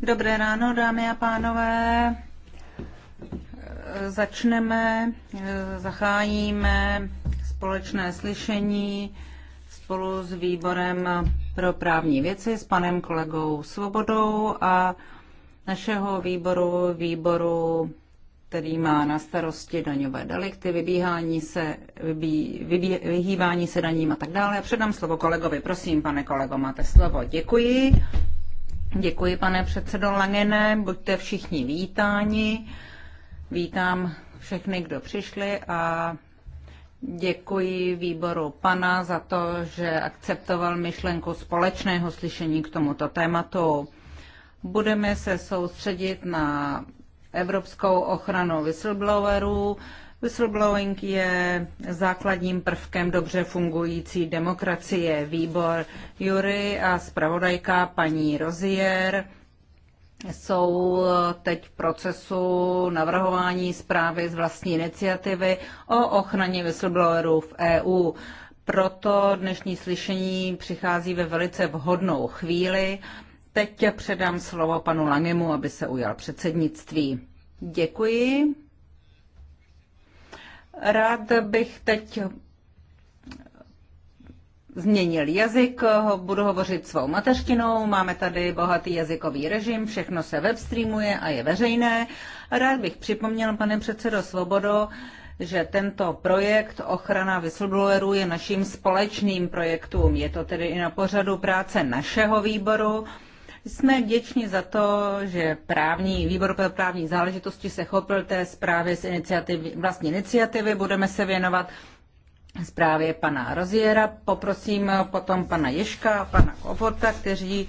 Dobré ráno, dámy a pánové. Začneme, zachájíme společné slyšení spolu s výborem pro právní věci s panem kolegou Svobodou a našeho výboru, výboru který má na starosti daňové delikty, vybíhání se, vybí, vybí, vyhýbání se daním a tak dále. Předám slovo kolegovi. Prosím, pane kolego, máte slovo. Děkuji. Děkuji, pane předsedo Langene. Buďte všichni vítáni. Vítám všechny, kdo přišli a děkuji výboru pana za to, že akceptoval myšlenku společného slyšení k tomuto tématu. Budeme se soustředit na evropskou ochranou whistleblowerů. Whistleblowing je základním prvkem dobře fungující demokracie. Výbor Jury a zpravodajka paní Rozier jsou teď v procesu navrhování zprávy z vlastní iniciativy o ochraně whistleblowerů v EU. Proto dnešní slyšení přichází ve velice vhodnou chvíli teď předám slovo panu Langemu, aby se ujal předsednictví. Děkuji. Rád bych teď změnil jazyk, budu hovořit svou mateřštinou, máme tady bohatý jazykový režim, všechno se webstreamuje a je veřejné. Rád bych připomněl, pane předsedo Svobodo, že tento projekt Ochrana whistleblowerů je naším společným projektům. Je to tedy i na pořadu práce našeho výboru jsme vděční za to, že právní, výbor pro právní záležitosti se chopil té zprávy z iniciativy, vlastní iniciativy. Budeme se věnovat zprávě pana Roziera. Poprosím potom pana Ješka a pana Kovorta, kteří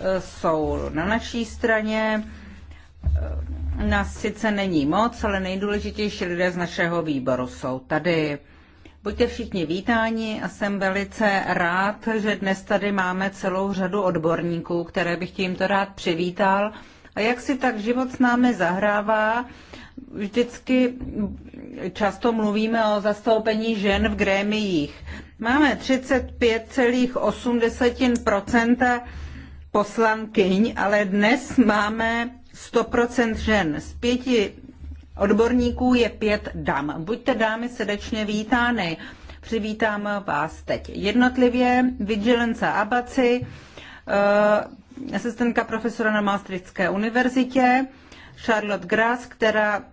e, jsou na naší straně. E, nás sice není moc, ale nejdůležitější lidé z našeho výboru jsou tady. Buďte všichni vítáni a jsem velice rád, že dnes tady máme celou řadu odborníků, které bych tímto rád přivítal. A jak si tak život s námi zahrává, vždycky často mluvíme o zastoupení žen v grémiích. Máme 35,8 poslankyň, ale dnes máme 100 žen. Z pěti odborníků je pět dam. Buďte dámy srdečně vítány. Přivítám vás teď jednotlivě. Vigilance Abaci, eh, asistentka profesora na Maastrichtské univerzitě, Charlotte Grass, která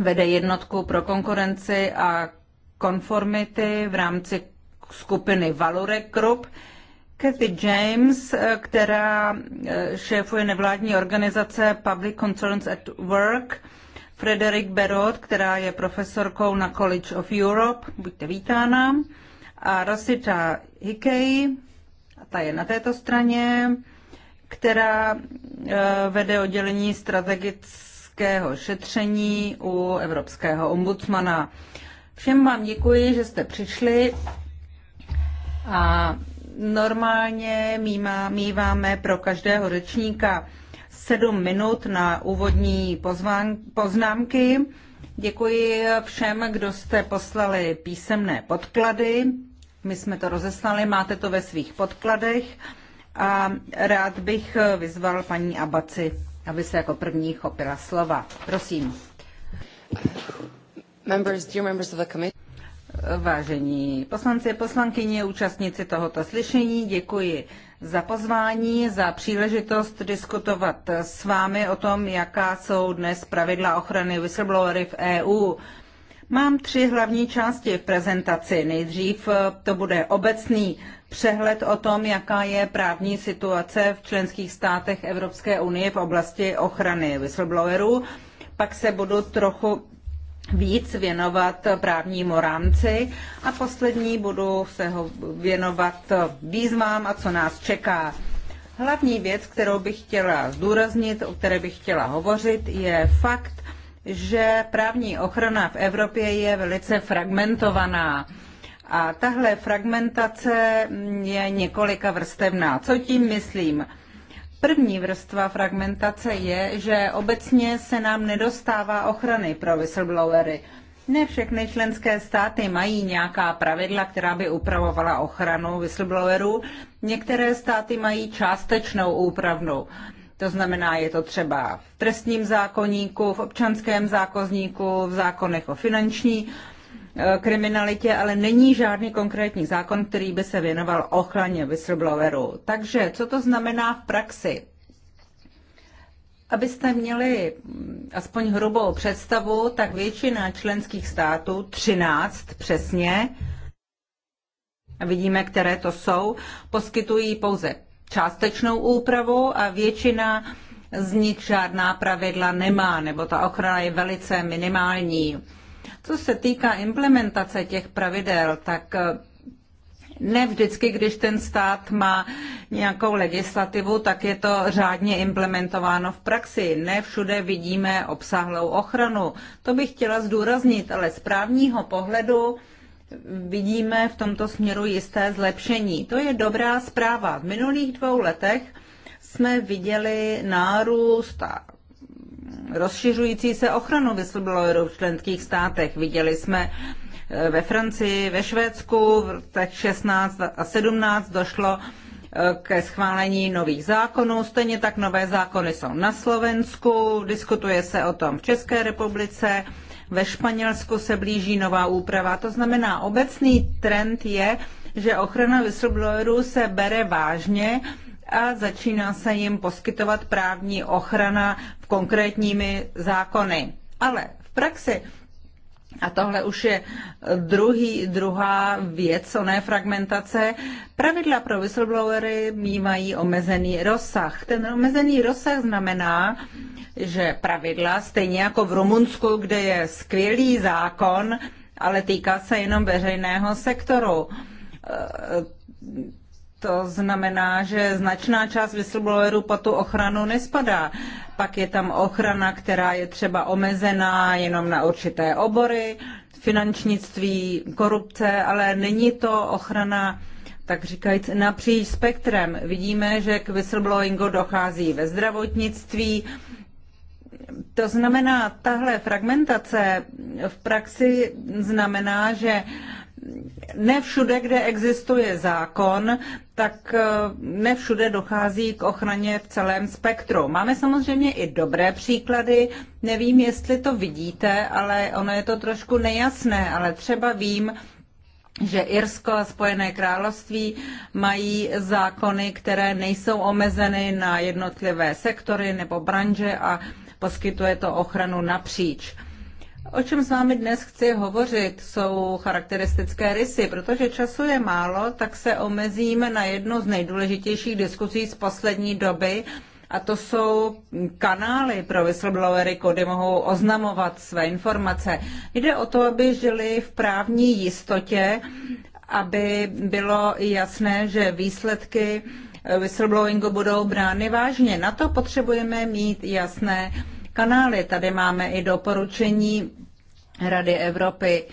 vede jednotku pro konkurenci a konformity v rámci skupiny Valure Group, Kathy James, eh, která eh, šéfuje nevládní organizace Public Concerns at Work, Frederic Berot, která je profesorkou na College of Europe, buďte vítána, a Rosita Hickey, ta je na této straně, která eh, vede oddělení strategického šetření u Evropského ombudsmana. Všem vám děkuji, že jste přišli a normálně míváme pro každého řečníka sedm minut na úvodní pozván, poznámky. Děkuji všem, kdo jste poslali písemné podklady. My jsme to rozeslali, máte to ve svých podkladech. A rád bych vyzval paní Abaci, aby se jako první chopila slova. Prosím. Members, dear members of the committee. Vážení poslanci, poslankyně, účastníci tohoto slyšení, děkuji za pozvání, za příležitost diskutovat s vámi o tom, jaká jsou dnes pravidla ochrany whistleblowery v EU. Mám tři hlavní části v prezentaci. Nejdřív eh, to bude obecný přehled o tom, jaká je právní situace v členských státech Evropské unie v oblasti ochrany whistleblowerů. Pak se budu trochu víc věnovat právnímu rámci a poslední budu se ho věnovat výzvám a co nás čeká. Hlavní věc, kterou bych chtěla zdůraznit, o které bych chtěla hovořit, je fakt, že právní ochrana v Evropě je velice fragmentovaná. A tahle fragmentace je několika vrstevná. Co tím myslím? První vrstva fragmentace je, že obecně se nám nedostává ochrany pro whistleblowery. Ne všechny členské státy mají nějaká pravidla, která by upravovala ochranu whistleblowerů. Některé státy mají částečnou úpravnu. To znamená, je to třeba v trestním zákoníku, v občanském zákonníku, v zákonech o finanční Eh, kriminalitě, ale není žádný konkrétní zákon, který by se věnoval ochraně whistleblowerů. Takže co to znamená v praxi? Abyste měli aspoň hrubou představu, tak většina členských států, 13 přesně, vidíme, které to jsou, poskytují pouze částečnou úpravu a většina z nich žádná pravidla nemá, nebo ta ochrana je velice minimální. Co se týká implementace těch pravidel, tak eh, ne vždycky, když ten stát má nějakou legislativu, tak je to řádně implementováno v praxi. Ne všude vidíme obsáhlou ochranu. To bych chtěla zdůraznit, ale z právního pohledu vidíme v tomto směru jisté zlepšení. To je dobrá zpráva. V minulých dvou letech jsme viděli nárůst a rozšiřující se ochranu whistleblowerů v členských státech. Viděli jsme eh, ve Francii, ve Švédsku v letech 16 a 17 došlo eh, ke schválení nových zákonů. Stejně tak nové zákony jsou na Slovensku, diskutuje se o tom v České republice, ve Španělsku se blíží nová úprava. To znamená, obecný trend je, že ochrana whistleblowerů se bere vážně a začíná se jim poskytovat právní ochrana v konkrétními zákony. Ale v praxi a tohle už je druhý, druhá věc oné fragmentace. Pravidla pro whistleblowery mývají omezený rozsah. Ten omezený rozsah znamená, že pravidla, stejně jako v Rumunsku, kde je skvělý zákon, ale týká se jenom veřejného sektoru to znamená, že značná část whistleblowerů pod tu ochranu nespadá. Pak je tam ochrana, která je třeba omezená jenom na určité obory, finančnictví, korupce, ale není to ochrana tak říkajíc napříč spektrem. Vidíme, že k whistleblowingu dochází ve zdravotnictví. To znamená, tahle fragmentace v praxi znamená, že ne všude, kde existuje zákon, tak eh, ne všude dochází k ochraně v celém spektru. Máme samozřejmě i dobré příklady, nevím, jestli to vidíte, ale ono je to trošku nejasné, ale třeba vím, že Irsko a Spojené království mají zákony, které nejsou omezeny na jednotlivé sektory nebo branže a poskytuje to ochranu napříč. O čem s vámi dnes chci hovořit, jsou charakteristické rysy. Protože času je málo, tak se omezíme na jednu z nejdůležitějších diskusí z poslední doby, a to jsou kanály pro whistleblowery, kdy mohou oznamovat své informace. Jde o to, aby žili v právní jistotě, aby bylo jasné, že výsledky whistleblowingu budou brány vážně. Na to potřebujeme mít jasné kanály. Tady máme i doporučení Rady Evropy,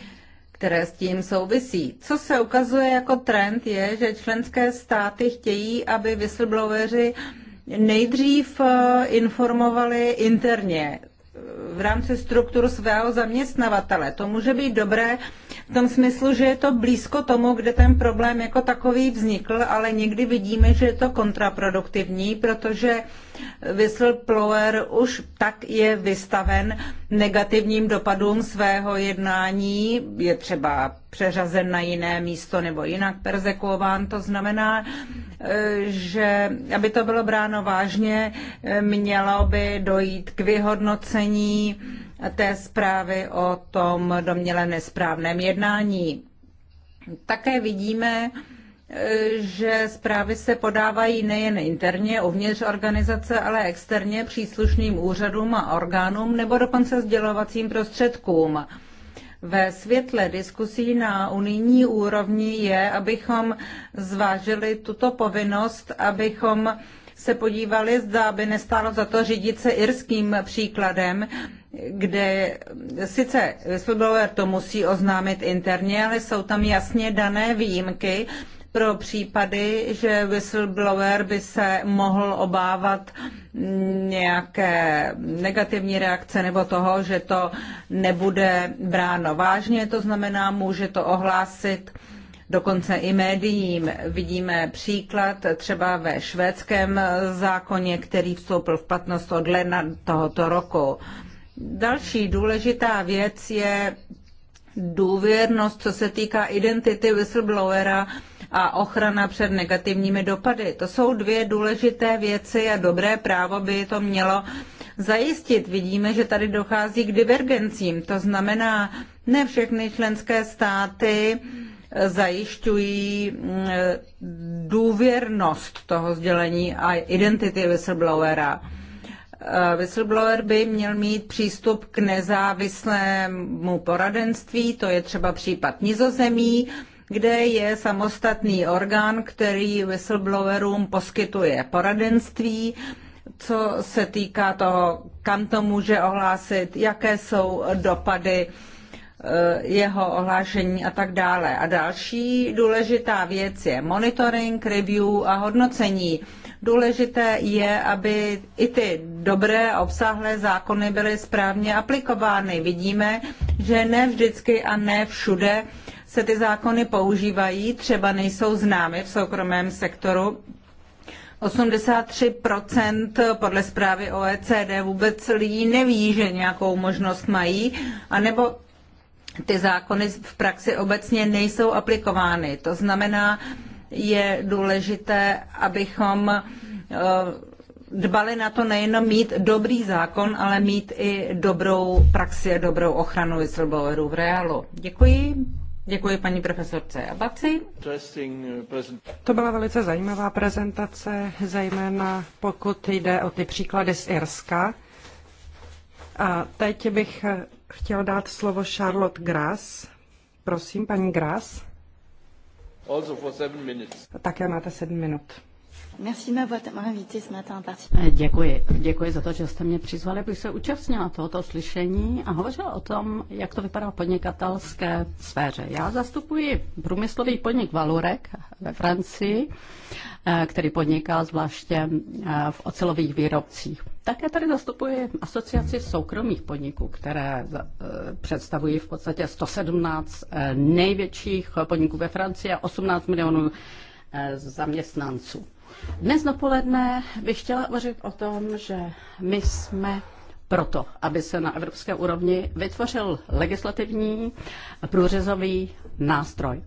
které s tím souvisí. Co se ukazuje jako trend je, že členské státy chtějí, aby whistlebloweri nejdřív eh, informovali interně eh, v rámci struktur svého zaměstnavatele. To může být dobré v tom smyslu, že je to blízko tomu, kde ten problém jako takový vznikl, ale někdy vidíme, že je to kontraproduktivní, protože whistleblower už tak je vystaven negativním dopadům svého jednání, je třeba přeřazen na jiné místo nebo jinak persekuován. To znamená, eh, že aby to bylo bráno vážně, eh, mělo by dojít k vyhodnocení té zprávy o tom domněle nesprávném jednání. Také vidíme, že zprávy se podávají nejen interně uvnitř organizace, ale externě příslušným úřadům a orgánům nebo dokonce sdělovacím prostředkům. Ve světle diskusí na unijní úrovni je, abychom zvážili tuto povinnost, abychom se podívali, zda by nestálo za to řídit se irským příkladem, kde sice whistleblower to musí oznámit interně, ale jsou tam jasně dané výjimky pro případy, že whistleblower by se mohl obávat nějaké negativní reakce nebo toho, že to nebude bráno vážně, to znamená, může to ohlásit dokonce i médiím. Vidíme příklad třeba ve švédském zákoně, který vstoupil v platnost od ledna tohoto roku. Další důležitá věc je důvěrnost, co se týká identity whistleblowera a ochrana před negativními dopady. To jsou dvě důležité věci a dobré právo by to mělo zajistit. Vidíme, že tady dochází k divergencím. To znamená, ne všechny členské státy eh, zajišťují mm, důvěrnost toho sdělení a identity whistleblowera. Eh, whistleblower by měl mít přístup k nezávislému poradenství, to je třeba případ nizozemí, kde je samostatný orgán, který whistleblowerům poskytuje poradenství, co se týká toho, kam to může ohlásit, jaké jsou dopady eh, jeho ohlášení a tak dále. A další důležitá věc je monitoring, review a hodnocení. Důležité je, aby i ty dobré obsáhlé zákony byly správně aplikovány. Vidíme, že ne vždycky a ne všude se ty zákony používají, třeba nejsou známy v soukromém sektoru. 83% podle zprávy OECD vůbec lidí neví, že nějakou možnost mají, anebo ty zákony v praxi obecně nejsou aplikovány. To znamená, je důležité, abychom eh, dbali na to nejenom mít dobrý zákon, ale mít i dobrou praxi a dobrou ochranu whistleblowerů v reálu. Děkuji. Děkuji paní profesorce Abaci. Uh, to byla velice zajímavá prezentace, zejména pokud jde o ty příklady z Irska. A teď bych eh, chtěl dát slovo Charlotte Grass. Prosím, paní Grass. Také máte sedm minut. Eh, děkuji. Děkuji za to, že jste mě přizvali, abych se účastnila tohoto slyšení a hovořila o tom, jak to vypadá v podnikatelské sféře. Já zastupuji průmyslový podnik Valurek ve Francii, eh, který podniká zvláště eh, v ocelových výrobcích. Také tady zastupuji asociaci soukromých podniků, které představují v podstatě 117 největších podniků ve Francii a 18 milionů zaměstnanců. Dnes dopoledne bych chtěla hovořit o tom, že my jsme proto, aby se na evropské úrovni vytvořil legislativní průřezový nástroj.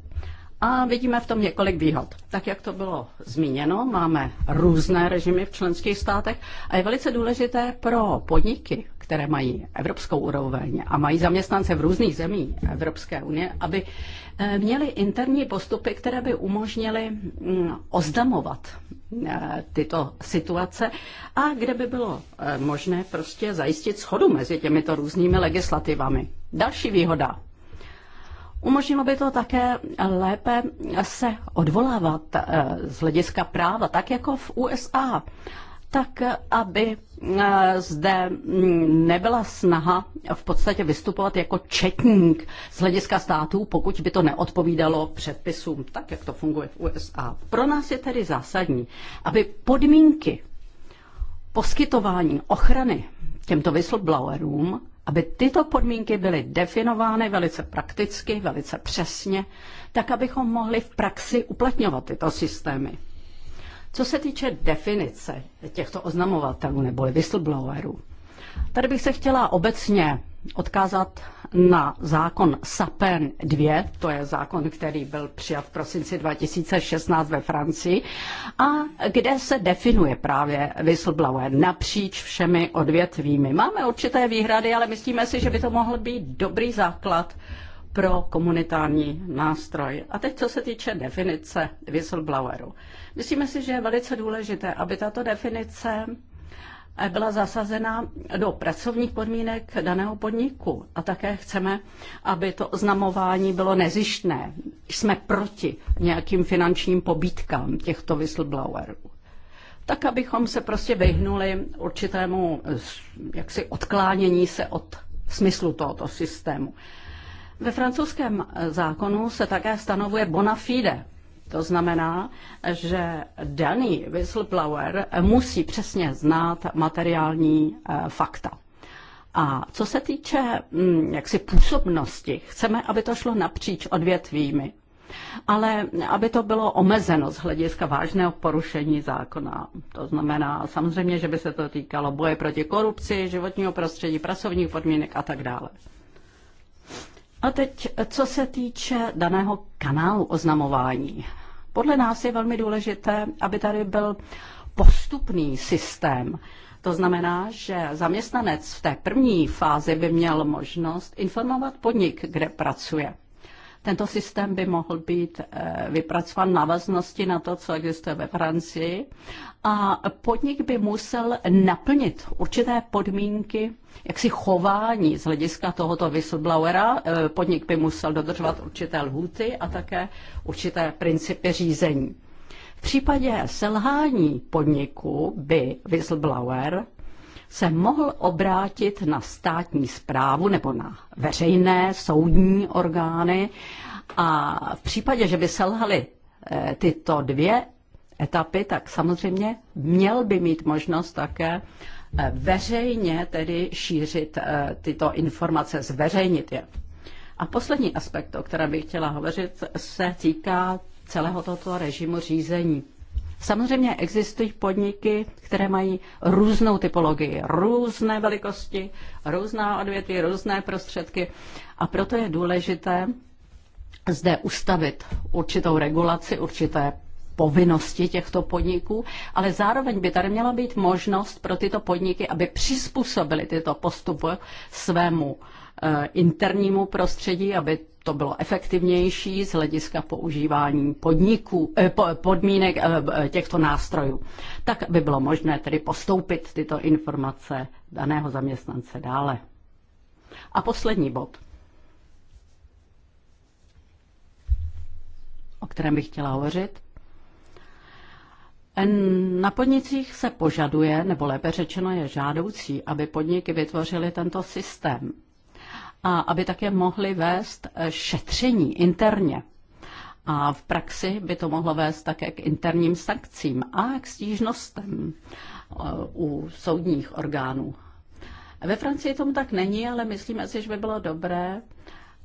A vidíme v tom několik výhod. Tak, jak to bylo zmíněno, máme různé režimy v členských státech a je velice důležité pro podniky, které mají evropskou úroveň a mají zaměstnance v různých zemích Evropské unie, aby eh, měli interní postupy, které by umožnily mm, ozdamovat eh, tyto situace a kde by bylo eh, možné prostě zajistit schodu mezi těmito různými legislativami. Další výhoda. Umožnilo by to také lépe se odvolávat z hlediska práva, tak jako v USA tak aby eh, zde nebyla snaha v podstatě vystupovat jako četník z hlediska států, pokud by to neodpovídalo předpisům, tak jak to funguje v USA. Pro nás je tedy zásadní, aby podmínky poskytování ochrany těmto whistleblowerům, aby tyto podmínky byly definovány velice prakticky, velice přesně, tak abychom mohli v praxi uplatňovat tyto systémy. Co se týče definice těchto oznamovatelů nebo whistleblowerů, tady bych se chtěla obecně odkázat na zákon SAPEN 2, to je zákon, který byl přijat v prosinci 2016 ve Francii, a kde se definuje právě whistleblower napříč všemi odvětvími. Máme určité výhrady, ale myslíme si, že by to mohl být dobrý základ pro komunitární nástroj. A teď co se týče definice whistlebloweru. Myslíme si, že je velice důležité, aby tato definice eh, byla zasazena do pracovních podmínek daného podniku. A také chceme, aby to oznamování bylo nezištné. Jsme proti nějakým finančním pobítkám těchto whistleblowerů. Tak, abychom se prostě vyhnuli určitému eh, jaksi odklánění se od smyslu tohoto systému. Ve francouzském eh, zákonu se také stanovuje bona fide, to znamená, že daný whistleblower musí přesně znát materiální eh, fakta. A co se týče mm, jaksi působnosti, chceme, aby to šlo napříč odvětvími, ale aby to bylo omezeno z hlediska vážného porušení zákona. To znamená samozřejmě, že by se to týkalo boje proti korupci, životního prostředí, pracovních podmínek a tak dále. A teď, co se týče daného kanálu oznamování. Podle nás je velmi důležité, aby tady byl postupný systém. To znamená, že zaměstnanec v té první fázi by měl možnost informovat podnik, kde pracuje. Tento systém by mohl být eh, vypracován navaznosti na to, co existuje ve Francii a podnik by musel naplnit určité podmínky jaksi chování z hlediska tohoto whistleblowera. E, podnik by musel dodržovat určité lhuty a také určité principy řízení. V případě selhání podniku by whistleblower se mohl obrátit na státní zprávu nebo na veřejné soudní orgány a v případě, že by selhaly e, tyto dvě etapy, tak samozřejmě měl by mít možnost také eh, veřejně tedy šířit eh, tyto informace, zveřejnit je. A poslední aspekt, o kterém bych chtěla hovořit, se týká celého tohoto režimu řízení. Samozřejmě existují podniky, které mají různou typologii, různé velikosti, různá odvětví, různé prostředky a proto je důležité zde ustavit určitou regulaci, určité povinnosti těchto podniků, ale zároveň by tady měla být možnost pro tyto podniky, aby přizpůsobili tyto postupy svému eh, internímu prostředí, aby to bylo efektivnější z hlediska používání podniků, eh, podmínek eh, těchto nástrojů. Tak, aby bylo možné tedy postoupit tyto informace daného zaměstnance dále. A poslední bod, o kterém bych chtěla hovořit, na podnicích se požaduje, nebo lépe řečeno je žádoucí, aby podniky vytvořily tento systém a aby také mohly vést eh, šetření interně. A v praxi by to mohlo vést také k interním sankcím a k stížnostem eh, u soudních orgánů. Ve Francii tomu tak není, ale myslíme si, že by bylo dobré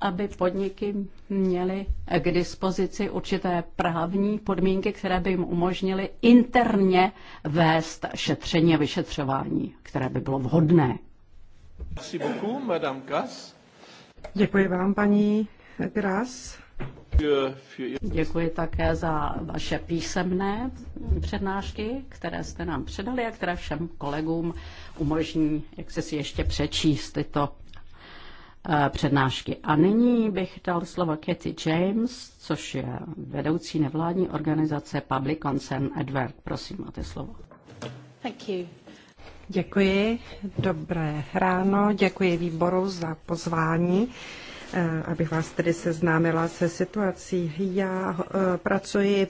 aby podniky měly k dispozici určité právní podmínky, které by jim umožnily interně vést šetření a vyšetřování, které by bylo vhodné. Děkuji vám, paní Gras. Děkuji také za vaše písemné přednášky, které jste nám předali a které všem kolegům umožní, jak se si ještě přečíst tyto Eh, přednášky. A nyní bych dal slovo Kathy James, což je vedoucí nevládní organizace Public Concern Advert. Prosím, máte slovo. Thank you. Děkuji, dobré ráno, děkuji výboru za pozvání eh, abych vás tedy seznámila se situací. Já eh, pracuji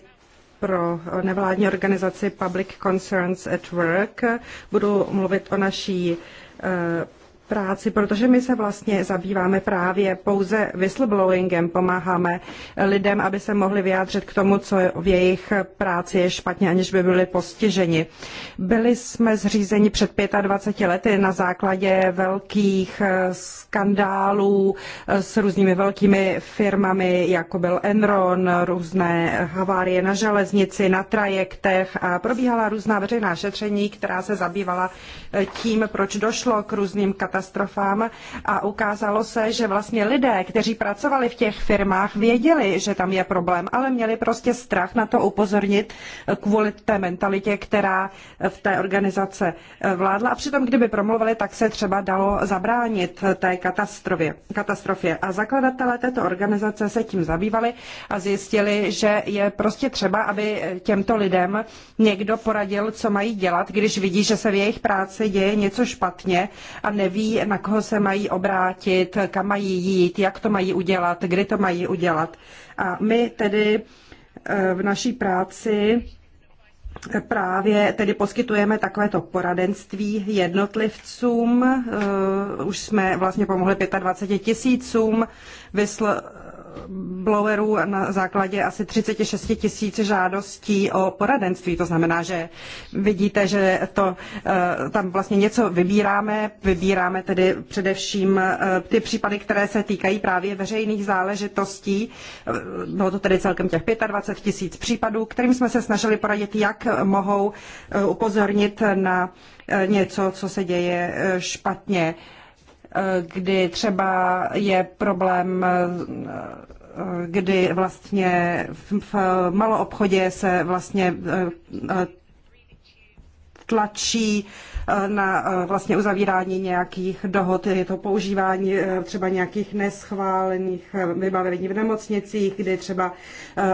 pro nevládní organizaci Public Concerns at Work. Budu mluvit o naší práci, protože my se vlastně zabýváme právě pouze whistleblowingem, pomáháme lidem, aby se mohli vyjádřit k tomu, co v jejich práci je špatně, aniž by byli postiženi. Byli jsme zřízeni před 25 lety na základě velkých eh, skandálů eh, s různými velkými firmami, jako byl Enron, různé havárie na železnici, na trajektech a probíhala různá veřejná šetření, která se zabývala eh, tím, proč došlo k různým katastrofám katastrofám a ukázalo se, že vlastně lidé, kteří pracovali v těch firmách, věděli, že tam je problém, ale měli prostě strach na to upozornit kvůli té mentalitě, která v té organizace vládla. A přitom, kdyby promluvili, tak se třeba dalo zabránit té katastrofě. katastrofě. A zakladatelé této organizace se tím zabývali a zjistili, že je prostě třeba, aby těmto lidem někdo poradil, co mají dělat, když vidí, že se v jejich práci děje něco špatně a neví, na koho se mají obrátit, kam mají jít, jak to mají udělat, kdy to mají udělat. A my tedy eh, v naší práci Právě tedy poskytujeme takovéto poradenství jednotlivcům. Eh, už jsme vlastně pomohli 25 tisícům. Vysl- blowerů na základě asi 36 tisíc žádostí o poradenství. To znamená, že vidíte, že to, eh, tam vlastně něco vybíráme. Vybíráme tedy především eh, ty případy, které se týkají právě veřejných záležitostí. Eh, bylo to tedy celkem těch 25 tisíc případů, kterým jsme se snažili poradit, jak mohou upozornit na něco, co se děje špatně kdy třeba je problém, kdy vlastně v maloobchodě se vlastně eh, eh, tlačí eh, na vlastně uzavírání nějakých dohod, je to používání třeba nějakých neschválených vybavení v nemocnicích, kdy třeba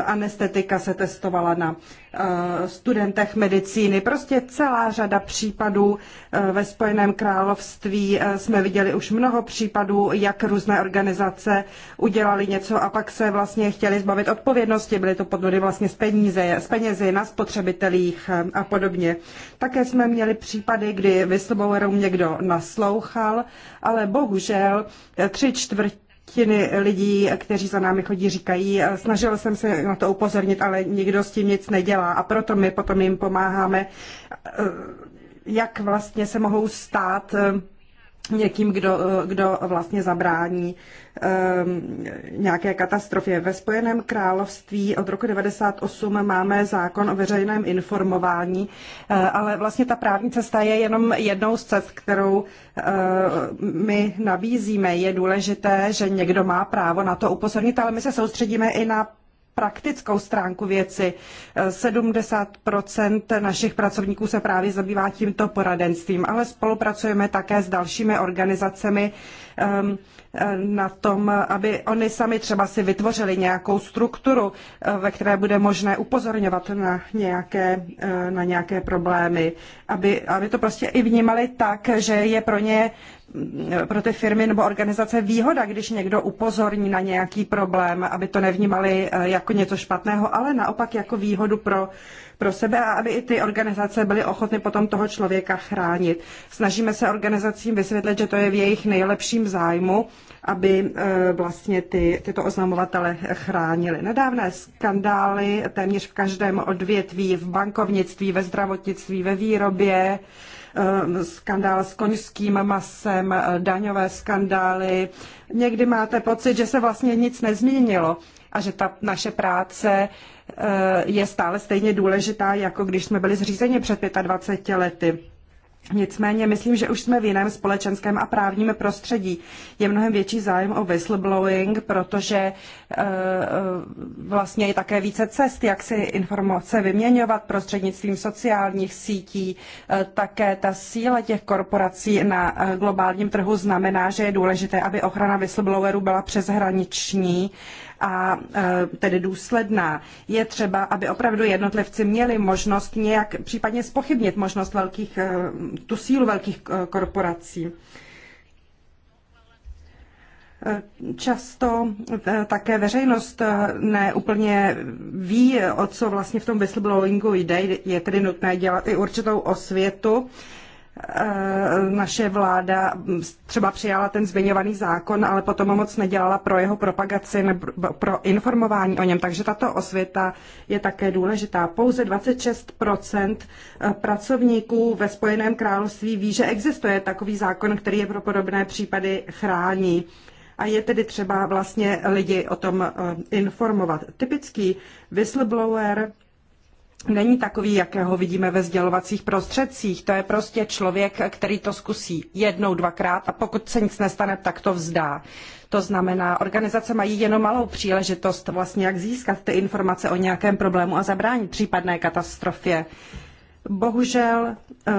anestetika se testovala na Eh, studentech medicíny. Prostě celá řada případů eh, ve Spojeném království eh, jsme viděli už mnoho případů, jak různé organizace udělali něco a pak se vlastně chtěli zbavit odpovědnosti. Byly to podvody vlastně z, peníze, z penězi na spotřebitelích a podobně. Také jsme měli případy, kdy whistleblowerům někdo naslouchal, ale bohužel tři čtvrtě třetiny lidí, kteří za námi chodí, říkají, snažil jsem se na to upozornit, ale nikdo s tím nic nedělá a proto my potom jim pomáháme, eh, jak vlastně se mohou stát eh, někým, kdo, eh, kdo vlastně zabrání Ehm, nějaké katastrofě. Ve Spojeném království od roku 98 máme zákon o veřejném informování, eh, ale vlastně ta právní cesta je jenom jednou z cest, kterou eh, my nabízíme. Je důležité, že někdo má právo na to upozornit, ale my se soustředíme i na praktickou stránku věci. 70 eh, našich pracovníků se právě zabývá tímto poradenstvím, ale spolupracujeme také s dalšími organizacemi, ehm, na tom, aby oni sami třeba si vytvořili nějakou strukturu, ve které bude možné upozorňovat na nějaké, eh, na nějaké problémy, aby, aby to prostě i vnímali tak, že je pro ně mm, pro ty firmy nebo organizace výhoda, když někdo upozorní na nějaký problém, aby to nevnímali eh, jako něco špatného, ale naopak jako výhodu pro pro sebe a aby i ty organizace byly ochotny potom toho člověka chránit. Snažíme se organizacím vysvětlit, že to je v jejich nejlepším zájmu, aby e, vlastně ty, tyto oznamovatele chránili. Nedávné skandály téměř v každém odvětví, v bankovnictví, ve zdravotnictví, ve výrobě, e, skandál s koňským masem, e, daňové skandály. Někdy máte pocit, že se vlastně nic nezměnilo a že ta naše práce Eh, je stále stejně důležitá, jako když jsme byli zřízeni před 25 lety. Nicméně myslím, že už jsme v jiném společenském a právním prostředí. Je mnohem větší zájem o whistleblowing, protože eh, eh, vlastně je také více cest, jak si informace vyměňovat prostřednictvím sociálních sítí. Také ta síla těch korporací na globálním trhu znamená, že je důležité, aby ochrana whistleblowerů byla přeshraniční a e, tedy důsledná. Je třeba, aby opravdu jednotlivci měli možnost nějak případně spochybnit možnost velkých, e, tu sílu velkých e, korporací. Často také veřejnost neúplně ví, o co vlastně v tom whistleblowingu jde. Je tedy nutné dělat i určitou osvětu Eh, naše vláda třeba přijala ten zmiňovaný zákon, ale potom moc nedělala pro jeho propagaci nebo pro informování o něm. Takže tato osvěta je také důležitá. Pouze 26 eh, pracovníků ve Spojeném království ví, že existuje takový zákon, který je pro podobné případy chrání. A je tedy třeba vlastně lidi o tom eh, informovat. Typický whistleblower není takový, jakého vidíme ve sdělovacích prostředcích. To je prostě člověk, který to zkusí jednou, dvakrát a pokud se nic nestane, tak to vzdá. To znamená, organizace mají jenom malou příležitost vlastně, jak získat ty informace o nějakém problému a zabránit případné katastrofě. Bohužel eh,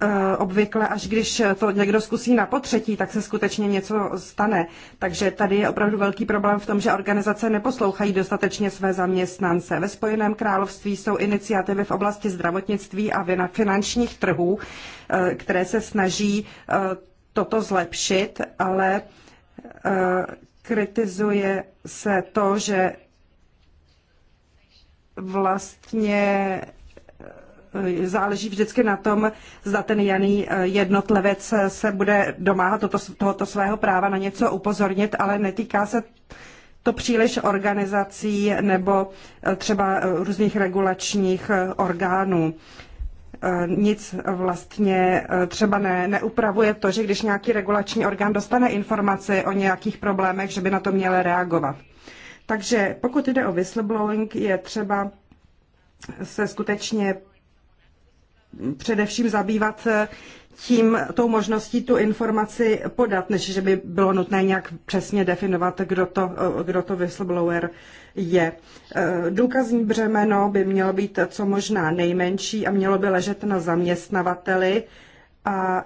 Eh, obvykle, až když to někdo zkusí na potřetí, tak se skutečně něco stane. Takže tady je opravdu velký problém v tom, že organizace neposlouchají dostatečně své zaměstnance. Ve Spojeném království jsou iniciativy v oblasti zdravotnictví a finančních trhů, eh, které se snaží eh, toto zlepšit, ale kritizuje se to, že vlastně záleží vždycky na tom, zda ten janý eh, jednotlivec eh, se bude domáhat toto, tohoto svého práva na něco upozornit, ale netýká se to příliš organizací nebo eh, třeba různých regulačních orgánů. Nic vlastně třeba ne, neupravuje to, že když nějaký regulační orgán dostane informaci o nějakých problémech, že by na to měl reagovat. Takže pokud jde o whistleblowing, je třeba se skutečně především zabývat eh, tím, tou možností tu informaci podat, než že by bylo nutné nějak přesně definovat, kdo to, eh, kdo to whistleblower je. Eh, důkazní břemeno by mělo být co možná nejmenší a mělo by ležet na zaměstnavateli a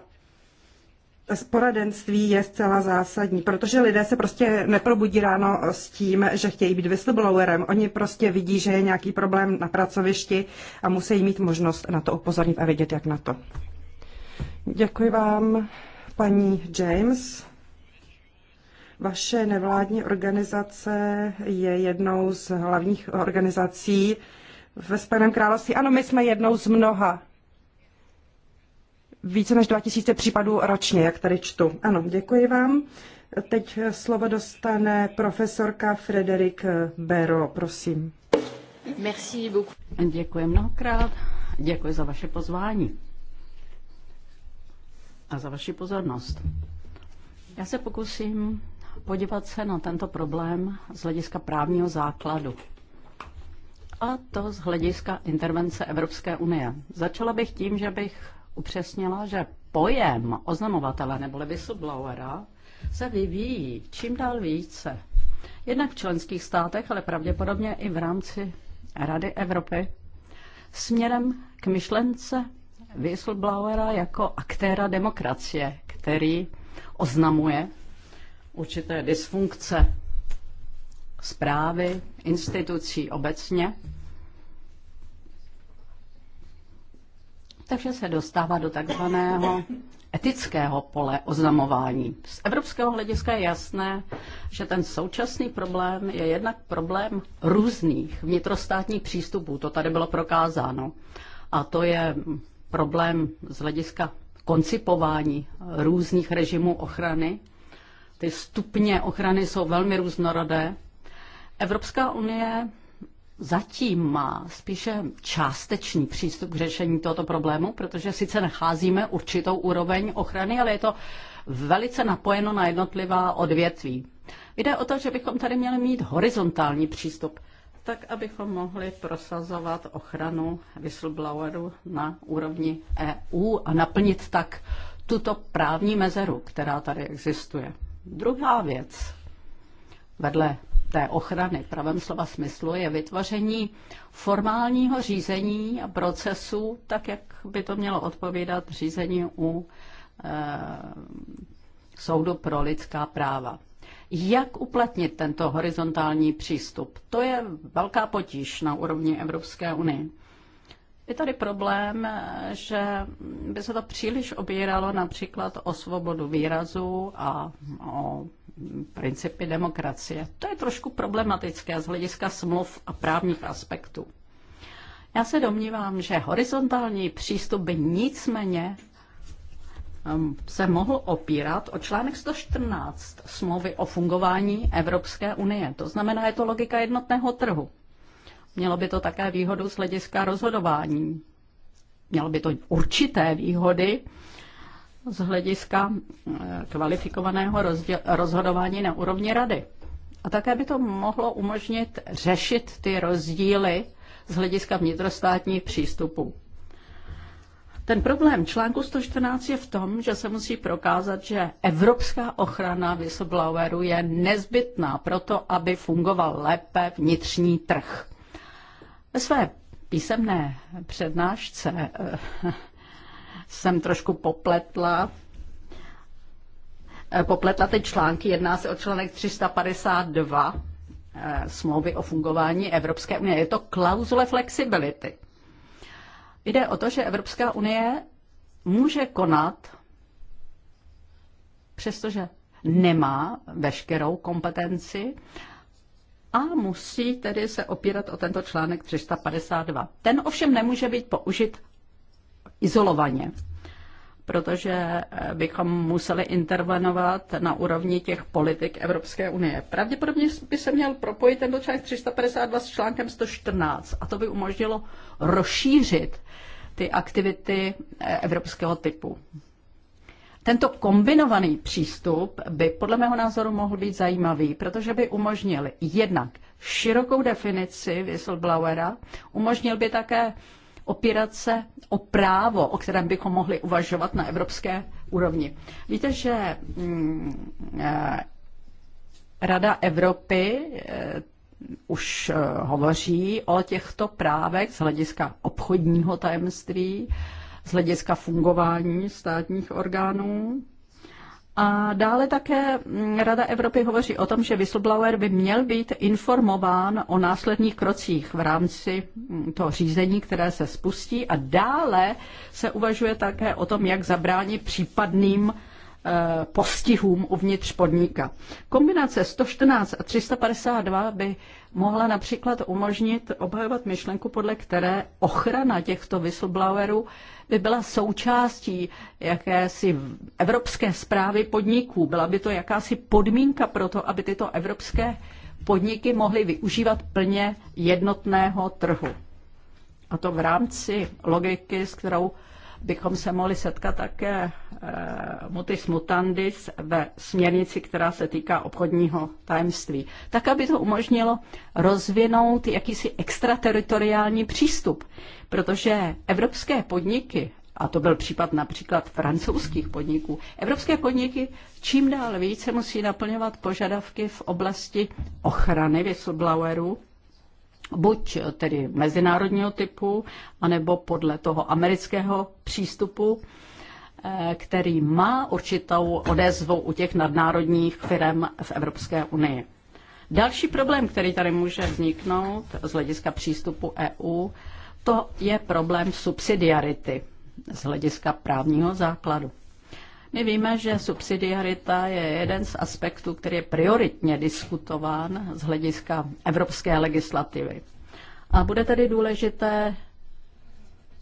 poradenství je zcela zásadní, protože lidé se prostě neprobudí ráno s tím, že chtějí být whistleblowerem. Oni prostě vidí, že je nějaký problém na pracovišti a musí mít možnost na to upozornit a vědět, jak na to. Děkuji vám, paní James. Vaše nevládní organizace je jednou z hlavních organizací ve Spojeném království. Ano, my jsme jednou z mnoha více než 2000 případů ročně, jak tady čtu. Ano, děkuji vám. Teď slovo dostane profesorka Frederik Bero, prosím. Merci beaucoup. Děkuji mnohokrát. Děkuji za vaše pozvání a za vaši pozornost. Já se pokusím podívat se na tento problém z hlediska právního základu. A to z hlediska intervence Evropské unie. Začala bych tím, že bych upřesnila, že pojem oznamovatele nebo whistleblowera se vyvíjí čím dál více. Jednak v členských státech, ale pravděpodobně i v rámci Rady Evropy směrem k myšlence whistleblowera jako aktéra demokracie, který oznamuje určité dysfunkce zprávy institucí obecně takže se dostává do takzvaného etického pole oznamování. Z evropského hlediska je jasné, že ten současný problém je jednak problém různých vnitrostátních přístupů, to tady bylo prokázáno. A to je problém z hlediska koncipování různých režimů ochrany. Ty stupně ochrany jsou velmi různorodé. Evropská unie zatím má spíše částečný přístup k řešení tohoto problému, protože sice nacházíme určitou úroveň ochrany, ale je to velice napojeno na jednotlivá odvětví. Jde o to, že bychom tady měli mít horizontální přístup, tak abychom mohli prosazovat ochranu whistleblowerů na úrovni EU a naplnit tak tuto právní mezeru, která tady existuje. Druhá věc, vedle té ochrany v pravém slova smyslu je vytvoření formálního řízení a procesu, tak jak by to mělo odpovídat řízení u e, Soudu pro lidská práva. Jak uplatnit tento horizontální přístup? To je velká potíž na úrovni Evropské unie. Je tady problém, že by se to příliš obíralo například o svobodu výrazu a o principy demokracie. To je trošku problematické z hlediska smluv a právních aspektů. Já se domnívám, že horizontální přístup by nicméně um, se mohl opírat o článek 114 smlouvy o fungování Evropské unie. To znamená, je to logika jednotného trhu. Mělo by to také výhodu z hlediska rozhodování. Mělo by to určité výhody z hlediska eh, kvalifikovaného rozhodování na úrovni rady. A také by to mohlo umožnit řešit ty rozdíly z hlediska vnitrostátních přístupů. Ten problém článku 114 je v tom, že se musí prokázat, že evropská ochrana whistleblowerů je nezbytná pro to, aby fungoval lépe vnitřní trh. Ve své písemné přednášce eh, jsem trošku popletla. Eh, popletla ty články, jedná se o článek 352 eh, smlouvy o fungování Evropské unie. Je to klauzule flexibility. Jde o to, že Evropská unie může konat, přestože nemá veškerou kompetenci a musí tedy se opírat o tento článek 352. Ten ovšem nemůže být použit izolovaně, protože eh, bychom museli intervenovat na úrovni těch politik Evropské unie. Pravděpodobně by se měl propojit tento článek 352 s článkem 114 a to by umožnilo rozšířit ty aktivity eh, evropského typu. Tento kombinovaný přístup by podle mého názoru mohl být zajímavý, protože by umožnil jednak širokou definici whistleblowera, umožnil by také opírat se o právo, o kterém bychom mohli uvažovat na evropské úrovni. Víte, že mm, eh, Rada Evropy eh, už eh, hovoří o těchto právech z hlediska obchodního tajemství, z hlediska fungování státních orgánů. A dále také mm, Rada Evropy hovoří o tom, že whistleblower by měl být informován o následných krocích v rámci mm, toho řízení, které se spustí. A dále se uvažuje také o tom, jak zabránit případným eh, postihům uvnitř podnika. Kombinace 114 a 352 by mohla například umožnit obhajovat myšlenku, podle které ochrana těchto whistleblowerů by byla součástí jakési evropské zprávy podniků. Byla by to jakási podmínka pro to, aby tyto evropské podniky mohly využívat plně jednotného trhu. A to v rámci logiky, s kterou bychom se mohli setkat také eh, mutis mutandis ve směrnici, která se týká obchodního tajemství. Tak, aby to umožnilo rozvinout jakýsi extrateritoriální přístup, protože evropské podniky a to byl případ například francouzských podniků. Evropské podniky čím dál více musí naplňovat požadavky v oblasti ochrany whistleblowerů buď tedy mezinárodního typu, anebo podle toho amerického přístupu, eh, který má určitou odezvu u těch nadnárodních firm v Evropské unii. Další problém, který tady může vzniknout z hlediska přístupu EU, to je problém subsidiarity z hlediska právního základu. My víme, že subsidiarita je jeden z aspektů, který je prioritně diskutován z hlediska evropské legislativy. A bude tedy důležité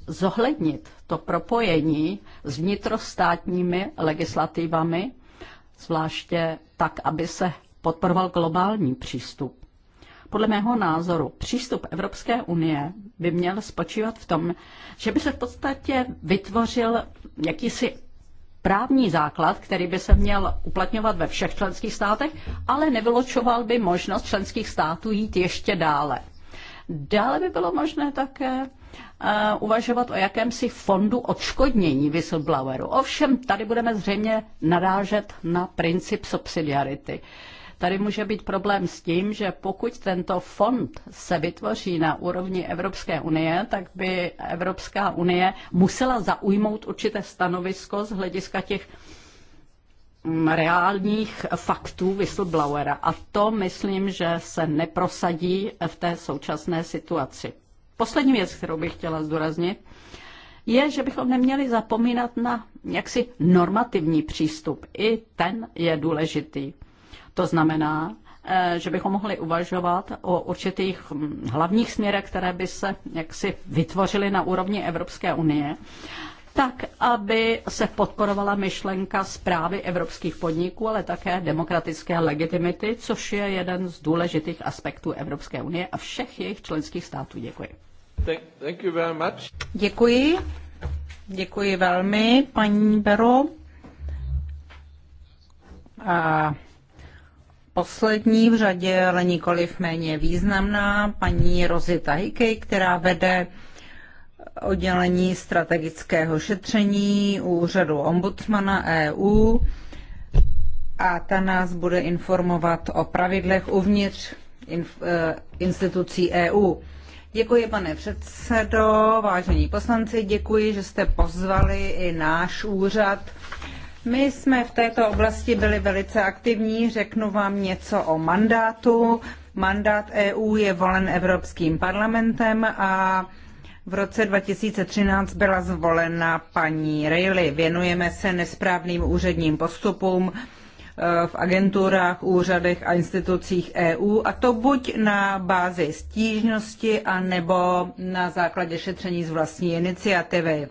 zohlednit to propojení s vnitrostátními legislativami, zvláště tak, aby se podporoval globální přístup. Podle mého názoru přístup Evropské unie by měl spočívat v tom, že by se v podstatě vytvořil jakýsi právní základ, který by se měl uplatňovat ve všech členských státech, ale nevyločoval by možnost členských států jít ještě dále. Dále by bylo možné také eh, uvažovat o jakémsi fondu odškodnění whistlebloweru. Ovšem, tady budeme zřejmě narážet na princip subsidiarity. Tady může být problém s tím, že pokud tento fond se vytvoří na úrovni Evropské unie, tak by Evropská unie musela zaujmout určité stanovisko z hlediska těch mm, reálních faktů whistleblowera. A to myslím, že se neprosadí v té současné situaci. Poslední věc, kterou bych chtěla zdůraznit, je, že bychom neměli zapomínat na jaksi normativní přístup. I ten je důležitý. To znamená, eh, že bychom mohli uvažovat o určitých hm, hlavních směrech, které by se jaksi vytvořily na úrovni Evropské unie, tak, aby se podporovala myšlenka zprávy evropských podniků, ale také demokratické legitimity, což je jeden z důležitých aspektů Evropské unie a všech jejich členských států. Děkuji. Thank, thank you very much. Děkuji. Děkuji velmi, paní Bero. A poslední v řadě, ale nikoliv méně významná, paní Rosita Hickey, která vede oddělení strategického šetření úřadu ombudsmana EU a ta nás bude informovat o pravidlech uvnitř eh, institucí EU. Děkuji, pane předsedo, vážení poslanci, děkuji, že jste pozvali i náš úřad my jsme v této oblasti byli velice aktivní. Řeknu vám něco o mandátu. Mandát EU je volen Evropským parlamentem a v roce 2013 byla zvolena paní Reilly. Věnujeme se nesprávným úředním postupům eh, v agenturách, úřadech a institucích EU a to buď na bázi stížnosti a nebo na základě šetření z vlastní iniciativy.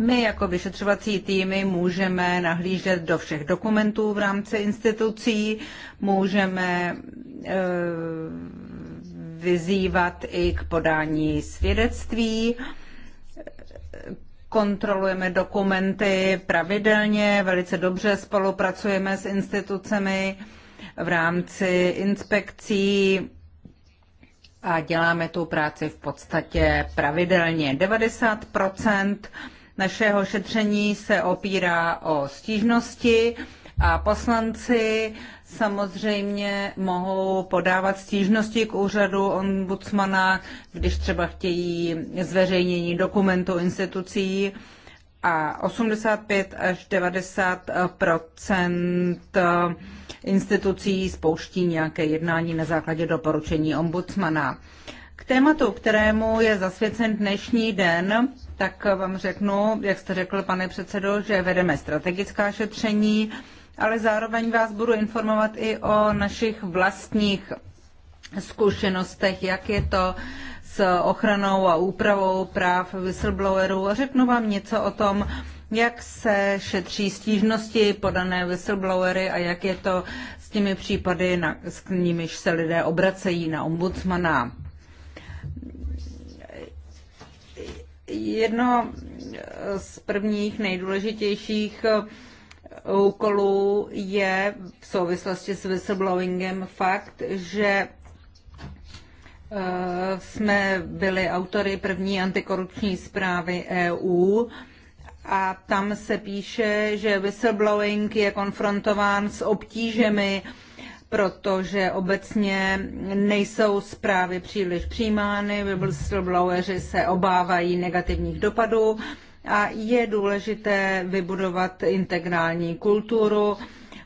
My jako vyšetřovací týmy můžeme nahlížet do všech dokumentů v rámci institucí, můžeme eh, vyzývat i k podání svědectví, kontrolujeme dokumenty pravidelně, velice dobře spolupracujeme s institucemi v rámci inspekcí a děláme tu práci v podstatě pravidelně. 90 našeho šetření se opírá o stížnosti a poslanci samozřejmě mohou podávat stížnosti k úřadu ombudsmana, když třeba chtějí zveřejnění dokumentu institucí a 85 až 90 institucí spouští nějaké jednání na základě doporučení ombudsmana. K tématu, kterému je zasvěcen dnešní den, tak vám řeknu, jak jste řekl, pane předsedo, že vedeme strategická šetření, ale zároveň vás budu informovat i o našich vlastních zkušenostech, jak je to s ochranou a úpravou práv whistleblowerů a řeknu vám něco o tom, jak se šetří stížnosti podané whistleblowery a jak je to s těmi případy, na, s nimiž se lidé obracejí na ombudsmana. Jedno z prvních nejdůležitějších eh, úkolů je v souvislosti s whistleblowingem fakt, že eh, jsme byli autory první antikorupční zprávy EU a tam se píše, že whistleblowing je konfrontován s obtížemi, protože obecně nejsou zprávy příliš přijímány, whistlebloweri se obávají negativních dopadů a je důležité vybudovat integrální kulturu,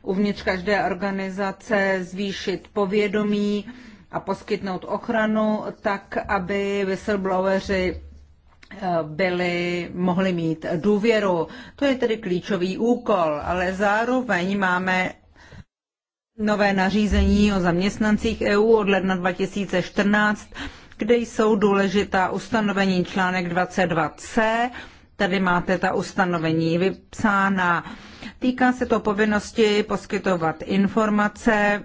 uvnitř každé organizace zvýšit povědomí a poskytnout ochranu tak, aby whistlebloweri eh, byli, mohli mít důvěru. To je tedy klíčový úkol, ale zároveň máme nové nařízení o zaměstnancích EU od ledna 2014, kde jsou důležitá ustanovení článek 22c. Tady máte ta ustanovení vypsána. Týká se to povinnosti poskytovat informace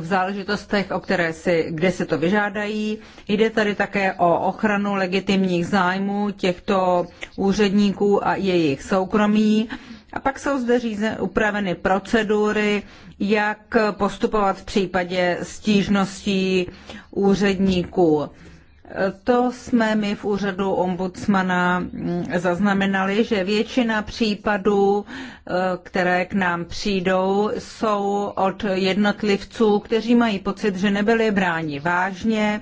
v záležitostech, o které si, kde se to vyžádají. Jde tady také o ochranu legitimních zájmů těchto úředníků a jejich soukromí. A pak jsou zde řízen, upraveny procedury, jak postupovat v případě stížností úředníků. To jsme my v úřadu ombudsmana mm, zaznamenali, že většina případů, eh, které k nám přijdou, jsou od jednotlivců, kteří mají pocit, že nebyli bráni vážně,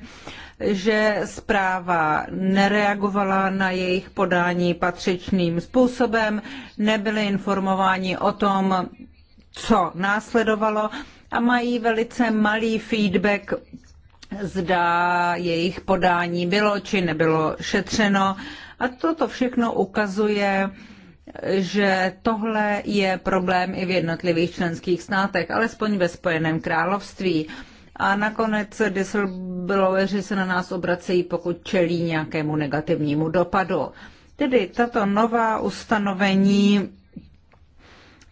že zpráva nereagovala na jejich podání patřičným způsobem, nebyli informováni o tom, co následovalo a mají velice malý feedback, zda jejich podání bylo či nebylo šetřeno. A toto všechno ukazuje, že tohle je problém i v jednotlivých členských státech, alespoň ve Spojeném království. A nakonec whistlebloweri se na nás obracejí, pokud čelí nějakému negativnímu dopadu. Tedy tato nová ustanovení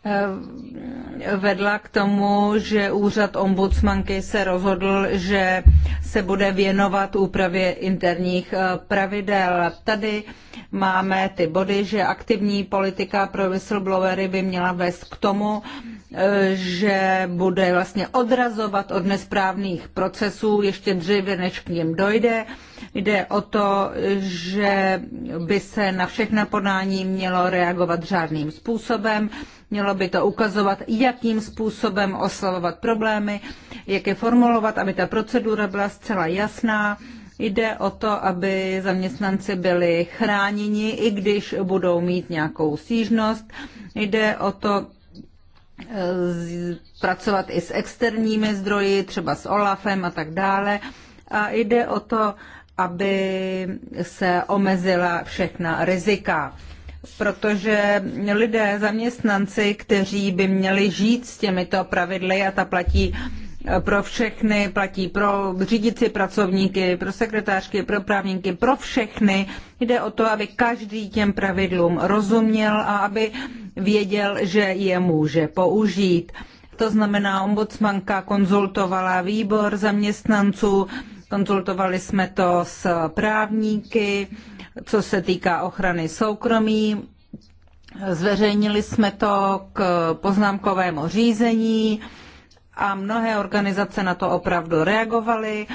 Eh, vedla k tomu, že úřad ombudsmanky se rozhodl, že se bude věnovat úpravě interních eh, pravidel. Tady máme ty body, že aktivní politika pro whistleblowery by měla vést k tomu, eh, že bude vlastně odrazovat od nesprávných procesů ještě dříve, než k něm dojde. Jde o to, že by se na všechna podání mělo reagovat řádným způsobem, Mělo by to ukazovat, jakým způsobem oslavovat problémy, jak je formulovat, aby ta procedura byla zcela jasná. Jde o to, aby zaměstnanci byli chráněni, i když budou mít nějakou stížnost. Jde o to, eh, pracovat i s externími zdroji, třeba s OLAFem a tak dále. A jde o to, aby se omezila všechna rizika protože lidé, zaměstnanci, kteří by měli žít s těmito pravidly a ta platí eh, pro všechny, platí pro řídici pracovníky, pro sekretářky, pro právníky, pro všechny. Jde o to, aby každý těm pravidlům rozuměl a aby věděl, že je může použít. To znamená, ombudsmanka konzultovala výbor zaměstnanců, konzultovali jsme to s právníky, co se týká ochrany soukromí. Zveřejnili jsme to k poznámkovému řízení a mnohé organizace na to opravdu reagovaly.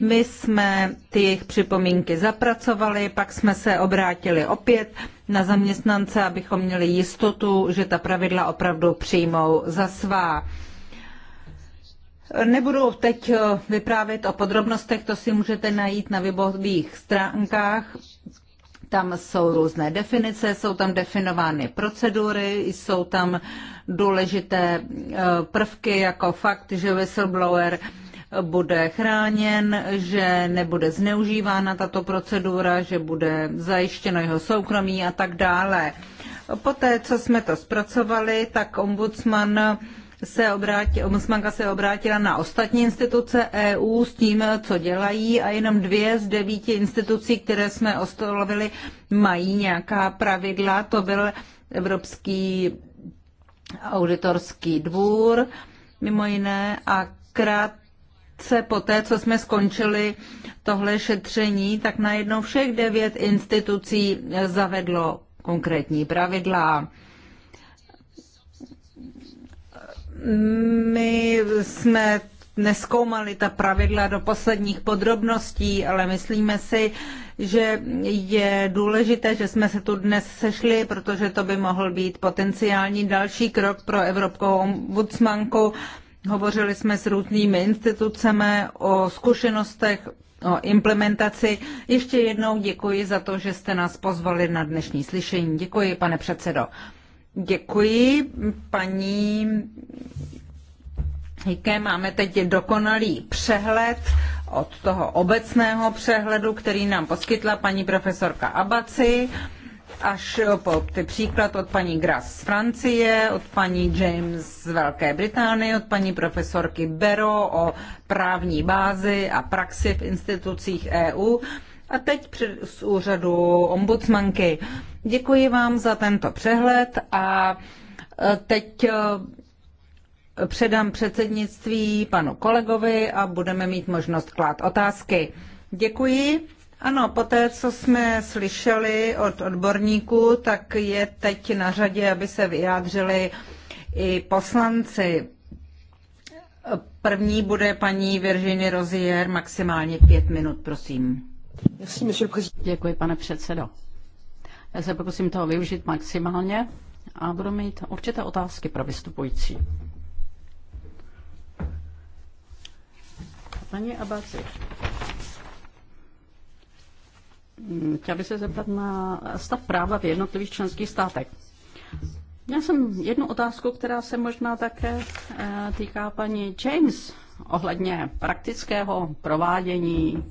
My jsme ty jejich připomínky zapracovali, pak jsme se obrátili opět na zaměstnance, abychom měli jistotu, že ta pravidla opravdu přijmou za svá. Nebudu teď vyprávět o podrobnostech, to si můžete najít na webových stránkách. Tam jsou různé definice, jsou tam definovány procedury, jsou tam důležité eh, prvky jako fakt, že whistleblower bude chráněn, že nebude zneužívána tato procedura, že bude zajištěno jeho soukromí a tak dále. Poté, co jsme to zpracovali, tak ombudsman se obrátí, ombudsmanka se obrátila na ostatní instituce EU s tím, co dělají a jenom dvě z devíti institucí, které jsme oslovili, mají nějaká pravidla. To byl Evropský auditorský dvůr, mimo jiné, a krátce poté, co jsme skončili tohle šetření, tak najednou všech devět institucí zavedlo konkrétní pravidla. My jsme neskoumali ta pravidla do posledních podrobností, ale myslíme si, že je důležité, že jsme se tu dnes sešli, protože to by mohl být potenciální další krok pro Evropskou ombudsmanku. Hovořili jsme s různými institucemi o zkušenostech, o implementaci. Ještě jednou děkuji za to, že jste nás pozvali na dnešní slyšení. Děkuji, pane předsedo. Děkuji, paní jaké Máme teď dokonalý přehled od toho obecného přehledu, který nám poskytla paní profesorka Abaci, až po ty příklad od paní Gras z Francie, od paní James z Velké Británie, od paní profesorky Bero o právní bázi a praxi v institucích EU. A teď před, z úřadu ombudsmanky. Děkuji vám za tento přehled a e, teď e, předám předsednictví panu kolegovi a budeme mít možnost klát otázky. Děkuji. Ano, po té, co jsme slyšeli od odborníků, tak je teď na řadě, aby se vyjádřili i poslanci. První bude paní Virginie Rozier, maximálně pět minut, prosím. Děkuji, pane předsedo. Já se pokusím toho využít maximálně a budu mít určité otázky pro vystupující. Paní Abazi, hm, chtěla bych se zeptat na stav práva v jednotlivých členských státech. Měl jsem jednu otázku, která se možná také eh, týká paní James ohledně praktického provádění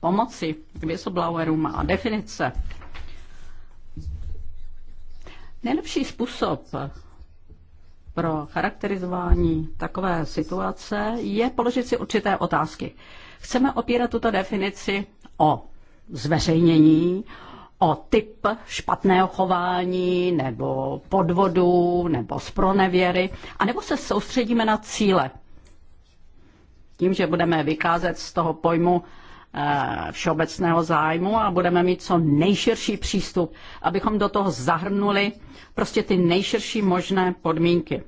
pomoci whistleblowerům a definice. Nejlepší způsob pro charakterizování takové situace je položit si určité otázky. Chceme opírat tuto definici o zveřejnění, o typ špatného chování nebo podvodu nebo spronevěry, anebo se soustředíme na cíle. Tím, že budeme vykázet z toho pojmu Eh, všeobecného zájmu a budeme mít co nejširší přístup, abychom do toho zahrnuli prostě ty nejširší možné podmínky.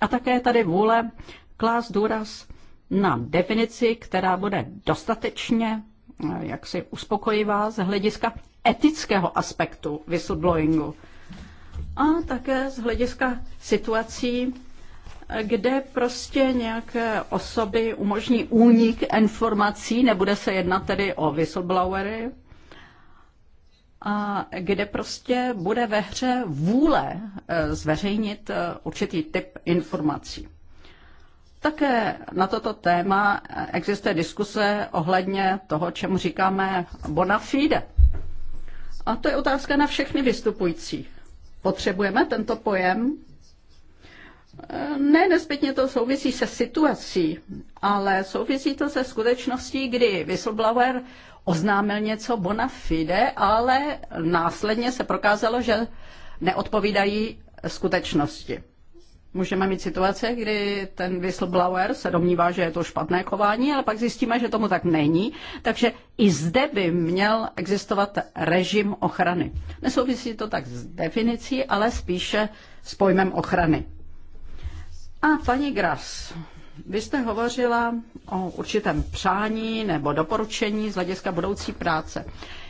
A také tady vůle klást důraz na definici, která bude dostatečně eh, jak si uspokojivá z hlediska etického aspektu whistleblowingu a také z hlediska situací, kde prostě nějaké osoby umožní únik informací, nebude se jednat tedy o whistleblowery, a kde prostě bude ve hře vůle eh, zveřejnit eh, určitý typ informací. Také na toto téma eh, existuje diskuse ohledně toho, čemu říkáme bona fide. A to je otázka na všechny vystupující. Potřebujeme tento pojem ne nezbytně to souvisí se situací, ale souvisí to se skutečností, kdy whistleblower oznámil něco bona fide, ale následně se prokázalo, že neodpovídají skutečnosti. Můžeme mít situace, kdy ten whistleblower se domnívá, že je to špatné chování, ale pak zjistíme, že tomu tak není. Takže i zde by měl existovat režim ochrany. Nesouvisí to tak s definicí, ale spíše s pojmem ochrany. A paní Gras, vy jste hovořila o určitém přání nebo doporučení z hlediska budoucí práce.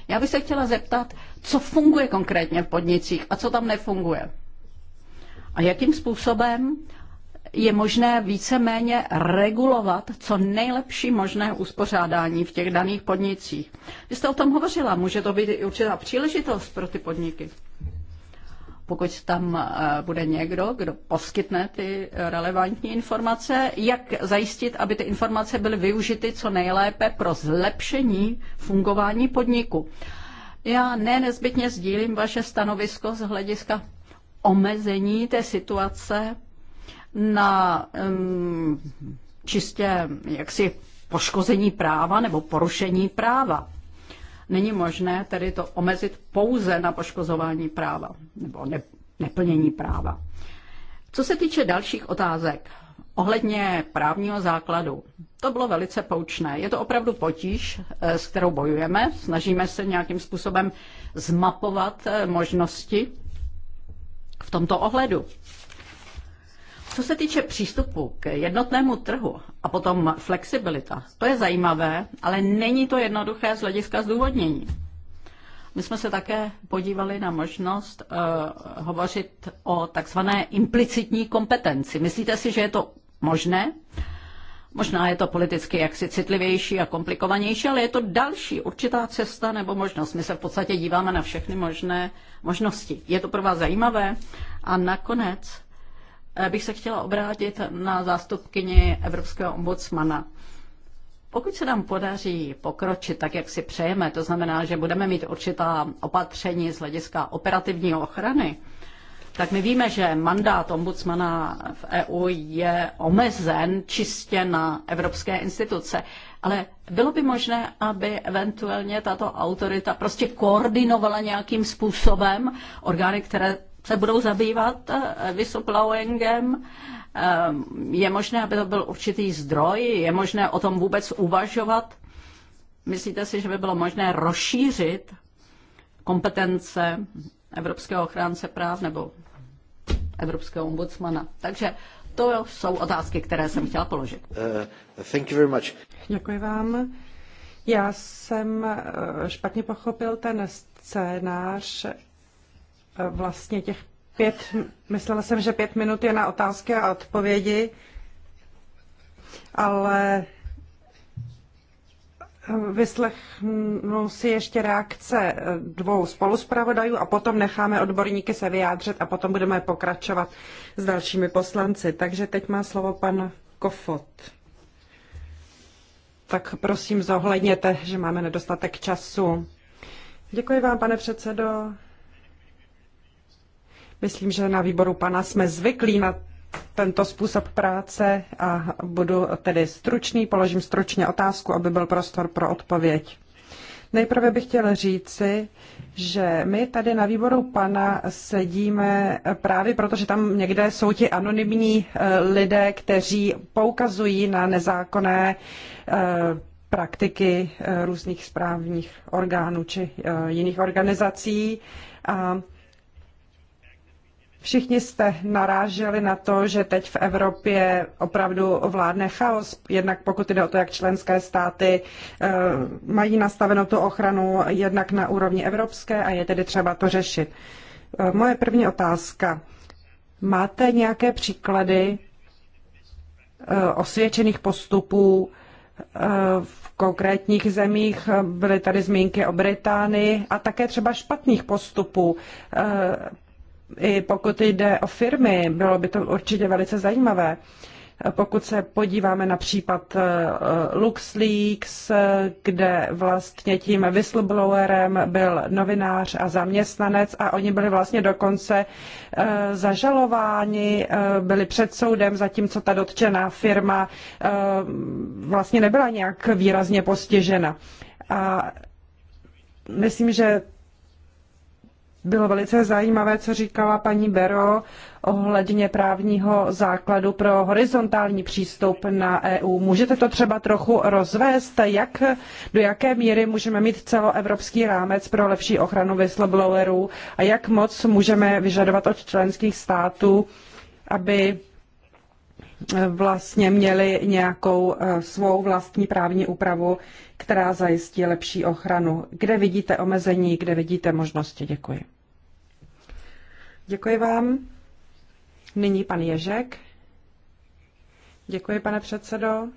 Já bych se chtěla zeptat, co funguje konkrétně v podnicích a co tam nefunguje. A jakým způsobem je možné víceméně regulovat co nejlepší možné uspořádání v těch daných podnicích. Vy jste o tom hovořila, může to být i určitá příležitost pro ty podniky pokud tam eh, bude někdo, kdo poskytne ty relevantní informace, jak zajistit, aby ty informace byly využity co nejlépe pro zlepšení fungování podniku. Já ne nezbytně sdílím vaše stanovisko z hlediska omezení té situace na um, čistě jaksi poškození práva nebo porušení práva. Není možné tedy to omezit pouze na poškozování práva nebo ne, neplnění práva. Co se týče dalších otázek, Ohledně právního základu, to bylo velice poučné. Je to opravdu potíž, eh, s kterou bojujeme. Snažíme se nějakým způsobem zmapovat eh, možnosti v tomto ohledu. Co se týče přístupu k jednotnému trhu a potom flexibilita, to je zajímavé, ale není to jednoduché z hlediska zdůvodnění. My jsme se také podívali na možnost uh, hovořit o takzvané implicitní kompetenci. Myslíte si, že je to možné? Možná je to politicky jaksi citlivější a komplikovanější, ale je to další určitá cesta nebo možnost. My se v podstatě díváme na všechny možné možnosti. Je to pro vás zajímavé? A nakonec Eh, bych se chtěla obrátit na zástupkyni Evropského ombudsmana. Pokud se nám podaří pokročit tak, jak si přejeme, to znamená, že budeme mít určitá opatření z hlediska operativní ochrany, tak my víme, že mandát ombudsmana v EU je omezen čistě na evropské instituce, ale bylo by možné, aby eventuálně tato autorita prostě koordinovala nějakým způsobem orgány, které se budou zabývat eh, whistleblowingem. Eh, je možné, aby to byl určitý zdroj? Je možné o tom vůbec uvažovat? Myslíte si, že by bylo možné rozšířit kompetence Evropského ochránce práv nebo Evropského ombudsmana? Takže to jsou otázky, které jsem chtěla položit. Uh, thank you very much. Děkuji vám. Já jsem špatně pochopil ten scénář, Eh, vlastně těch pět, myslela jsem, že pět minut je na otázky a odpovědi, ale eh, vyslechnu si ještě reakce eh, dvou spoluspravodajů a potom necháme odborníky se vyjádřit a potom budeme pokračovat s dalšími poslanci. Takže teď má slovo pan Kofot. Tak prosím zohledněte, že máme nedostatek času. Děkuji vám, pane předsedo. Myslím, že na výboru pana jsme zvyklí na tento způsob práce a budu tedy stručný, položím stručně otázku, aby byl prostor pro odpověď. Nejprve bych chtěl říci, že my tady na výboru pana sedíme právě proto, že tam někde jsou ti anonymní eh, lidé, kteří poukazují na nezákonné eh, praktiky eh, různých správních orgánů či jiných organizací. A Všichni jste naráželi na to, že teď v Evropě opravdu vládne chaos, jednak pokud jde o to, jak členské státy eh, mají nastavenou tu ochranu jednak na úrovni evropské a je tedy třeba to řešit. Eh, moje první otázka. Máte nějaké příklady eh, osvědčených postupů v konkrétních zemích, byly tady zmínky o Británii a také třeba špatných postupů i pokud jde o firmy, bylo by to určitě velice zajímavé. Pokud se podíváme na případ eh, LuxLeaks, kde vlastně tím whistleblowerem byl novinář a zaměstnanec a oni byli vlastně dokonce eh, zažalováni, eh, byli před soudem, zatímco ta dotčená firma vlastně nebyla nějak výrazně postižena. A myslím, že bylo velice zajímavé, co říkala paní Bero ohledně právního základu pro horizontální přístup na EU. Můžete to třeba trochu rozvést, jak, do jaké míry můžeme mít celoevropský rámec pro lepší ochranu whistleblowerů a jak moc můžeme vyžadovat od členských států, aby eh, vlastně měli nějakou eh, svou vlastní právní úpravu která zajistí lepší ochranu. Kde vidíte omezení, kde vidíte možnosti? Děkuji. Děkuji vám. Nyní pan Ježek. Děkuji, pane předsedo.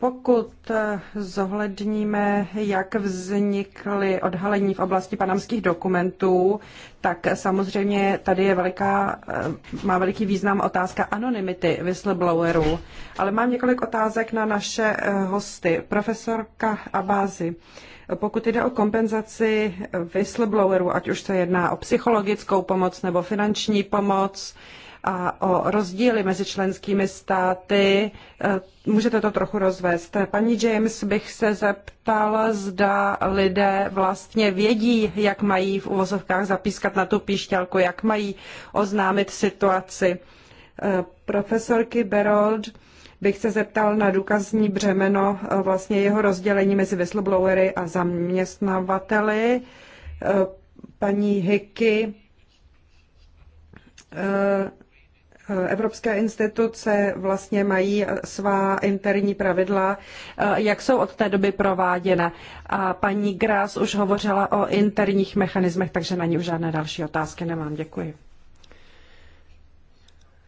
Pokud eh, zohledníme, jak vznikly odhalení v oblasti panamských dokumentů, tak samozřejmě tady je veliká, eh, má veliký význam otázka anonymity whistleblowerů. Ale mám několik otázek na naše eh, hosty. Profesorka Abázy, pokud jde o kompenzaci whistleblowerů, ať už se jedná o psychologickou pomoc nebo finanční pomoc, a o rozdíly mezi členskými státy. Eh, můžete to trochu rozvést. Paní James bych se zeptal, zda lidé vlastně vědí, jak mají v uvozovkách zapískat na tu píšťalku, jak mají oznámit situaci. Eh, profesorky Berold bych se zeptal na důkazní břemeno, eh, vlastně jeho rozdělení mezi whistleblowery a zaměstnavateli. Paní Hicky Evropské instituce vlastně mají svá interní pravidla, eh, jak jsou od té doby prováděna. A paní Grás už hovořila o interních mechanismech, takže na ní už žádné další otázky nemám. Děkuji.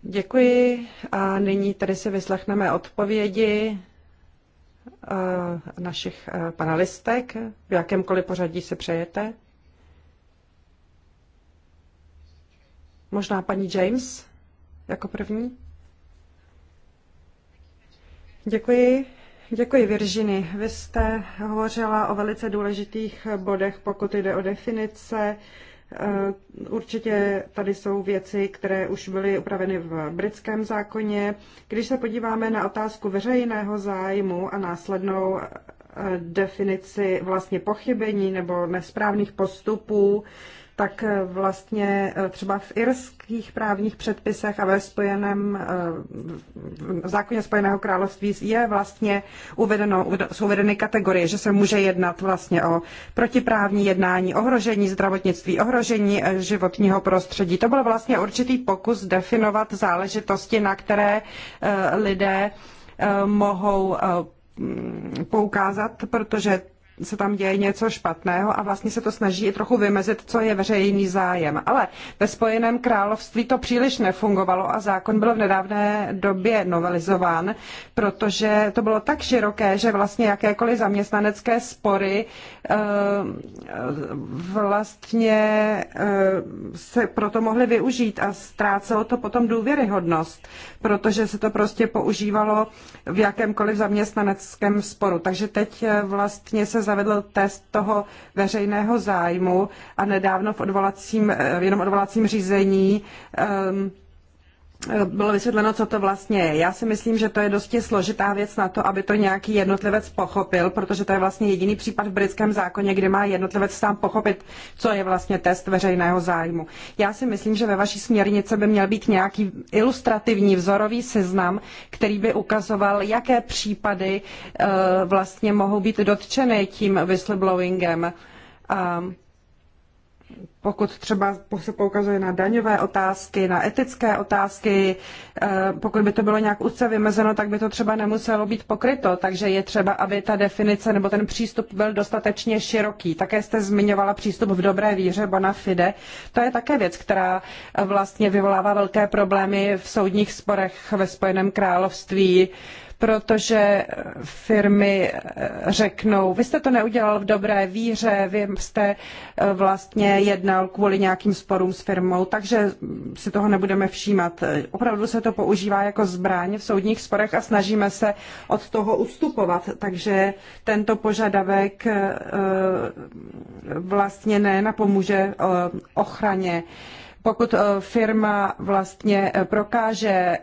Děkuji a nyní tedy si vyslechneme odpovědi eh, našich eh, panelistek, v jakémkoliv pořadí si přejete. Možná paní James? jako první. Děkuji. Děkuji, Virginy. Vy jste hovořila o velice důležitých bodech, pokud jde o definice. Eh, určitě tady jsou věci, které už byly upraveny v britském zákoně. Když se podíváme na otázku veřejného zájmu a následnou eh, definici vlastně pochybení nebo nesprávných postupů, tak eh, vlastně eh, třeba v irských právních předpisech a ve spojeném, eh, v zákoně Spojeného království je vlastně uvedeno, jsou uvedeny kategorie, že se může jednat vlastně o protiprávní jednání, ohrožení zdravotnictví, ohrožení životního prostředí. To byl vlastně určitý pokus definovat záležitosti, na které lidé mohou poukázat, protože se tam děje něco špatného a vlastně se to snaží i trochu vymezit, co je veřejný zájem. Ale ve Spojeném království to příliš nefungovalo a zákon byl v nedávné době novelizován, protože to bylo tak široké, že vlastně jakékoliv zaměstnanecké spory eh, vlastně eh, se proto mohly využít a ztrácelo to potom důvěryhodnost, protože se to prostě používalo v jakémkoliv zaměstnaneckém sporu. Takže teď eh, vlastně se zavedl test toho veřejného zájmu a nedávno v odvolacím, eh, jenom odvolacím řízení um, bylo vysvětleno, co to vlastně je. Já si myslím, že to je dosti složitá věc na to, aby to nějaký jednotlivec pochopil, protože to je vlastně jediný případ v britském zákoně, kdy má jednotlivec sám pochopit, co je vlastně test veřejného zájmu. Já si myslím, že ve vaší směrnici by měl být nějaký ilustrativní vzorový seznam, který by ukazoval, jaké případy eh, vlastně mohou být dotčeny tím whistleblowingem. Um, pokud třeba se poukazuje na daňové otázky, na etické otázky, eh, pokud by to bylo nějak úzce vymezeno, tak by to třeba nemuselo být pokryto, takže je třeba, aby ta definice nebo ten přístup byl dostatečně široký. Také jste zmiňovala přístup v dobré víře bona fide. To je také věc, která vlastně vyvolává velké problémy v soudních sporech ve Spojeném království protože firmy eh, řeknou, vy jste to neudělal v dobré víře, vy jste eh, vlastně jednal kvůli nějakým sporům s firmou, takže si toho nebudeme všímat. Opravdu se to používá jako zbraň v soudních sporech a snažíme se od toho ustupovat, takže tento požadavek eh, vlastně nenapomůže ochraně. Pokud firma vlastně prokáže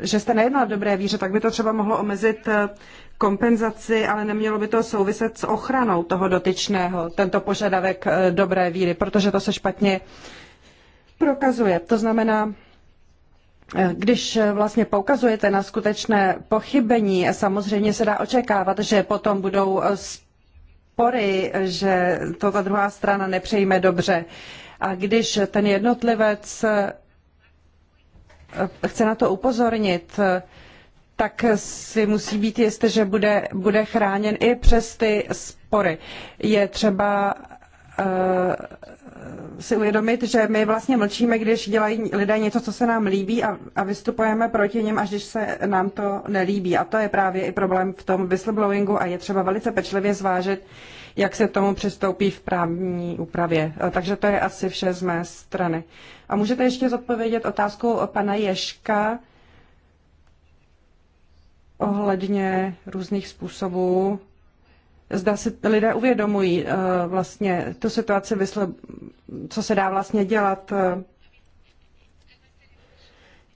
že jste nejednal v dobré víře, tak by to třeba mohlo omezit eh, kompenzaci, ale nemělo by to souviset s ochranou toho dotyčného, tento požadavek eh, dobré víry, protože to se špatně prokazuje. To znamená, eh, když vlastně poukazujete na skutečné pochybení, samozřejmě se dá očekávat, že potom budou spory, že to ta druhá strana nepřejme dobře. A když ten jednotlivec chce na to upozornit, tak si musí být jistý, že bude, bude chráněn i přes ty spory. Je třeba eh, si uvědomit, že my vlastně mlčíme, když dělají lidé něco, co se nám líbí a, a vystupujeme proti něm, až když se nám to nelíbí. A to je právě i problém v tom whistleblowingu a je třeba velice pečlivě zvážit, jak se tomu přistoupí v právní úpravě. Eh, takže to je asi vše z mé strany. A můžete ještě zodpovědět otázku o pana Ješka ohledně různých způsobů. Zda si lidé uvědomují uh, vlastně tu situaci, vysle, co se dá vlastně dělat.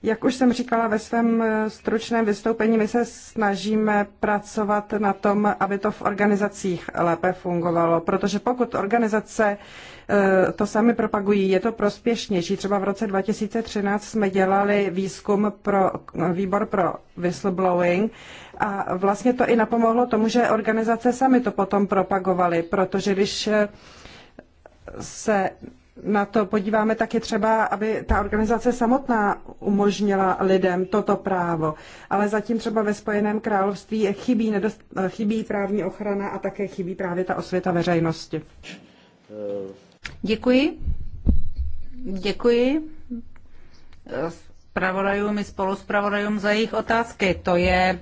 Jak už jsem říkala ve svém eh, stručném vystoupení, my se snažíme pracovat na tom, aby to v organizacích lépe fungovalo, protože pokud organizace uh, Eh, to sami propagují. Je to prospěšnější. Třeba v roce 2013 jsme dělali výzkum pro výbor pro whistleblowing a vlastně to i napomohlo tomu, že organizace sami to potom propagovaly, protože když eh, se na to podíváme, tak je třeba, aby ta organizace samotná umožnila lidem toto právo. Ale zatím třeba ve Spojeném království chybí, nedost, eh, chybí právní ochrana a také chybí právě ta osvěta veřejnosti. Děkuji. Děkuji eh, zpravodajům i spoluzpravodajům za jejich otázky. To je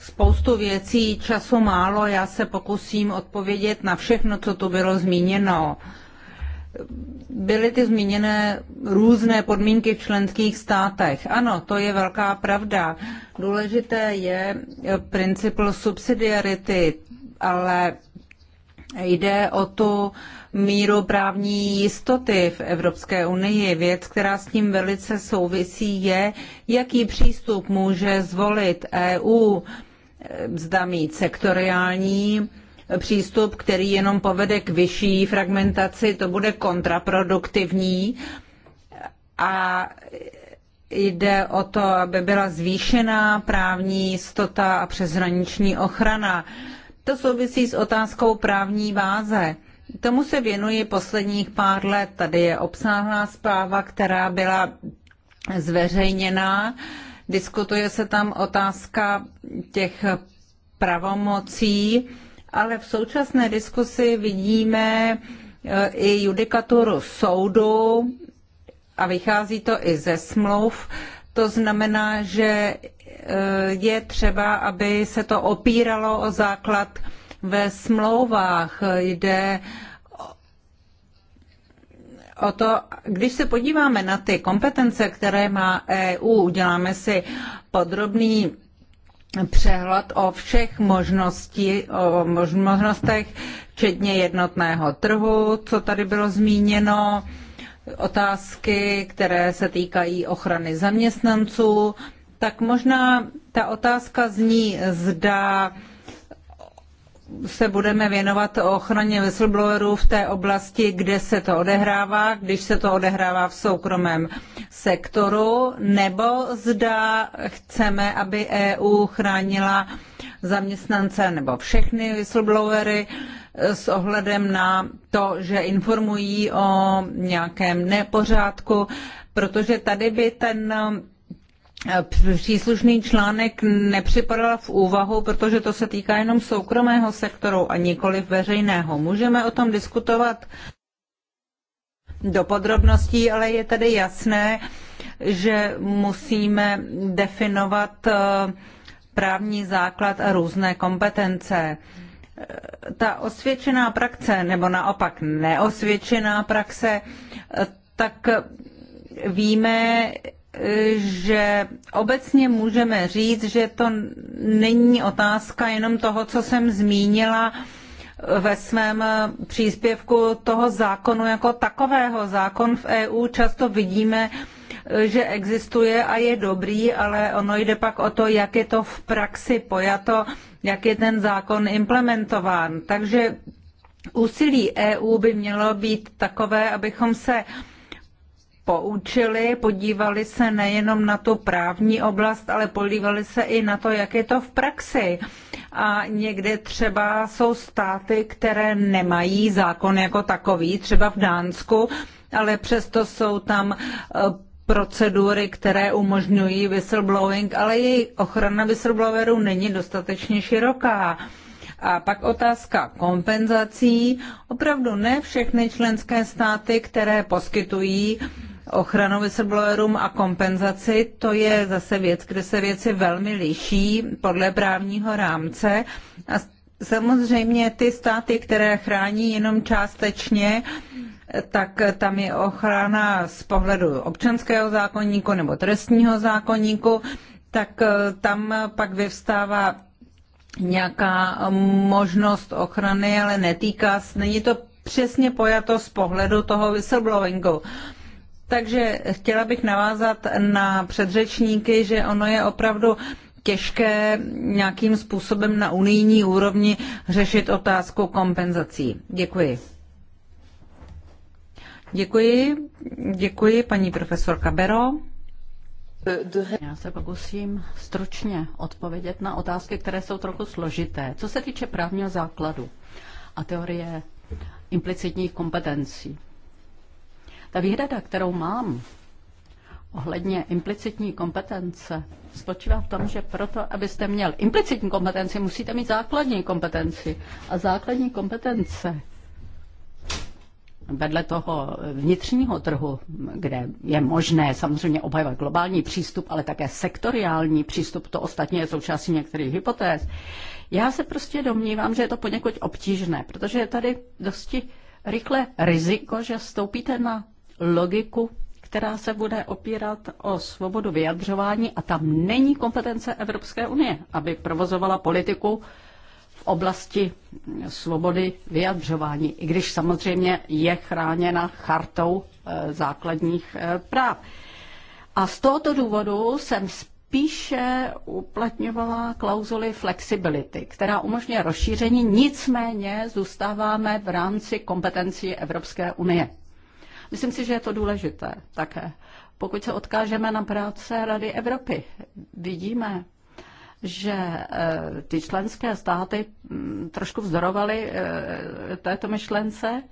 spoustu věcí, času málo, já se pokusím odpovědět na všechno, co tu bylo zmíněno. Byly ty zmíněné různé podmínky v členských státech. Ano, to je velká pravda. Důležité je princip subsidiarity, ale Jde o tu míru právní jistoty v Evropské unii. Věc, která s tím velice souvisí, je, jaký přístup může zvolit EU, zda mít sektoriální přístup, který jenom povede k vyšší fragmentaci, to bude kontraproduktivní. A jde o to, aby byla zvýšená právní jistota a přeshraniční ochrana to souvisí s otázkou právní váze. Tomu se věnuji posledních pár let. Tady je obsáhlá zpráva, která byla zveřejněná. Diskutuje se tam otázka těch pravomocí, ale v současné diskusi vidíme eh, i judikaturu soudu a vychází to i ze smluv. To znamená, že je třeba, aby se to opíralo o základ ve smlouvách. Jde o to, když se podíváme na ty kompetence, které má EU, uděláme si podrobný přehled o všech možnosti, o možnostech, včetně jednotného trhu, co tady bylo zmíněno, otázky, které se týkají ochrany zaměstnanců, tak možná ta otázka zní, zda se budeme věnovat ochraně whistleblowerů v té oblasti, kde se to odehrává, když se to odehrává v soukromém sektoru, nebo zda chceme, aby EU chránila zaměstnance nebo všechny whistleblowery s ohledem na to, že informují o nějakém nepořádku, protože tady by ten Eh, příslušný článek nepřipadal v úvahu, protože to se týká jenom soukromého sektoru a nikoli veřejného. Můžeme o tom diskutovat do podrobností, ale je tady jasné, že musíme definovat eh, právní základ a různé kompetence. Eh, ta osvědčená praxe, nebo naopak neosvědčená praxe, tak víme, že obecně můžeme říct, že to není otázka jenom toho, co jsem zmínila ve svém příspěvku toho zákonu jako takového. Zákon v EU často vidíme, že existuje a je dobrý, ale ono jde pak o to, jak je to v praxi pojato, jak je ten zákon implementován. Takže úsilí EU by mělo být takové, abychom se uh, poučili, podívali se nejenom na tu právní oblast, ale podívali se i na to, jak je to v praxi. A někde třeba jsou státy, které nemají zákon jako takový, třeba v Dánsku, ale přesto jsou tam eh, procedury, které umožňují whistleblowing, ale její ochrana whistleblowerů není dostatečně široká. A pak otázka kompenzací. Opravdu ne všechny členské státy, které poskytují ochranu whistleblowerům a kompenzaci, to je zase věc, kde se věci velmi liší podle právního rámce. A samozřejmě ty státy, které chrání jenom částečně, tak tam je ochrana z pohledu občanského zákonníku nebo trestního zákonníku, tak eh, tam pak vyvstává nějaká možnost ochrany, ale netýká, není to přesně pojato z pohledu toho whistleblowingu. Takže chtěla bych navázat na předřečníky, že ono je opravdu těžké nějakým způsobem na unijní úrovni řešit otázku kompenzací. Děkuji. Děkuji. Děkuji, paní profesorka Bero. Já se pokusím stručně odpovědět na otázky, které jsou trochu složité. Co se týče právního základu a teorie implicitních kompetencí, ta výhrada, kterou mám ohledně implicitní kompetence, spočívá v tom, že proto, abyste měl implicitní kompetenci, musíte mít základní kompetenci. A základní kompetence vedle toho vnitřního trhu, kde je možné samozřejmě obhajovat globální přístup, ale také sektoriální přístup, to ostatně je součástí některých hypotéz, já se prostě domnívám, že je to poněkud obtížné, protože je tady dosti rychle riziko, že stoupíte na logiku, která se bude opírat o svobodu vyjadřování a tam není kompetence Evropské unie, aby provozovala politiku v oblasti svobody vyjadřování, i když samozřejmě je chráněna chartou eh, základních eh, práv. A z tohoto důvodu jsem spíše uplatňovala klauzuly flexibility, která umožňuje rozšíření, nicméně zůstáváme v rámci kompetencí Evropské unie. Myslím si, že je to důležité také. Pokud se odkážeme na práce Rady Evropy, vidíme, že e, ty členské státy mm, trošku vzdorovaly e, této myšlence,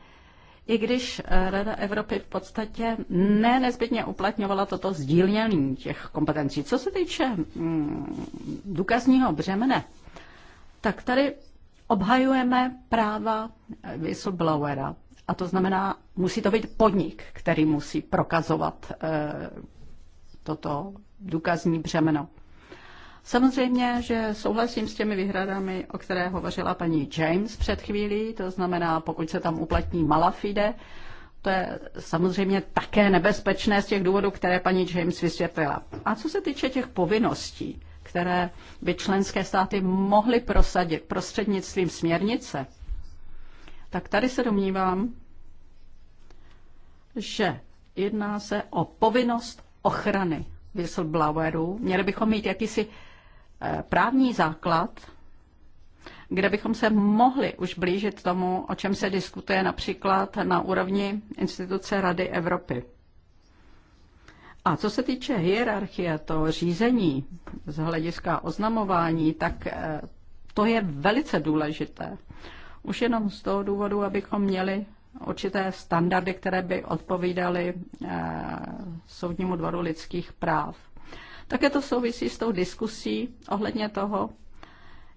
i když e, Rada Evropy v podstatě ne nezbytně uplatňovala toto sdílnění těch kompetencí. Co se týče mm, důkazního břemene, tak tady obhajujeme práva whistleblowera. A to znamená, musí to být podnik, který musí prokazovat eh, toto důkazní břemeno. Samozřejmě, že souhlasím s těmi výhradami, o které hovořila paní James před chvílí, to znamená, pokud se tam uplatní malafide, to je samozřejmě také nebezpečné z těch důvodů, které paní James vysvětlila. A co se týče těch povinností, které by členské státy mohly prosadit prostřednictvím směrnice, tak tady se domnívám, že jedná se o povinnost ochrany whistleblowerů. Měli bychom mít jakýsi eh, právní základ, kde bychom se mohli už blížit tomu, o čem se diskutuje například na úrovni instituce Rady Evropy. A co se týče hierarchie to řízení z hlediska oznamování, tak eh, to je velice důležité. Už jenom z toho důvodu, abychom měli určité standardy, které by odpovídaly eh, Soudnímu dvoru lidských práv. Také to souvisí s tou diskusí ohledně toho,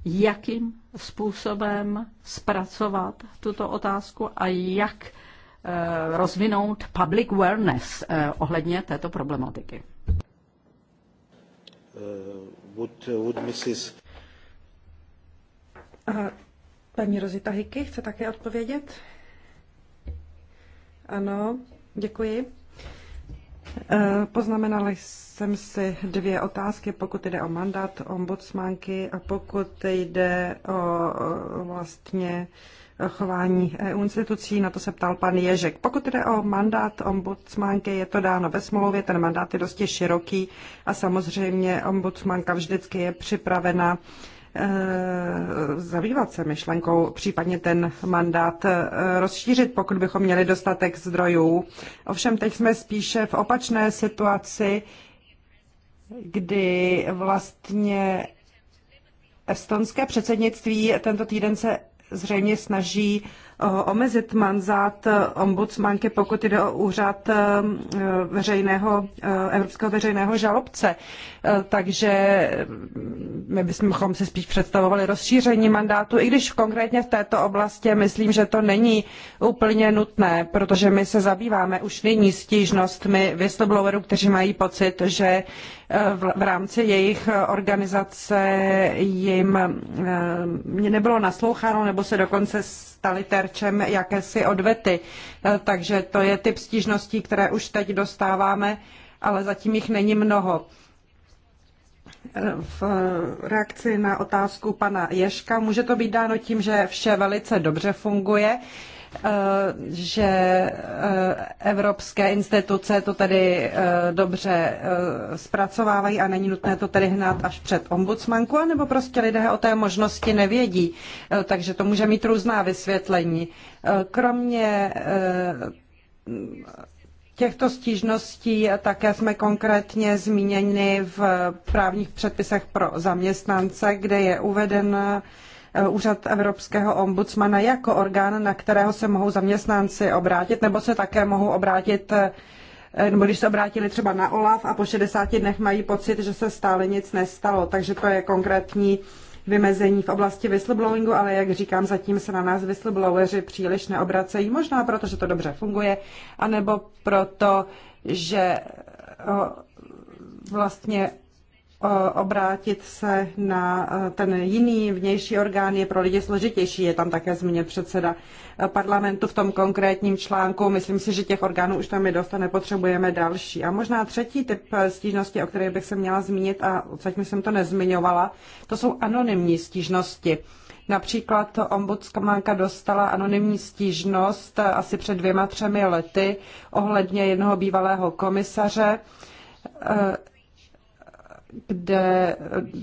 jakým způsobem zpracovat tuto otázku a jak eh, rozvinout public awareness eh, ohledně této problematiky. Uh, would, would Mrs. Uh, Paní Rozita Hiky chce také odpovědět? Ano, děkuji. Eh, Poznamenala jsem si dvě otázky, pokud jde o mandát ombudsmanky a pokud jde o vlastně chování EU institucí, na to se ptal pan Ježek. Pokud jde o mandát ombudsmanky, je to dáno ve smlouvě, ten mandát je dosti široký a samozřejmě ombudsmanka vždycky je připravena uh, Eh, zabývat se myšlenkou, případně ten mandát eh, rozšířit, pokud bychom měli dostatek zdrojů. Ovšem teď jsme spíše v opačné situaci, kdy vlastně estonské předsednictví tento týden se zřejmě snaží omezit mandát ombudsmanky, pokud jde o úřad e, veřejného, e, evropského veřejného žalobce. E, takže my bychom si spíš představovali rozšíření mandátu, i když konkrétně v této oblasti myslím, že to není úplně nutné, protože my se zabýváme už nyní stížnostmi whistleblowerů, kteří mají pocit, že v rámci jejich organizace jim nebylo nasloucháno nebo se dokonce staly terčem jakési odvety. E, takže to je typ stížností, které už teď dostáváme, ale zatím jich není mnoho. E, v reakci na otázku pana Ješka může to být dáno tím, že vše velice dobře funguje Eh, že eh, evropské instituce to tedy eh, dobře zpracovávají a není nutné to tedy hnát až před ombudsmanku, anebo prostě lidé o té možnosti nevědí. Takže to může mít různá vysvětlení. Kromě těchto stížností také jsme konkrétně zmíněni v právních předpisech pro zaměstnance, kde je uvedena Eh, úřad evropského ombudsmana jako orgán, na kterého se mohou zaměstnanci obrátit, nebo se také mohou obrátit eh, nebo když se obrátili třeba na OLAF a po 60 dnech mají pocit, že se stále nic nestalo. Takže to je konkrétní vymezení v oblasti whistleblowingu, ale jak říkám, zatím se na nás whistlebloweri příliš neobracejí. Možná proto, že to dobře funguje, anebo proto, že eh, vlastně Eh, obrátit se na eh, ten jiný vnější orgán je pro lidi složitější. Je tam také zmíněn předseda eh, parlamentu v tom konkrétním článku. Myslím si, že těch orgánů už tam je dost a nepotřebujeme další. A možná třetí typ stížnosti, o které bych se měla zmínit a zatím jsem to nezmiňovala, to jsou anonymní stížnosti. Například ombudsmanka dostala anonymní stížnost asi před dvěma, třemi lety ohledně jednoho bývalého komisaře, kde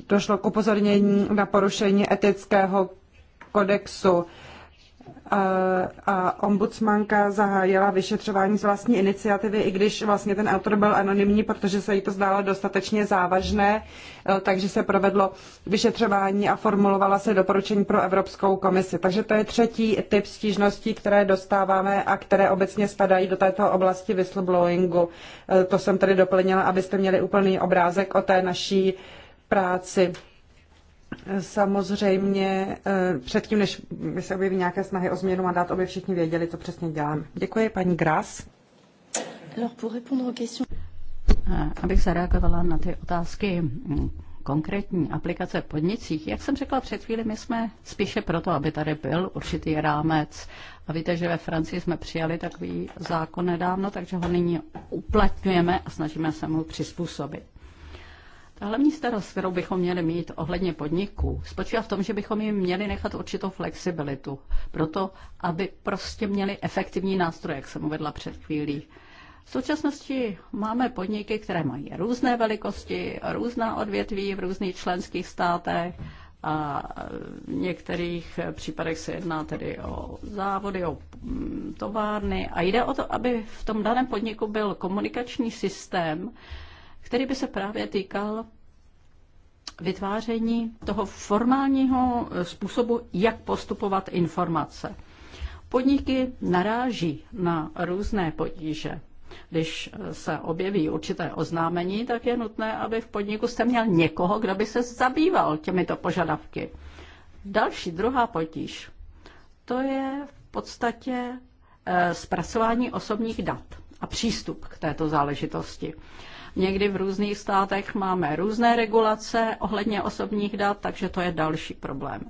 došlo k upozornění na porušení etického kodexu a ombudsmanka zahájila vyšetřování z vlastní iniciativy, i když vlastně ten autor byl anonymní, protože se jí to zdálo dostatečně závažné, eh, takže se provedlo vyšetřování a formulovala se doporučení pro Evropskou komisi. Takže to je třetí typ stížností, které dostáváme a které obecně spadají do této oblasti whistleblowingu. Eh, to jsem tedy doplnila, abyste měli úplný obrázek o té naší práci. Samozřejmě eh, předtím, než se objeví nějaké snahy o změnu mandát, aby všichni věděli, co přesně děláme. Děkuji, paní Gras. Eh, abych zareagovala na ty otázky mm, konkrétní aplikace v podnicích. Jak jsem řekla před chvíli, my jsme spíše proto, aby tady byl určitý rámec. A víte, že ve Francii jsme přijali takový zákon nedávno, takže ho nyní uplatňujeme a snažíme se mu přizpůsobit. Hlavní starost, kterou bychom měli mít ohledně podniků, spočívá v tom, že bychom jim měli nechat určitou flexibilitu, proto aby prostě měli efektivní nástroje, jak jsem uvedla před chvílí. V současnosti máme podniky, které mají různé velikosti, různá odvětví v různých členských státech a v některých případech se jedná tedy o závody, o mm, továrny a jde o to, aby v tom daném podniku byl komunikační systém, který by se právě týkal vytváření toho formálního eh, způsobu, jak postupovat informace. Podniky naráží na různé potíže. Když eh, se objeví určité oznámení, tak je nutné, aby v podniku jste měl někoho, kdo by se zabýval těmito požadavky. Další, druhá potíž, to je v podstatě eh, zpracování osobních dat a přístup k této záležitosti. Někdy v různých státech máme různé regulace ohledně osobních dat, takže to je další problém.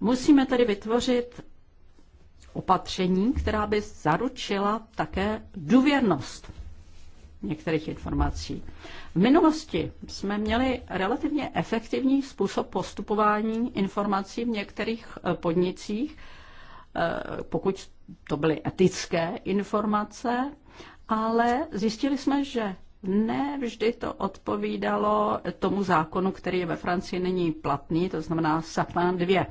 Musíme tedy vytvořit opatření, která by zaručila také důvěrnost některých informací. V minulosti jsme měli relativně efektivní způsob postupování informací v některých eh, podnicích, eh, pokud to byly etické informace, ale zjistili jsme, že ne vždy to odpovídalo tomu zákonu, který je ve Francii nyní platný, to znamená Sapin 2.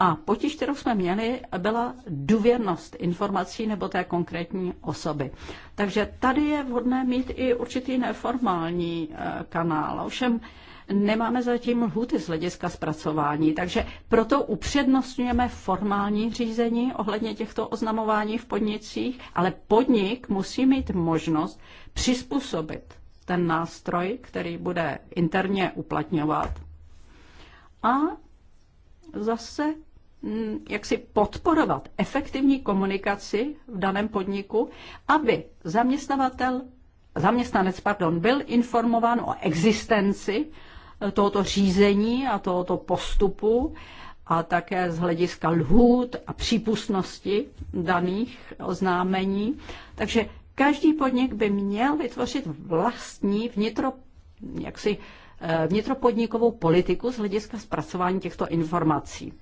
A potíž, kterou jsme měli, byla důvěrnost informací nebo té konkrétní osoby. Takže tady je vhodné mít i určitý neformální eh, kanál. Ovšem nemáme zatím lhuty z hlediska zpracování, takže proto upřednostňujeme formální řízení ohledně těchto oznamování v podnicích, ale podnik musí mít možnost přizpůsobit ten nástroj, který bude interně uplatňovat a zase mm, jak si podporovat efektivní komunikaci v daném podniku, aby zaměstnavatel, zaměstnanec pardon, byl informován o existenci eh, tohoto řízení a tohoto postupu a také z hlediska lhůt a přípustnosti daných oznámení. Takže Každý podnik by měl vytvořit vlastní vnitro, jaksi, eh, vnitropodnikovou politiku z hlediska zpracování těchto informací.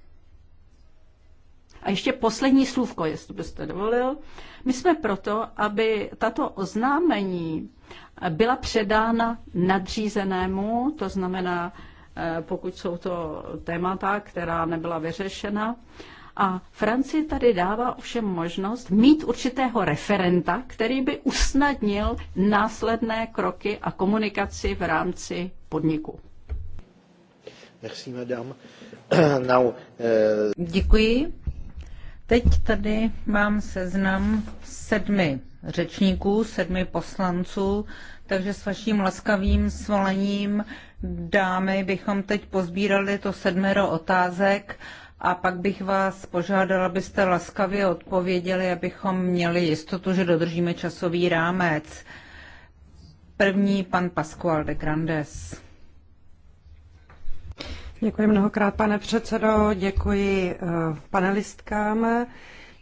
A ještě poslední slůvko, jestli byste dovolil. My jsme proto, aby tato oznámení byla předána nadřízenému, to znamená, eh, pokud jsou to témata, která nebyla vyřešena, a Francie tady dává ovšem možnost mít určitého referenta, který by usnadnil následné kroky a komunikaci v rámci podniku. Merci, madame. Now, uh... Děkuji. Teď tady mám seznam sedmi řečníků, sedmi poslanců, takže s vaším laskavým svolením dámy bychom teď pozbírali to sedmero otázek a pak bych vás požádala, abyste laskavě odpověděli, abychom měli jistotu, že dodržíme časový rámec. První pan Pascual de Grandes. Děkuji mnohokrát, pane předsedo, děkuji eh, panelistkám.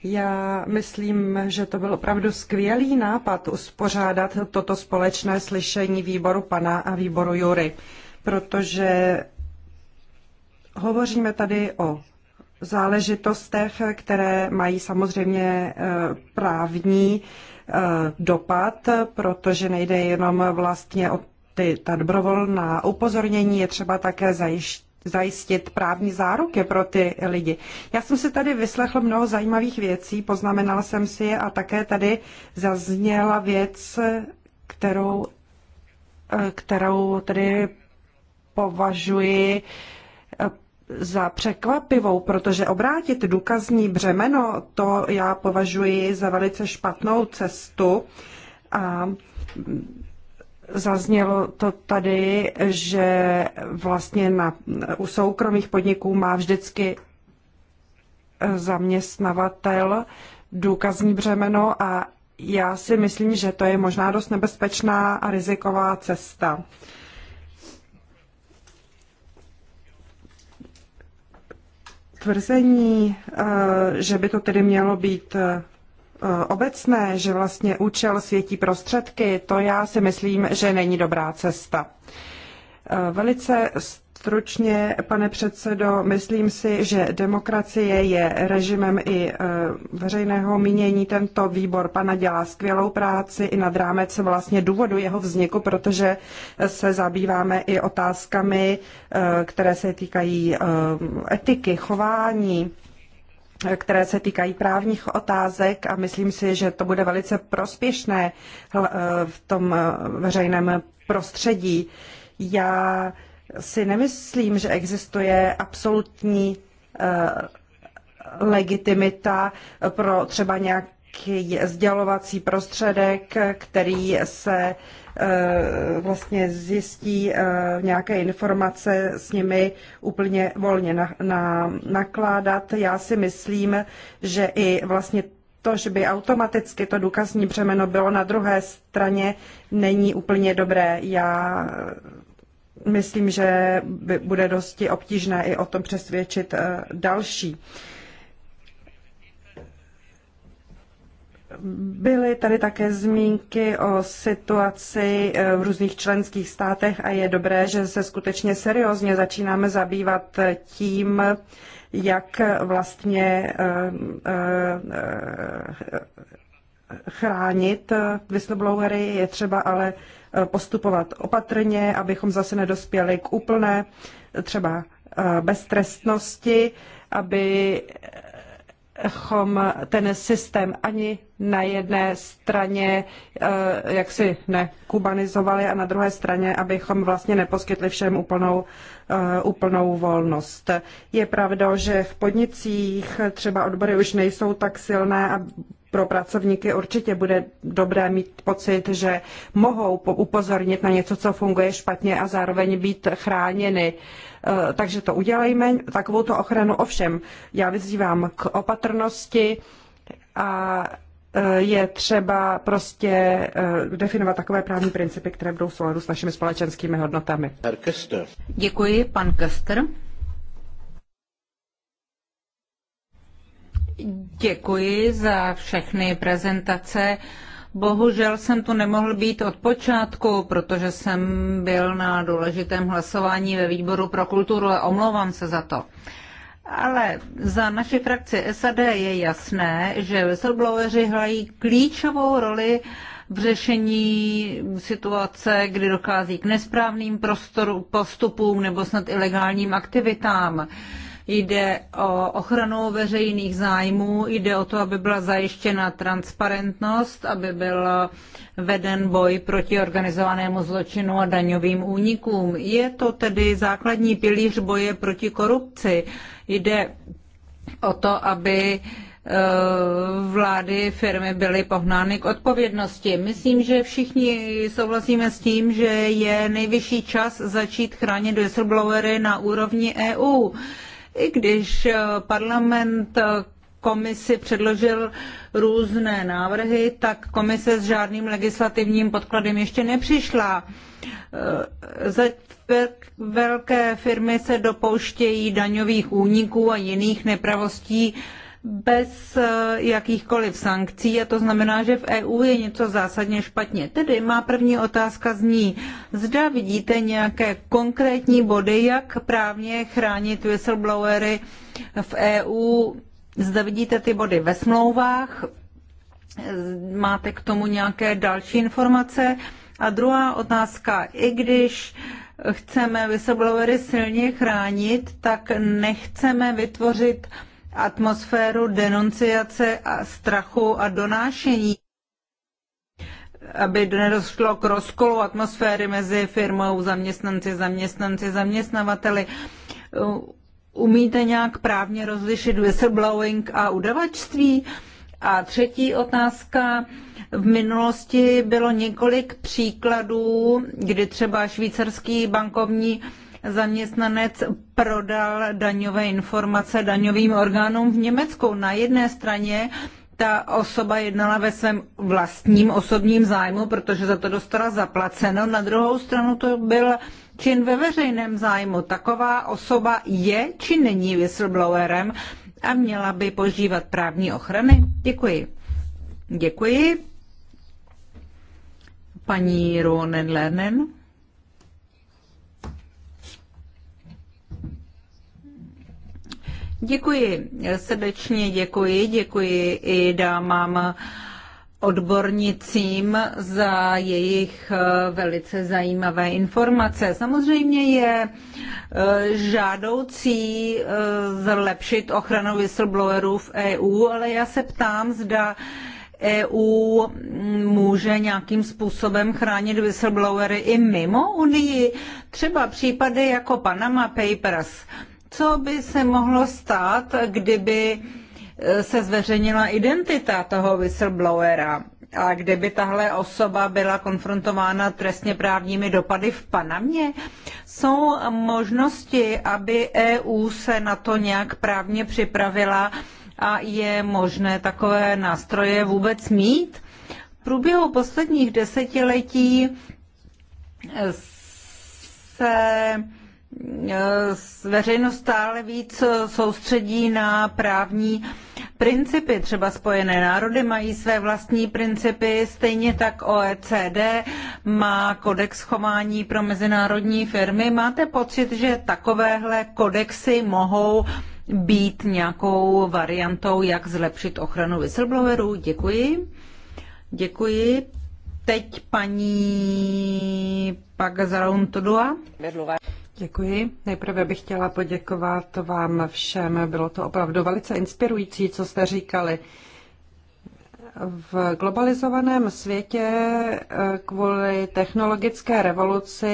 Já myslím, že to byl opravdu skvělý nápad uspořádat toto společné slyšení výboru pana a výboru Jury, protože hovoříme tady o záležitostech, které mají samozřejmě eh, právní eh, dopad, protože nejde jenom vlastně o ty, ta dobrovolná upozornění, je třeba také zajišť, zajistit právní záruky pro ty lidi. Já jsem si tady vyslechl mnoho zajímavých věcí, poznamenal jsem si je a také tady zazněla věc, kterou, eh, kterou tedy považuji za překvapivou, protože obrátit důkazní břemeno, to já považuji za velice špatnou cestu. A Zaznělo to tady, že vlastně na, u soukromých podniků má vždycky zaměstnavatel důkazní břemeno a já si myslím, že to je možná dost nebezpečná a riziková cesta. tvrzení, eh, že by to tedy mělo být eh, obecné, že vlastně účel světí prostředky, to já si myslím, že není dobrá cesta. Eh, velice Stručně, pane předsedo, myslím si, že demokracie je režimem i eh, veřejného mínění. Tento výbor pana dělá skvělou práci i nad rámec vlastně důvodu jeho vzniku, protože se zabýváme i otázkami, eh, které se týkají eh, etiky, chování které se týkají právních otázek a myslím si, že to bude velice prospěšné v tom veřejném prostředí. Já si nemyslím, že existuje absolutní eh, legitimita pro třeba nějaký sdělovací prostředek, který se eh, vlastně zjistí eh, nějaké informace s nimi úplně volně na, na, nakládat. Já si myslím, že i vlastně to, že by automaticky to důkazní břemeno bylo na druhé straně, není úplně dobré. Já myslím, že bude dosti obtížné i o tom přesvědčit eh, další. Byly tady také zmínky o situaci eh, v různých členských státech a je dobré, že se skutečně seriózně začínáme zabývat eh, tím, jak vlastně chránit whistleblowery. Je třeba ale Eh, postupovat opatrně, abychom zase nedospěli k úplné eh, třeba eh, beztrestnosti, abychom ten systém ani na jedné straně jaksi nekubanizovali a na druhé straně, abychom vlastně neposkytli všem úplnou, úplnou volnost. Je pravda, že v podnicích třeba odbory už nejsou tak silné a pro pracovníky určitě bude dobré mít pocit, že mohou upozornit na něco, co funguje špatně a zároveň být chráněny. E, takže to udělejme, takovou to ochranu. Ovšem, já vyzývám k opatrnosti a e, je třeba prostě e, definovat takové právní principy, které budou v souladu s našimi společenskými hodnotami. Děkuji, pan Kester. Děkuji za všechny prezentace. Bohužel jsem tu nemohl být od počátku, protože jsem byl na důležitém hlasování ve výboru pro kulturu a omlouvám se za to. Ale za naši frakci SAD je jasné, že whistlebloweri hrají klíčovou roli v řešení situace, kdy dochází k nesprávným prostoru, postupům nebo snad ilegálním aktivitám. Jde o ochranu veřejných zájmů, jde o to, aby byla zajištěna transparentnost, aby byl veden boj proti organizovanému zločinu a daňovým únikům. Je to tedy základní pilíř boje proti korupci. Jde o to, aby e, vlády, firmy byly pohnány k odpovědnosti. Myslím, že všichni souhlasíme s tím, že je nejvyšší čas začít chránit whistleblowery na úrovni EU. I když eh, parlament eh, komisi předložil různé návrhy, tak komise s žádným legislativním podkladem ještě nepřišla. Eh, velké firmy se dopouštějí daňových úniků a jiných nepravostí, bez eh, jakýchkoliv sankcí a to znamená, že v EU je něco zásadně špatně. Tedy má první otázka zní, zda vidíte nějaké konkrétní body, jak právně chránit whistleblowery v EU, zda vidíte ty body ve smlouvách, máte k tomu nějaké další informace. A druhá otázka, i když chceme whistleblowery silně chránit, tak nechceme vytvořit atmosféru denunciace a strachu a donášení, aby nedošlo k rozkolu atmosféry mezi firmou, zaměstnanci, zaměstnanci, zaměstnavateli. Umíte nějak právně rozlišit whistleblowing a udavačství? A třetí otázka. V minulosti bylo několik příkladů, kdy třeba švýcarský bankovní zaměstnanec prodal daňové informace daňovým orgánům v Německu. Na jedné straně ta osoba jednala ve svém vlastním osobním zájmu, protože za to dostala zaplaceno. Na druhou stranu to byl čin ve veřejném zájmu. Taková osoba je či není whistleblowerem a měla by požívat právní ochrany. Děkuji. Děkuji. Paní Ronen Lernen. Děkuji, srdečně děkuji, děkuji i dámám odbornicím za jejich eh, velice zajímavé informace. Samozřejmě je eh, žádoucí eh, zlepšit ochranu whistleblowerů v EU, ale já se ptám, zda EU může nějakým způsobem chránit whistleblowery i mimo Unii, třeba případy jako Panama Papers co by se mohlo stát, kdyby e, se zveřejnila identita toho whistleblowera a kdyby tahle osoba byla konfrontována trestně právními dopady v Panamě. Jsou možnosti, aby EU se na to nějak právně připravila a je možné takové nástroje vůbec mít? V průběhu posledních desetiletí se veřejnost stále víc eh, soustředí na právní principy. Třeba Spojené národy mají své vlastní principy, stejně tak OECD má kodex chování pro mezinárodní firmy. Máte pocit, že takovéhle kodexy mohou být nějakou variantou, jak zlepšit ochranu whistleblowerů? Děkuji. Děkuji. Teď paní Pagazaron Děkuji. Nejprve bych chtěla poděkovat vám všem. Bylo to opravdu velice inspirující, co jste říkali. V globalizovaném světě eh, kvůli technologické revoluci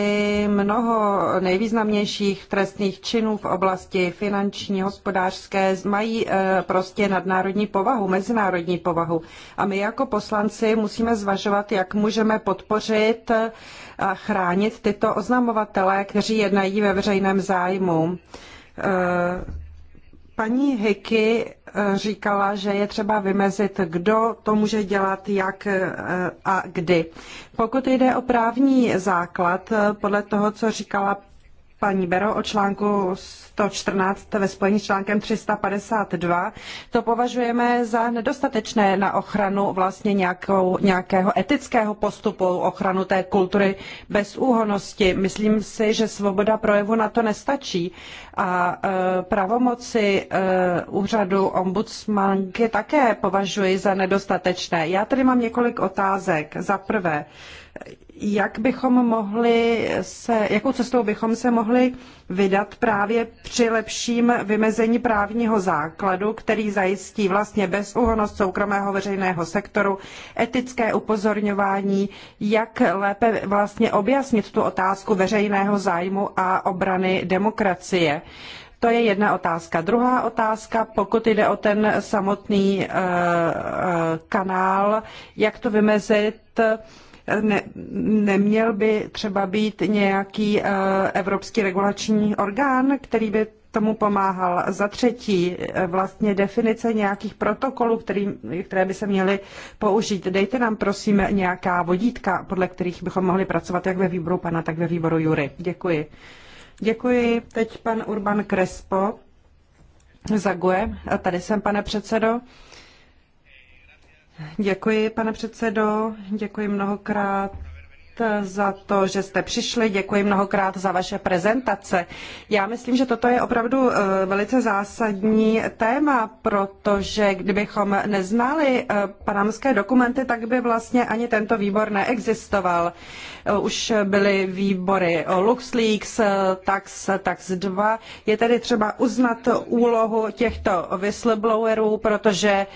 mnoho nejvýznamnějších trestných činů v oblasti finanční, hospodářské mají eh, prostě nadnárodní povahu, mezinárodní povahu. A my jako poslanci musíme zvažovat, jak můžeme podpořit eh, a chránit tyto oznamovatele, kteří jednají ve veřejném zájmu. Paní Hiky říkala, že je třeba vymezit, kdo to může dělat, jak eh, a kdy. Pokud jde o právní základ, eh, podle toho, co říkala paní Bero o článku 114 ve spojení s článkem 352. To považujeme za nedostatečné na ochranu vlastně nějakou, nějakého etického postupu, ochranu té kultury bezúhonosti. Myslím si, že svoboda projevu na to nestačí a e, pravomoci e, úřadu ombudsmanky také považuji za nedostatečné. Já tady mám několik otázek. Za prvé, jak bychom mohli se, jakou cestou bychom se mohli vydat právě při lepším vymezení právního základu, který zajistí vlastně bezúhonost soukromého veřejného sektoru, etické upozorňování, jak lépe vlastně objasnit tu otázku veřejného zájmu a obrany demokracie. To je jedna otázka. Druhá otázka, pokud jde o ten samotný uh, uh, kanál, jak to vymezit uh, ne, neměl by třeba být nějaký eh, evropský regulační orgán, který by tomu pomáhal. Za třetí, eh, vlastně definice nějakých protokolů, který, které by se měly použít. Dejte nám prosím nějaká vodítka, podle kterých bychom mohli pracovat jak ve výboru pana, tak ve výboru Jury. Děkuji. Děkuji. Teď pan Urban Krespo. A Tady jsem, pane předsedo. Děkuji, pane předsedo, děkuji mnohokrát za to, že jste přišli. Děkuji mnohokrát za vaše prezentace. Já myslím, že toto je opravdu eh, velice zásadní téma, protože kdybychom neznali eh, panamské dokumenty, tak by vlastně ani tento výbor neexistoval. Eh, už byly výbory LuxLeaks, tax, tax 2. Je tedy třeba uznat úlohu těchto whistleblowerů, protože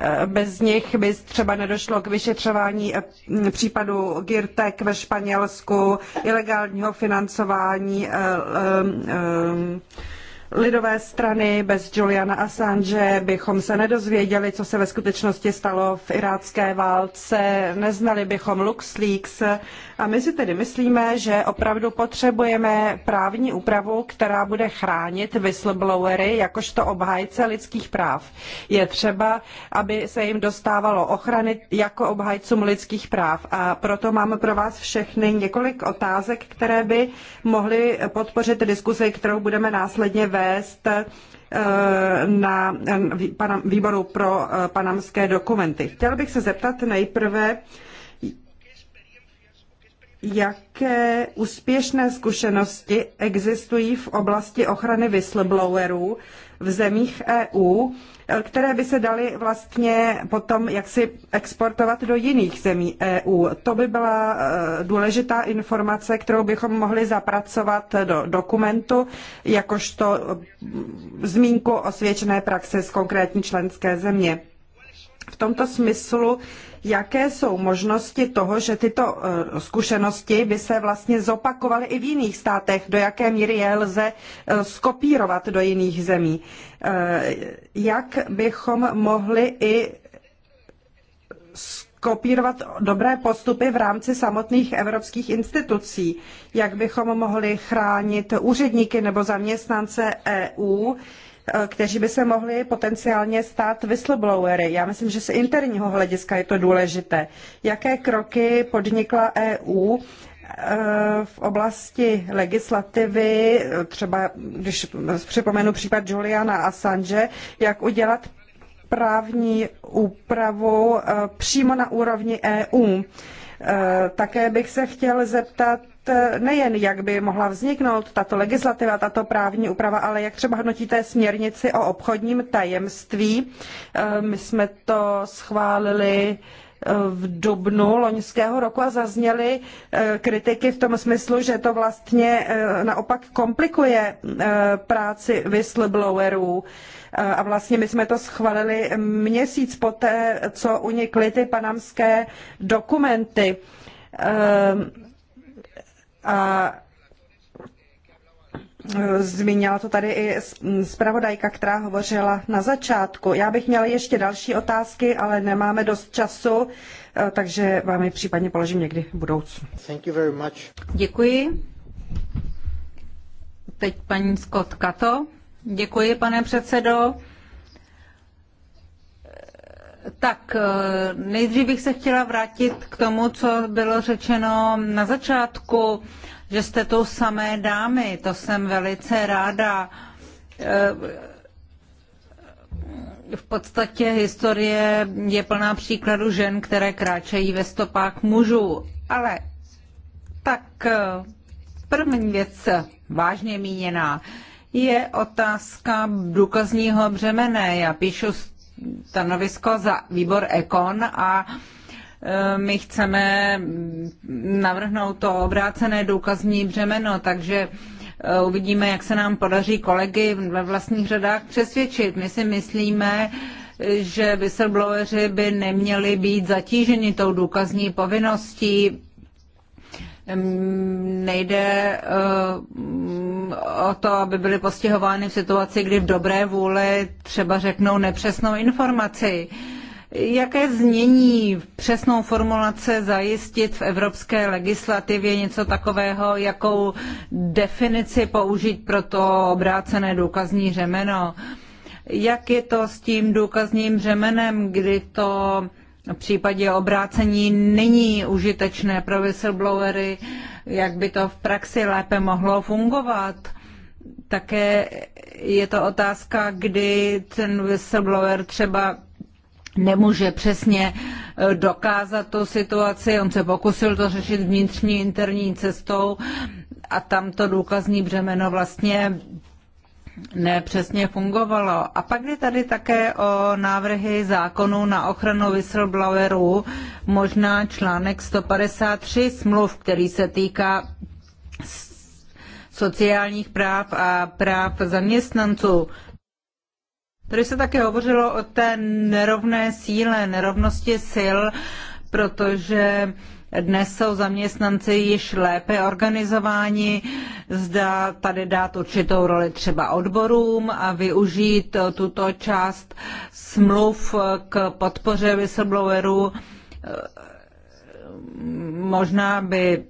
eh, bez nich by třeba nedošlo k vyšetřování eh, případu Girtek ve Španělsku, ilegálního financování lidové strany, bez Juliana Assange bychom se nedozvěděli, co se ve skutečnosti stalo v irácké válce, neznali bychom LuxLeaks a my si tedy myslíme, že opravdu potřebujeme právní úpravu, která bude chránit whistleblowery jakožto obhájce lidských práv. Je třeba, aby se jim dostávalo ochrany jako obhájcům lidských práv a proto máme pro vás všechny několik otázek, které by mohly podpořit diskusi, kterou budeme následně vést vést eh, na výboru pro eh, panamské dokumenty. Chtěl bych se zeptat nejprve, jaké úspěšné zkušenosti existují v oblasti ochrany whistleblowerů v zemích EU, které by se daly vlastně potom jaksi exportovat do jiných zemí EU. To by byla eh, důležitá informace, kterou bychom mohli zapracovat do dokumentu, jakožto mm, zmínku o svědčené praxi z konkrétní členské země v tomto smyslu, jaké jsou možnosti toho, že tyto eh, zkušenosti by se vlastně zopakovaly i v jiných státech, do jaké míry je lze eh, skopírovat do jiných zemí. Eh, jak bychom mohli i skopírovat dobré postupy v rámci samotných evropských institucí, jak bychom mohli chránit úředníky nebo zaměstnance EU, Eh, kteří by se mohli potenciálně stát whistleblowery. Já myslím, že z interního hlediska je to důležité. Jaké kroky podnikla EU eh, v oblasti legislativy, třeba když připomenu případ Juliana Assange, jak udělat právní úpravu eh, přímo na úrovni EU. Také bych se chtěl zeptat E, nejen, jak by mohla vzniknout tato legislativa, tato právní úprava, ale jak třeba hodnotíte směrnici o obchodním tajemství. E, my jsme to schválili e, v dubnu loňského roku a zazněly kritiky v tom smyslu, že to vlastně naopak komplikuje práci whistleblowerů. A vlastně my jsme to schválili měsíc poté, co unikly ty panamské dokumenty. A e, Zmínila to tady i zpravodajka, která hovořila na začátku. Já bych měla ještě další otázky, ale nemáme dost času, e, takže vám je případně položím někdy v budoucnu. Děkuji. Teď paní Scott Kato. Děkuji, pane předsedo. Tak eh, nejdřív bych se chtěla vrátit k tomu, co bylo řečeno na začátku, že jste tu samé dámy, to jsem velice ráda. Eh, v podstatě historie je plná příkladu žen, které kráčejí ve stopách mužů. Ale tak eh, první věc, vážně míněná, je otázka důkazního břemene. Já píšu stanovisko za výbor Ekon a e, my chceme navrhnout to obrácené důkazní břemeno, takže e, uvidíme, jak se nám podaří kolegy ve vlastních řadách přesvědčit. My si myslíme, že whistlebloweri by neměli být zatíženi tou důkazní povinností, nejde eh, o to, aby byly postihovány v situaci, kdy v dobré vůli třeba řeknou nepřesnou informaci. Jaké znění přesnou formulace zajistit v evropské legislativě něco takového, jakou definici použít pro to obrácené důkazní řemeno? Jak je to s tím důkazním řemenem, kdy to v případě obrácení není užitečné pro whistleblowery, jak by to v praxi lépe mohlo fungovat. Také je to otázka, kdy ten whistleblower třeba nemůže přesně eh, dokázat tu situaci. On se pokusil to řešit vnitřní interní cestou a tam to důkazní břemeno vlastně nepřesně fungovalo. A pak je tady také o návrhy zákonu na ochranu whistleblowerů, možná článek 153 smluv, který se týká sociálních práv a práv zaměstnanců. Tady se také hovořilo o té nerovné síle, nerovnosti sil, protože dnes jsou zaměstnanci již lépe organizováni, zda tady dát určitou roli třeba odborům a využít tuto část smluv k podpoře whistleblowerů. Možná by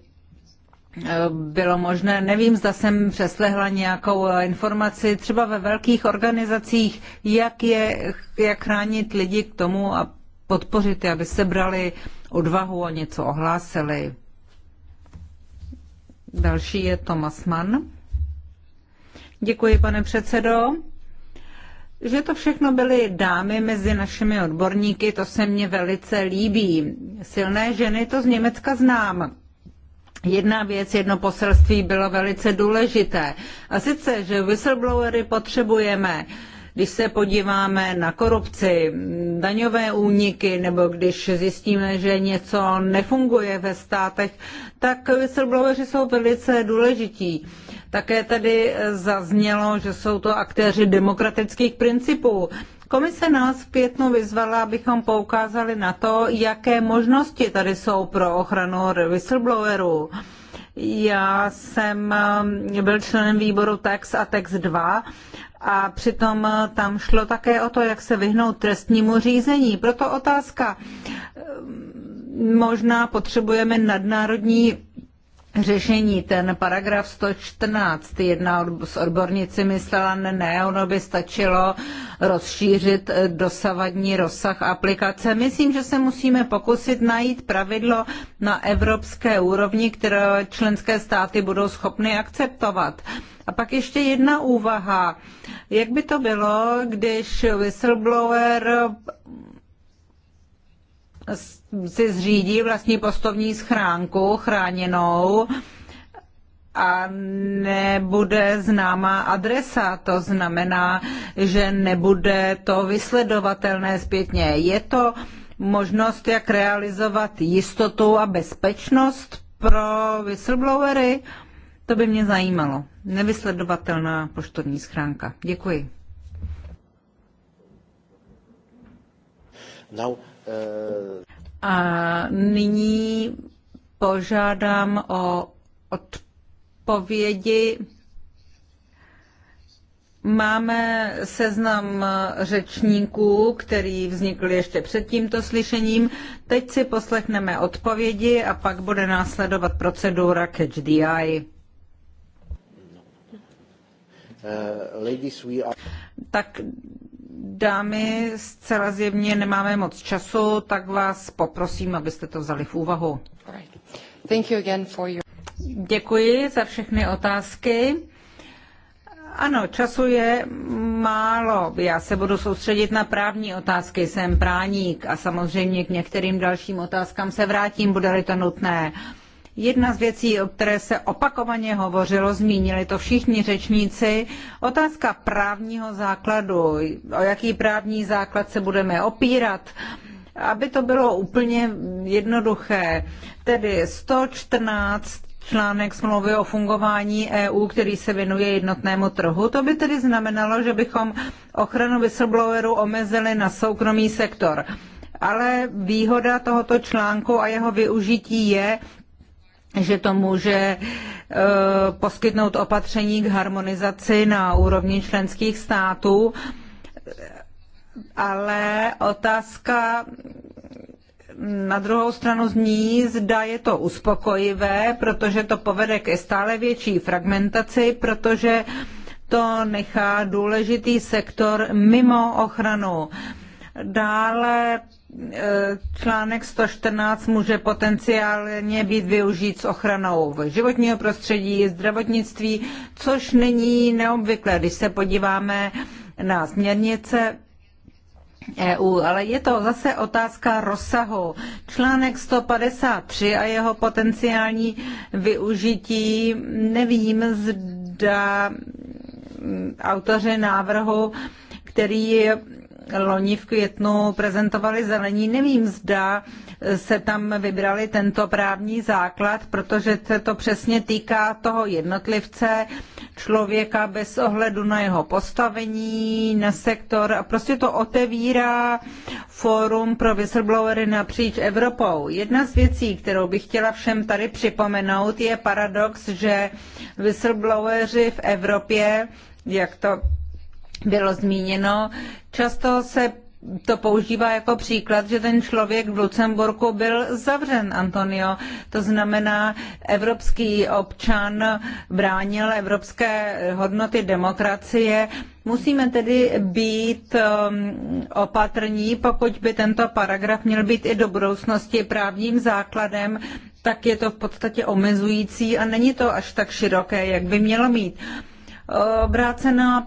eh, bylo možné, nevím, zda jsem přeslehla nějakou eh, informaci, třeba ve velkých organizacích, jak, je, jak chránit lidi k tomu a podpořit je, aby se brali odvahu a něco ohlásili. Další je Tomas Mann. Děkuji, pane předsedo. Že to všechno byly dámy mezi našimi odborníky, to se mně velice líbí. Silné ženy to z Německa znám. Jedna věc, jedno poselství bylo velice důležité. A sice, že whistleblowery potřebujeme. Uh, když se podíváme na korupci, daňové úniky, nebo když zjistíme, že něco nefunguje ve státech, tak whistlebloweri jsou velice důležití. Také tady zaznělo, že jsou to aktéři demokratických principů. Komise nás v květnu vyzvala, abychom poukázali na to, jaké možnosti tady jsou pro ochranu whistleblowerů. Já jsem eh, byl členem výboru TEX a TEX 2 a přitom tam šlo také o to, jak se vyhnout trestnímu řízení. Proto otázka, ehm, možná potřebujeme nadnárodní řešení. Ten paragraf 114, jedna s odbornici myslela, ne, ono by stačilo rozšířit e, dosavadní rozsah aplikace. Myslím, že se musíme pokusit najít pravidlo na evropské úrovni, které členské státy budou schopny akceptovat. A pak ještě jedna úvaha. Jak by to bylo, když whistleblower si zřídí vlastní postovní schránku chráněnou a nebude známá adresa. To znamená, že nebude to vysledovatelné zpětně. Je to možnost, jak realizovat jistotu a bezpečnost pro whistleblowery? To by mě zajímalo. Nevysledovatelná poštovní schránka. Děkuji. Now, uh... A nyní požádám o odpovědi. Máme seznam řečníků, který vznikl ještě před tímto slyšením. Teď si poslechneme odpovědi a pak bude následovat procedura Catch the Eye. Eh, tak dámy, zcela zjevně nemáme moc času, tak vás poprosím, abyste to vzali v úvahu. Děkuji za všechny otázky. Ano, času je málo. Já se budu soustředit na právní otázky. Jsem právník a samozřejmě k některým dalším otázkám se vrátím, bude-li to nutné. Uh, Jedna z věcí, o které se opakovaně hovořilo, zmínili to všichni řečníci, otázka právního základu, o jaký právní základ se budeme opírat, aby to bylo úplně jednoduché. Tedy 114 článek smlouvy o fungování EU, který se věnuje jednotnému trhu. To by tedy znamenalo, že bychom ochranu whistleblowerů omezili na soukromý sektor. Ale výhoda tohoto článku a jeho využití je, že to může e, poskytnout opatření k harmonizaci na úrovni členských států, ale otázka na druhou stranu zní, zda je to uspokojivé, protože to povede ke stále větší fragmentaci, protože to nechá důležitý sektor mimo ochranu. Dále článek 114 může potenciálně být využít s ochranou životního prostředí, zdravotnictví, což není neobvyklé, když se podíváme na směrnice EU, ale je to zase otázka rozsahu. Článek 153 a jeho potenciální využití, nevím, zda autoři návrhu který loni v květnu prezentovali zelení. Nevím, zda se tam vybrali tento právní základ, protože se to přesně týká toho jednotlivce, člověka bez ohledu na jeho postavení, na sektor a prostě to otevírá fórum pro whistleblowery napříč Evropou. Jedna z věcí, kterou bych chtěla všem tady připomenout, je paradox, že whistlebloweri v Evropě, jak to bylo zmíněno, často se to používá jako příklad, že ten člověk v Lucemburku byl zavřen, Antonio. To znamená, evropský občan bránil evropské hodnoty demokracie. Musíme tedy být um, opatrní, pokud by tento paragraf měl být i do budoucnosti právním základem, tak je to v podstatě omezující a není to až tak široké, jak by mělo mít obrácená,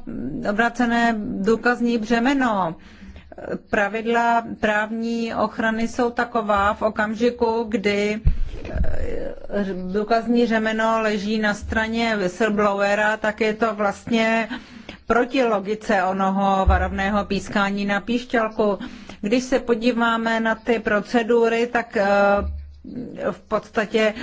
obrácené důkazní břemeno. Pravidla právní ochrany jsou taková v okamžiku, kdy eh, důkazní řemeno leží na straně whistleblowera, tak je to vlastně proti logice onoho varovného pískání na píšťalku. Když se podíváme na ty procedury, tak eh, v podstatě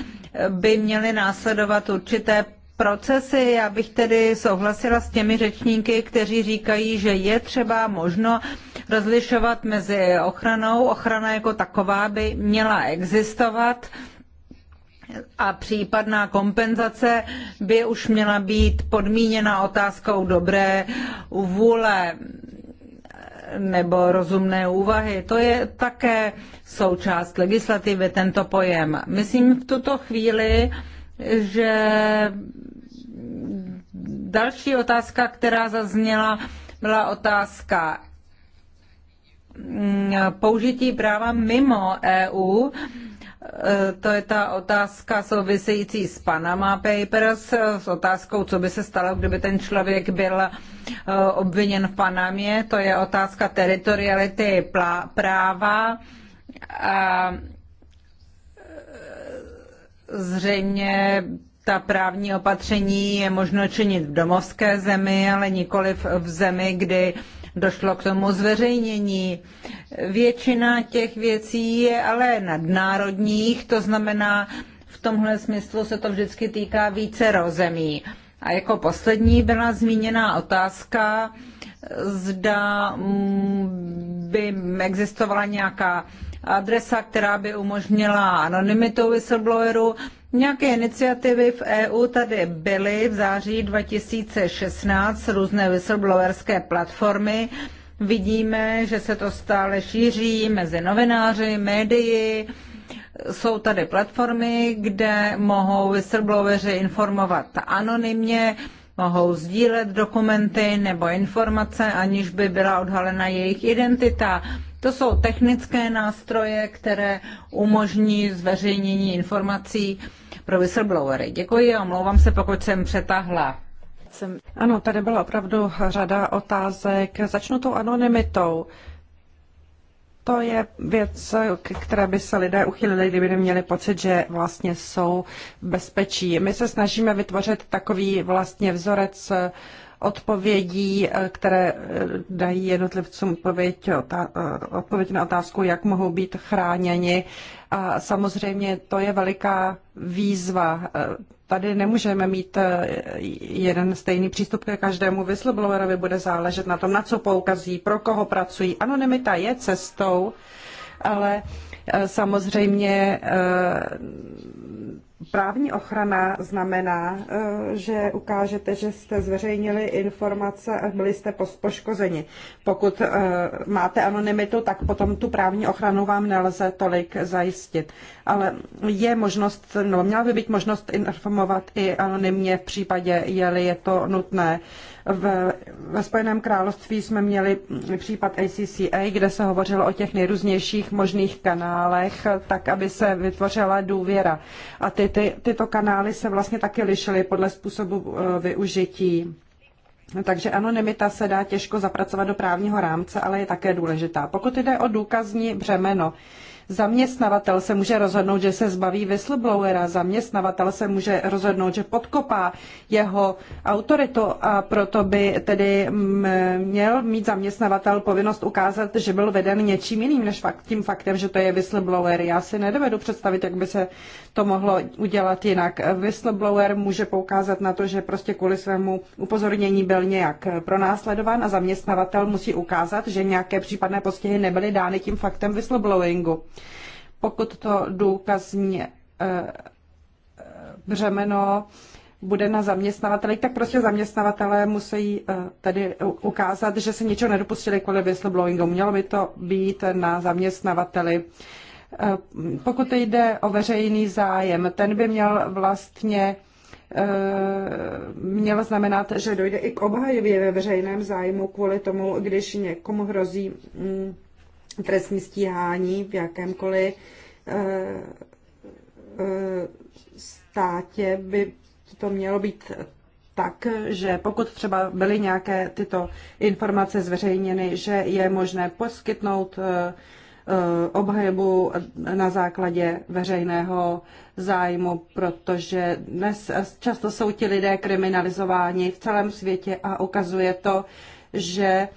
by měly následovat určité procesy. Já bych tedy souhlasila s těmi řečníky, kteří říkají, že je třeba možno rozlišovat mezi ochranou. Ochrana jako taková by měla existovat a případná kompenzace by už měla být podmíněna otázkou dobré vůle nebo rozumné úvahy. To je také součást legislativy, tento pojem. Myslím v tuto chvíli, že Další otázka, která zazněla, byla otázka mm, použití práva mimo EU. E, to je ta otázka související s Panama Papers, s otázkou, co by se stalo, kdyby ten člověk byl e, obviněn v Panamě. To je otázka teritoriality práva. A e, zřejmě ta právní opatření je možno činit v domovské zemi, ale nikoli v zemi, kdy došlo k tomu zveřejnění. Většina těch věcí je ale nadnárodních, to znamená, v tomhle smyslu se to vždycky týká více rozemí. A jako poslední byla zmíněna otázka, zda by existovala nějaká adresa, která by umožnila anonymitu whistleblowerů. Nějaké iniciativy v EU tady byly v září 2016, různé whistleblowerské platformy. Vidíme, že se to stále šíří mezi novináři, médii. Jsou tady platformy, kde mohou whistlebloweri informovat anonymně, mohou sdílet dokumenty nebo informace, aniž by byla odhalena jejich identita to jsou technické nástroje, které umožní zveřejnění informací pro whistleblowery. Děkuji a omlouvám se, pokud jsem přetáhla. Ano, tady byla opravdu řada otázek. Začnu tou anonymitou. To je věc, k které by se lidé uchylili, kdyby neměli pocit, že vlastně jsou bezpečí. My se snažíme vytvořit takový vlastně vzorec uh, odpovědí, eh, které eh, dají jednotlivcům odpověď, eh, odpověď na otázku, jak mohou být chráněni. A samozřejmě to je veliká výzva. Tady nemůžeme mít jeden stejný přístup ke každému whistleblowerovi, bude záležet na tom, na co poukazí, pro koho pracují. Anonymita je cestou, ale samozřejmě Právní ochrana znamená, eh, že ukážete, že jste zveřejnili informace a byli jste poškozeni. Pokud eh, máte anonymitu, tak potom tu právní ochranu vám nelze tolik zajistit. Ale je možnost, no, měla by být možnost informovat i anonymně v případě, je-li je to nutné. V, ve Spojeném království jsme měli případ ACCA, kde se hovořilo o těch nejrůznějších možných kanálech, tak aby se vytvořila důvěra. A ty, ty, tyto kanály se vlastně taky lišily podle způsobu uh, využití. Takže anonymita se dá těžko zapracovat do právního rámce, ale je také důležitá. Pokud jde o důkazní břemeno, Zaměstnavatel se může rozhodnout, že se zbaví whistleblowera, zaměstnavatel se může rozhodnout, že podkopá jeho autoritu a proto by tedy mm, měl mít zaměstnavatel povinnost ukázat, že byl veden něčím jiným než fakt, tím faktem, že to je whistleblower. Já si nedovedu představit, jak by se to mohlo udělat jinak. Whistleblower může poukázat na to, že prostě kvůli svému upozornění byl nějak pronásledován a zaměstnavatel musí ukázat, že nějaké případné postihy nebyly dány tím faktem whistleblowingu pokud to důkazní eh, břemeno bude na zaměstnavateli, tak prostě zaměstnavatelé musí eh, tady ukázat, že se něčeho nedopustili kvůli whistleblowingu. Mělo by to být na zaměstnavateli. Eh, pokud jde o veřejný zájem, ten by měl vlastně měl znamenat, že dojde i k obhajově ve veřejném zájmu kvůli tomu, když někomu hrozí mm, trestní stíhání v jakémkoliv eh, eh, státě by to mělo být tak, že pokud třeba byly nějaké tyto informace zveřejněny, že je možné poskytnout eh, obhajobu na základě veřejného zájmu, protože dnes často jsou ti lidé kriminalizováni v celém světě a ukazuje to, že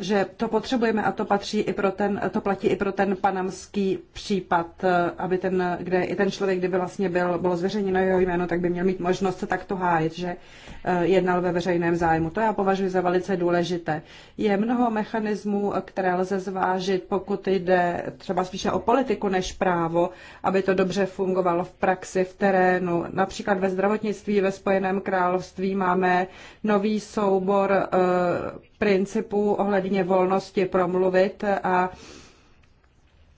že to potřebujeme a to, patří i pro ten, to platí i pro ten panamský případ, eh, aby ten, kde i ten člověk, kdyby vlastně byl, bylo zveřejněno jeho jméno, tak by měl mít možnost se takto hájit, že eh, jednal ve veřejném zájmu. To já považuji za velice důležité. Je mnoho mechanismů, které lze zvážit, pokud jde třeba spíše o politiku než právo, aby to dobře fungovalo v praxi, v terénu. Například ve zdravotnictví ve Spojeném království máme nový soubor eh, principů ohledně volnosti promluvit a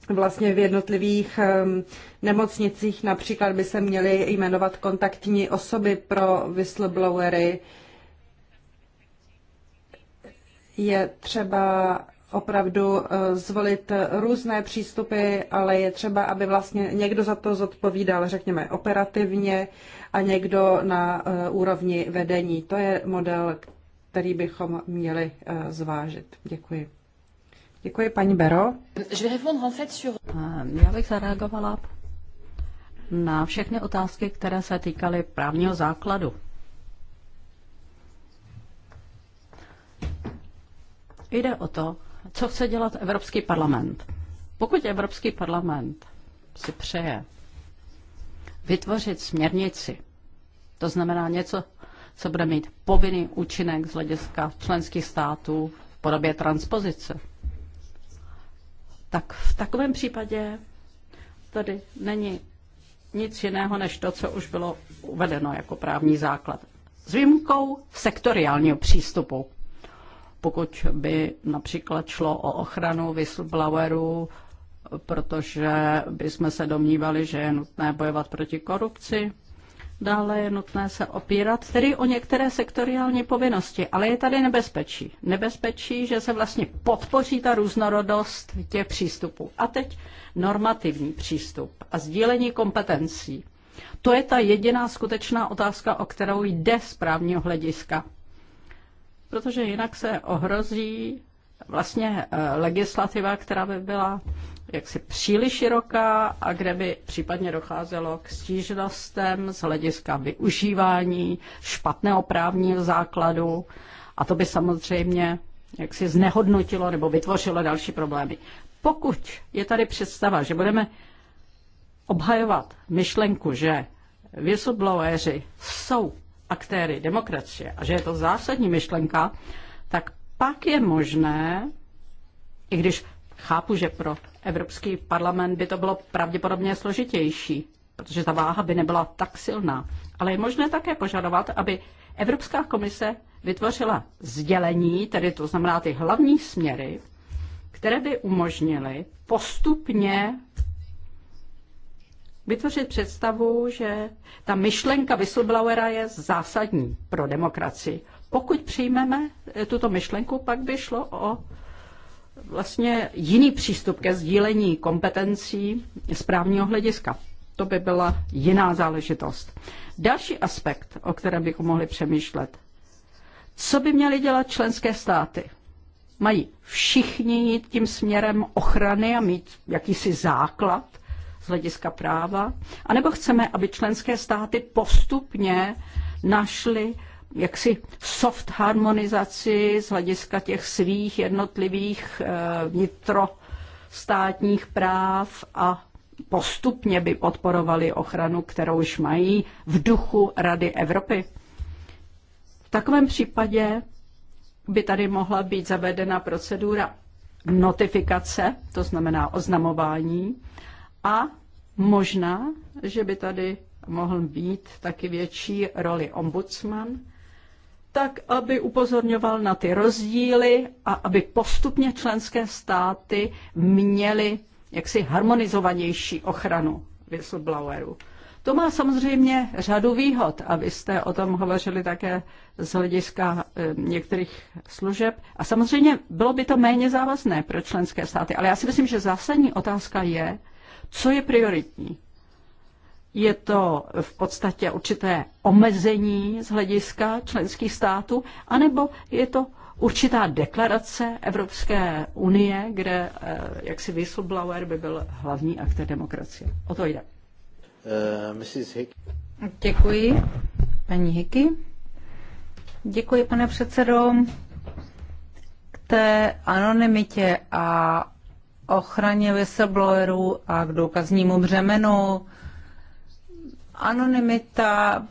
vlastně v jednotlivých nemocnicích například by se měly jmenovat kontaktní osoby pro whistleblowery. Je třeba opravdu e, zvolit různé přístupy, ale je třeba, aby vlastně někdo za to zodpovídal, řekněme, operativně a někdo na e, úrovni vedení. To je model, který bychom měli eh, zvážit. Děkuji. Děkuji, paní Bero. Eh, já bych zareagovala na všechny otázky, které se týkaly právního základu. Jde o to, co chce dělat Evropský parlament. Pokud Evropský parlament si přeje vytvořit směrnici, to znamená něco co bude mít povinný účinek z hlediska členských států v podobě transpozice. Tak v takovém případě tady není nic jiného než to, co už bylo uvedeno jako právní základ. S výjimkou sektoriálního přístupu. Pokud by například šlo o ochranu whistleblowerů, protože by jsme se domnívali, že je nutné bojovat proti korupci, Dále je nutné se opírat tedy o některé sektoriální povinnosti, ale je tady nebezpečí. Nebezpečí, že se vlastně podpoří ta různorodost těch přístupů. A teď normativní přístup a sdílení kompetencí. To je ta jediná skutečná otázka, o kterou jde z právního hlediska. Protože jinak se ohrozí vlastně eh, legislativa, která by byla jaksi příliš široká a kde by případně docházelo k stížnostem z hlediska využívání špatného právního základu a to by samozřejmě jaksi znehodnotilo nebo vytvořilo další problémy. Pokud je tady představa, že budeme obhajovat myšlenku, že whistlebloweri jsou aktéry demokracie a že je to zásadní myšlenka, tak pak je možné, i když chápu, že pro Evropský parlament by to bylo pravděpodobně složitější, protože ta váha by nebyla tak silná, ale je možné také požadovat, aby Evropská komise vytvořila sdělení, tedy to znamená ty hlavní směry, které by umožnily postupně vytvořit představu, že ta myšlenka whistleblowera je zásadní pro demokracii pokud přijmeme eh, tuto myšlenku, pak by šlo o vlastně jiný přístup ke sdílení kompetencí správního hlediska. To by byla jiná záležitost. Další aspekt, o kterém bychom mohli přemýšlet, co by měly dělat členské státy? Mají všichni jít tím směrem ochrany a mít jakýsi základ z hlediska práva? A nebo chceme, aby členské státy postupně našly jaksi soft harmonizaci z hlediska těch svých jednotlivých eh, vnitrostátních práv a postupně by podporovali ochranu, kterou už mají v duchu Rady Evropy. V takovém případě by tady mohla být zavedena procedura notifikace, to znamená oznamování, a možná, že by tady mohl být taky větší roli ombudsman, tak aby upozorňoval na ty rozdíly a aby postupně členské státy měly jaksi harmonizovanější ochranu whistleblowerů. To má samozřejmě řadu výhod a vy jste o tom hovořili také z hlediska eh, některých služeb. A samozřejmě bylo by to méně závazné pro členské státy, ale já si myslím, že zásadní otázka je, co je prioritní je to v podstatě určité omezení z hlediska členských států, anebo je to určitá deklarace Evropské unie, kde eh, jaksi whistleblower by byl hlavní aktér demokracie. O to jde. Uh, Mrs. Děkuji, paní Hicky. Děkuji, pane předsedo. K té anonymitě a ochraně whistleblowerů a k důkaznímu břemenu Anonymita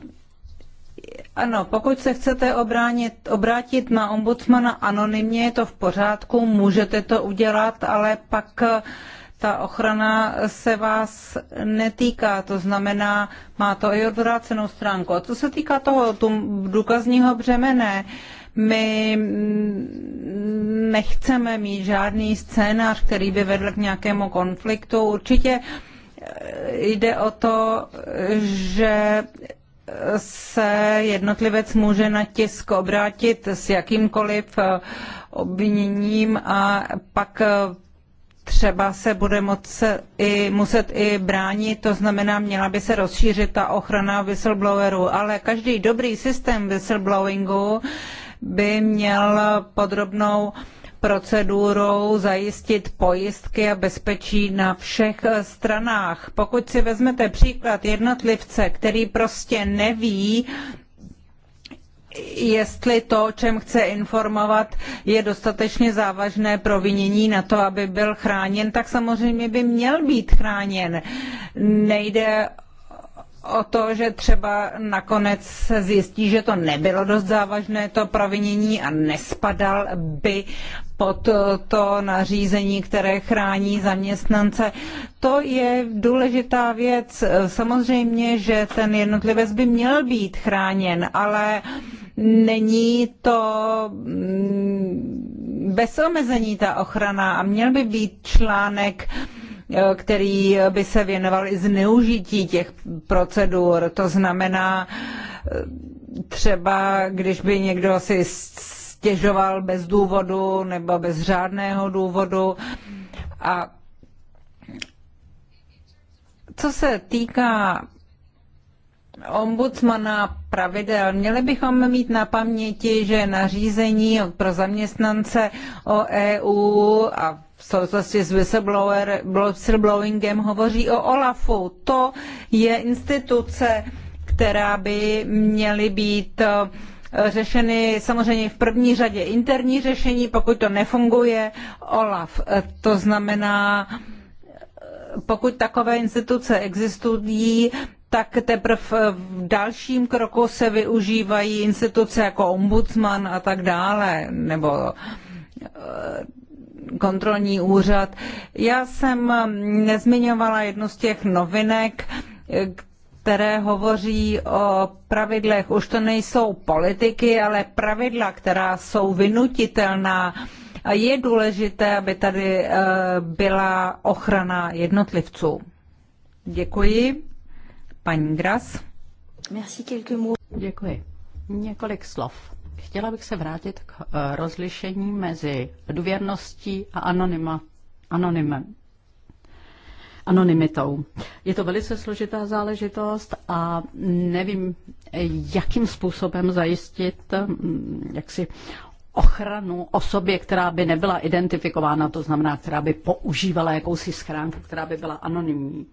ano, pokud se chcete obránit, obrátit na ombudsmana anonymně, je to v pořádku, můžete to udělat, ale pak eh, ta ochrana se vás netýká, to znamená, má to i odvrácenou stránku. A co se týká toho tum, důkazního břemene, my mm, nechceme mít žádný scénář, který by vedl k nějakému konfliktu. Určitě jde o to, že se jednotlivec může na tisk obrátit s jakýmkoliv obviněním a pak třeba se bude i, muset i bránit, to znamená, měla by se rozšířit ta ochrana whistleblowerů, ale každý dobrý systém whistleblowingu by měl podrobnou uh, procedurou zajistit pojistky a bezpečí na všech stranách. Pokud si vezmete příklad jednotlivce, který prostě neví, jestli to, o čem chce informovat, je dostatečně závažné provinění na to, aby byl chráněn, tak samozřejmě by měl být chráněn. Nejde o to, že třeba nakonec se zjistí, že to nebylo dost závažné to provinění a nespadal by pod to nařízení, které chrání zaměstnance. To je důležitá věc. Samozřejmě, že ten jednotlivec by měl být chráněn, ale není to mm, bez omezení ta ochrana a měl by být článek Eh, který by se věnoval i zneužití těch procedur. To znamená, eh, třeba když by někdo si stěžoval bez důvodu nebo bez řádného důvodu a co se týká ombudsmana pravidel, měli bychom mít na paměti, že nařízení pro zaměstnance o EU a v souvislosti s whistleblowingem hovoří o OLAFu. To je instituce, která by měly být eh, řešeny samozřejmě v první řadě interní řešení, pokud to nefunguje, OLAF. Eh, to znamená, eh, pokud takové instituce existují, tak teprve v dalším kroku se využívají instituce jako ombudsman a tak dále, nebo kontrolní úřad. Já jsem nezmiňovala jednu z těch novinek, které hovoří o pravidlech. Už to nejsou politiky, ale pravidla, která jsou vynutitelná. A je důležité, aby tady eh, byla ochrana jednotlivců. Děkuji. Paní Gras. Merci, Děkuji. Několik slov. Chtěla bych se vrátit k eh, rozlišení mezi důvěrností a anonyma, anonymem. Anonymitou. Je to velice složitá záležitost a nevím, jakým způsobem zajistit hm, jaksi ochranu osobě, která by nebyla identifikována, to znamená, která by používala jakousi schránku, která by byla anonymní.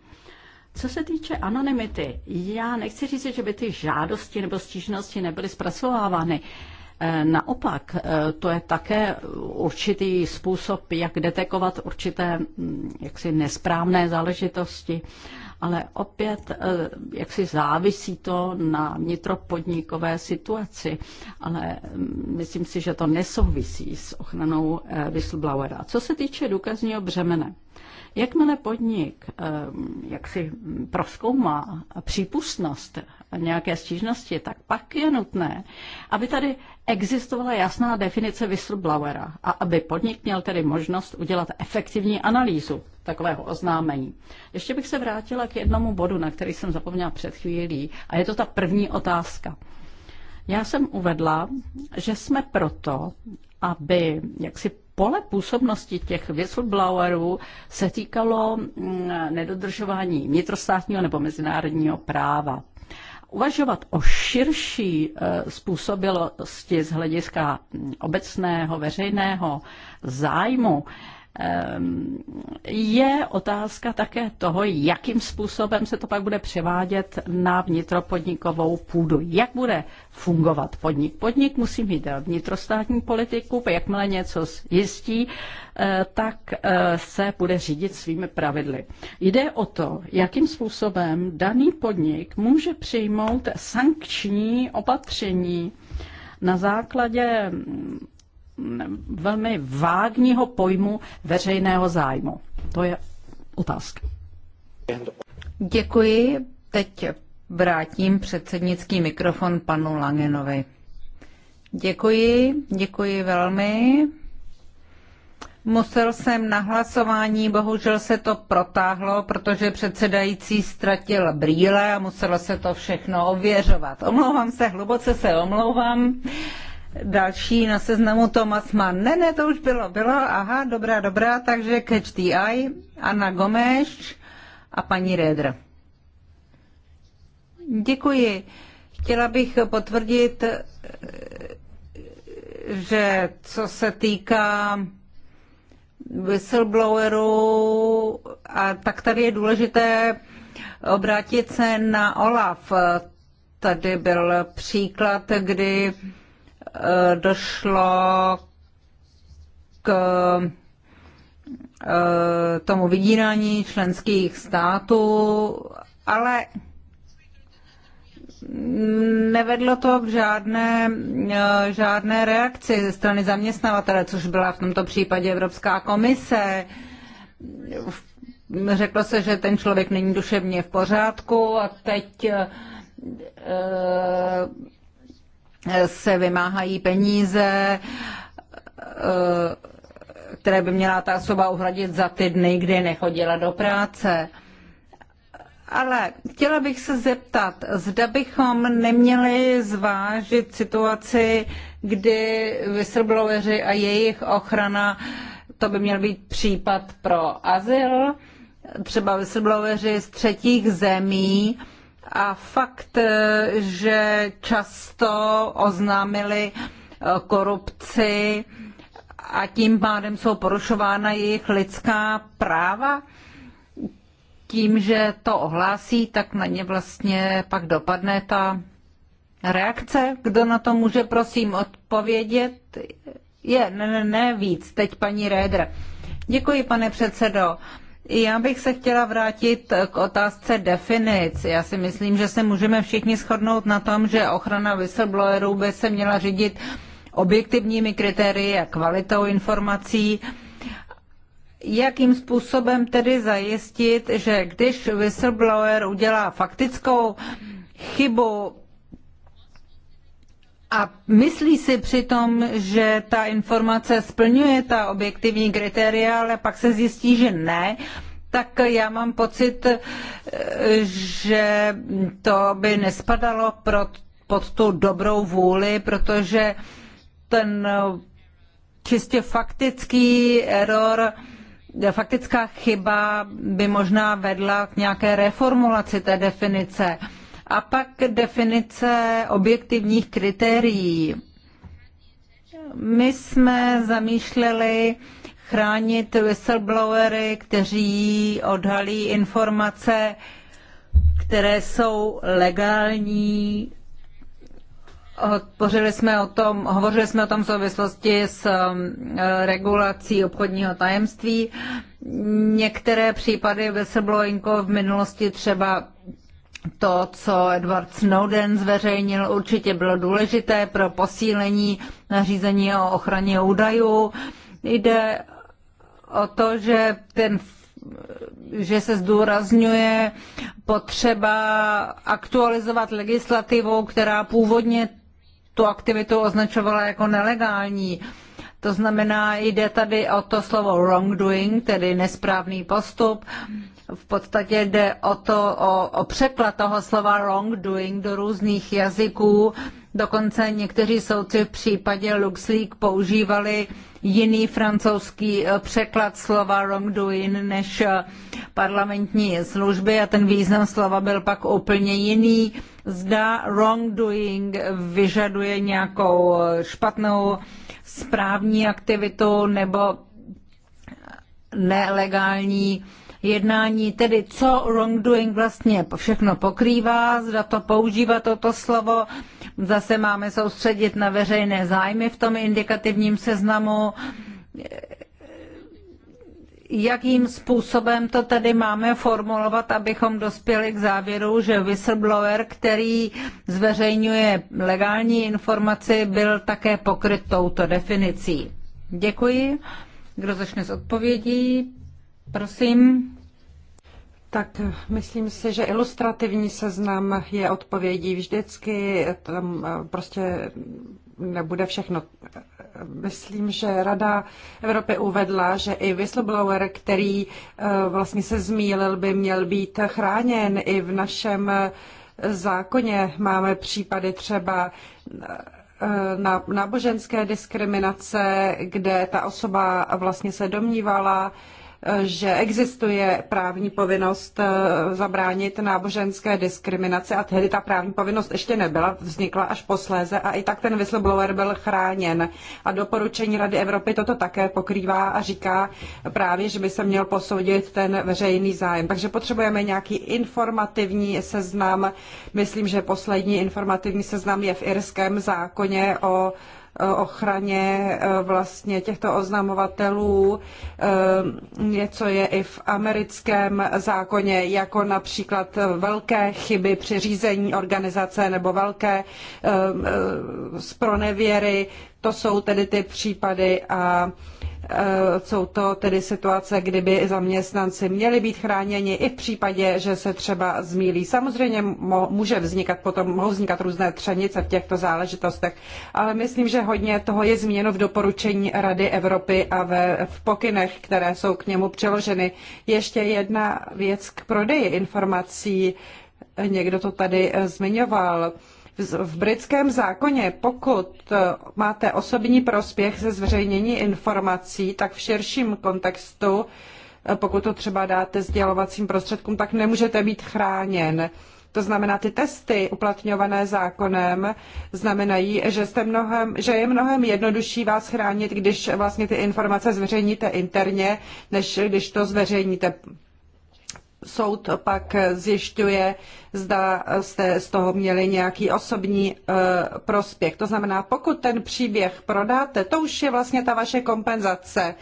Co se týče anonymity, já nechci říct, že by ty žádosti nebo stížnosti nebyly zpracovávány. Eh, naopak, eh, to je také určitý způsob, jak detekovat určité mm, jaksi nesprávné záležitosti, ale opět eh, jaksi závisí to na vnitropodnikové situaci, ale mm, myslím si, že to nesouvisí s ochranou whistleblowera. Co se týče důkazního břemene, Jakmile podnik ehm, jak si proskoumá přípustnost nějaké stížnosti, tak pak je nutné, aby tady existovala jasná definice whistleblowera a aby podnik měl tedy možnost udělat efektivní analýzu takového oznámení. Ještě bych se vrátila k jednomu bodu, na který jsem zapomněla před chvílí, a je to ta první otázka. Já jsem uvedla, že jsme proto, aby jaksi pole působnosti těch whistleblowerů se týkalo mm, nedodržování vnitrostátního nebo mezinárodního práva. Uvažovat o širší e, způsobilosti z hlediska mm, obecného veřejného zájmu Ehm, je otázka také toho, jakým způsobem se to pak bude převádět na vnitropodnikovou půdu. Jak bude fungovat podnik? Podnik musí mít vnitrostátní politiku, jakmile něco zjistí, eh, tak eh, se bude řídit svými pravidly. Jde o to, jakým způsobem daný podnik může přijmout sankční opatření na základě velmi vágního pojmu veřejného zájmu? To je otázka. Děkuji. Teď vrátím předsednický mikrofon panu Langenovi. Děkuji, děkuji velmi. Musel jsem na hlasování, bohužel se to protáhlo, protože předsedající ztratil brýle a muselo se to všechno ověřovat. Omlouvám se, hluboce se omlouvám. Uh, Další na seznamu Thomas Mann. Ne, ne, to už bylo, bylo, aha, dobrá, dobrá, takže Catch the Eye, Anna Gomes a paní Redr. Děkuji. Chtěla bych potvrdit, eh, že co se týká whistleblowerů, a tak tady je důležité obrátit se na OLAF. Tady byl příklad, kdy Eh, došlo k eh, tomu vydírání členských států, ale nevedlo to k žádné, eh, žádné reakci ze strany zaměstnavatele, což byla v tomto případě Evropská komise. Řeklo se, že ten člověk není duševně v pořádku a teď se vymáhají peníze, eh, které by měla ta osoba uhradit za ty dny, kdy nechodila do práce. Ale chtěla bych se zeptat, zda bychom neměli zvážit situaci, kdy whistlebloweri a jejich ochrana, to by měl být případ pro azyl, třeba whistlebloweri z třetích zemí, a fakt, eh, že často oznámili eh, korupci a tím pádem jsou porušována jejich lidská práva, tím, že to ohlásí, tak na ně vlastně pak dopadne ta reakce. Kdo na to může, prosím, odpovědět? Je, ne, ne, ne, víc. Teď paní Rédr. Děkuji, pane předsedo. Já bych se chtěla vrátit k otázce definic. Já si myslím, že se můžeme všichni shodnout na tom, že ochrana whistleblowerů by se měla řídit objektivními kritérii a kvalitou informací. Jakým způsobem tedy zajistit, že když whistleblower udělá faktickou chybu, a myslí si přitom, že ta informace splňuje ta objektivní kritéria, ale pak se zjistí, že ne, tak já mám pocit, eh, že to by nespadalo pro, pod tu dobrou vůli, protože ten čistě faktický error, faktická chyba by možná vedla k nějaké reformulaci té definice. A pak definice objektivních kritérií. My jsme zamýšleli chránit whistleblowery, kteří odhalí informace, které jsou legální. Hovořili jsme o tom, hovořili jsme o tom v souvislosti s um, regulací obchodního tajemství. Některé případy whistleblowingu v minulosti třeba to, co Edward Snowden zveřejnil, určitě bylo důležité pro posílení nařízení o ochraně údajů. Jde o to, že, ten, že se zdůrazňuje potřeba aktualizovat legislativu, která původně tu aktivitu označovala jako nelegální. To znamená, jde tady o to slovo wrongdoing, tedy nesprávný postup. Hmm v podstatě jde o to, o, o překlad toho slova wrongdoing do různých jazyků. Dokonce někteří soudci v případě LuxLeak používali jiný francouzský eh, překlad slova wrongdoing než eh, parlamentní služby a ten význam slova byl pak úplně jiný. Zda wrongdoing vyžaduje nějakou eh, špatnou správní aktivitu nebo nelegální jednání, tedy co wrongdoing vlastně všechno pokrývá, zda to používá toto slovo. Zase máme soustředit na veřejné zájmy v tom indikativním seznamu jakým způsobem to tady máme formulovat, abychom dospěli k závěru, že whistleblower, který zveřejňuje legální informaci, byl také pokryt touto definicí. Děkuji. Kdo začne s odpovědí? Prosím. Tak myslím si, že ilustrativní seznam je odpovědí vždycky, tam eh, prostě nebude všechno. Myslím, že Rada Evropy uvedla, že i whistleblower, který eh, vlastně se zmílil, by měl být chráněn. I v našem eh, zákoně máme případy třeba na náboženské diskriminace, kde ta osoba vlastně se domnívala, že existuje právní povinnost eh, zabránit náboženské diskriminaci a tehdy ta právní povinnost ještě nebyla, vznikla až posléze a i tak ten whistleblower byl chráněn. A doporučení Rady Evropy toto také pokrývá a říká právě, že by se měl posoudit ten veřejný zájem. Takže potřebujeme nějaký informativní seznam. Myslím, že poslední informativní seznam je v irském zákoně o Eh, ochraně eh, vlastně těchto oznamovatelů. Eh, něco je i v americkém zákoně, jako například velké chyby při řízení organizace nebo velké zpronevěry. To jsou tedy ty případy a Eh, jsou to tedy situace, kdyby zaměstnanci měli být chráněni i v případě, že se třeba zmílí. Samozřejmě může vznikat potom, mohou vznikat různé třenice v těchto záležitostech, ale myslím, že hodně toho je změno v doporučení Rady Evropy a ve, v pokynech, které jsou k němu přeloženy. Ještě jedna věc k prodeji informací. Někdo to tady eh, zmiňoval. V britském zákoně, pokud eh, máte osobní prospěch ze zveřejnění informací, tak v širším kontextu, eh, pokud to třeba dáte sdělovacím prostředkům, tak nemůžete být chráněn. To znamená, ty testy uplatňované zákonem znamenají, že, jste mnohem, že je mnohem jednodušší vás chránit, když vlastně ty informace zveřejníte interně, než když to zveřejníte soud pak zjišťuje, zda jste z toho měli nějaký osobní e, prospěch. To znamená, pokud ten příběh prodáte, to už je vlastně ta vaše kompenzace.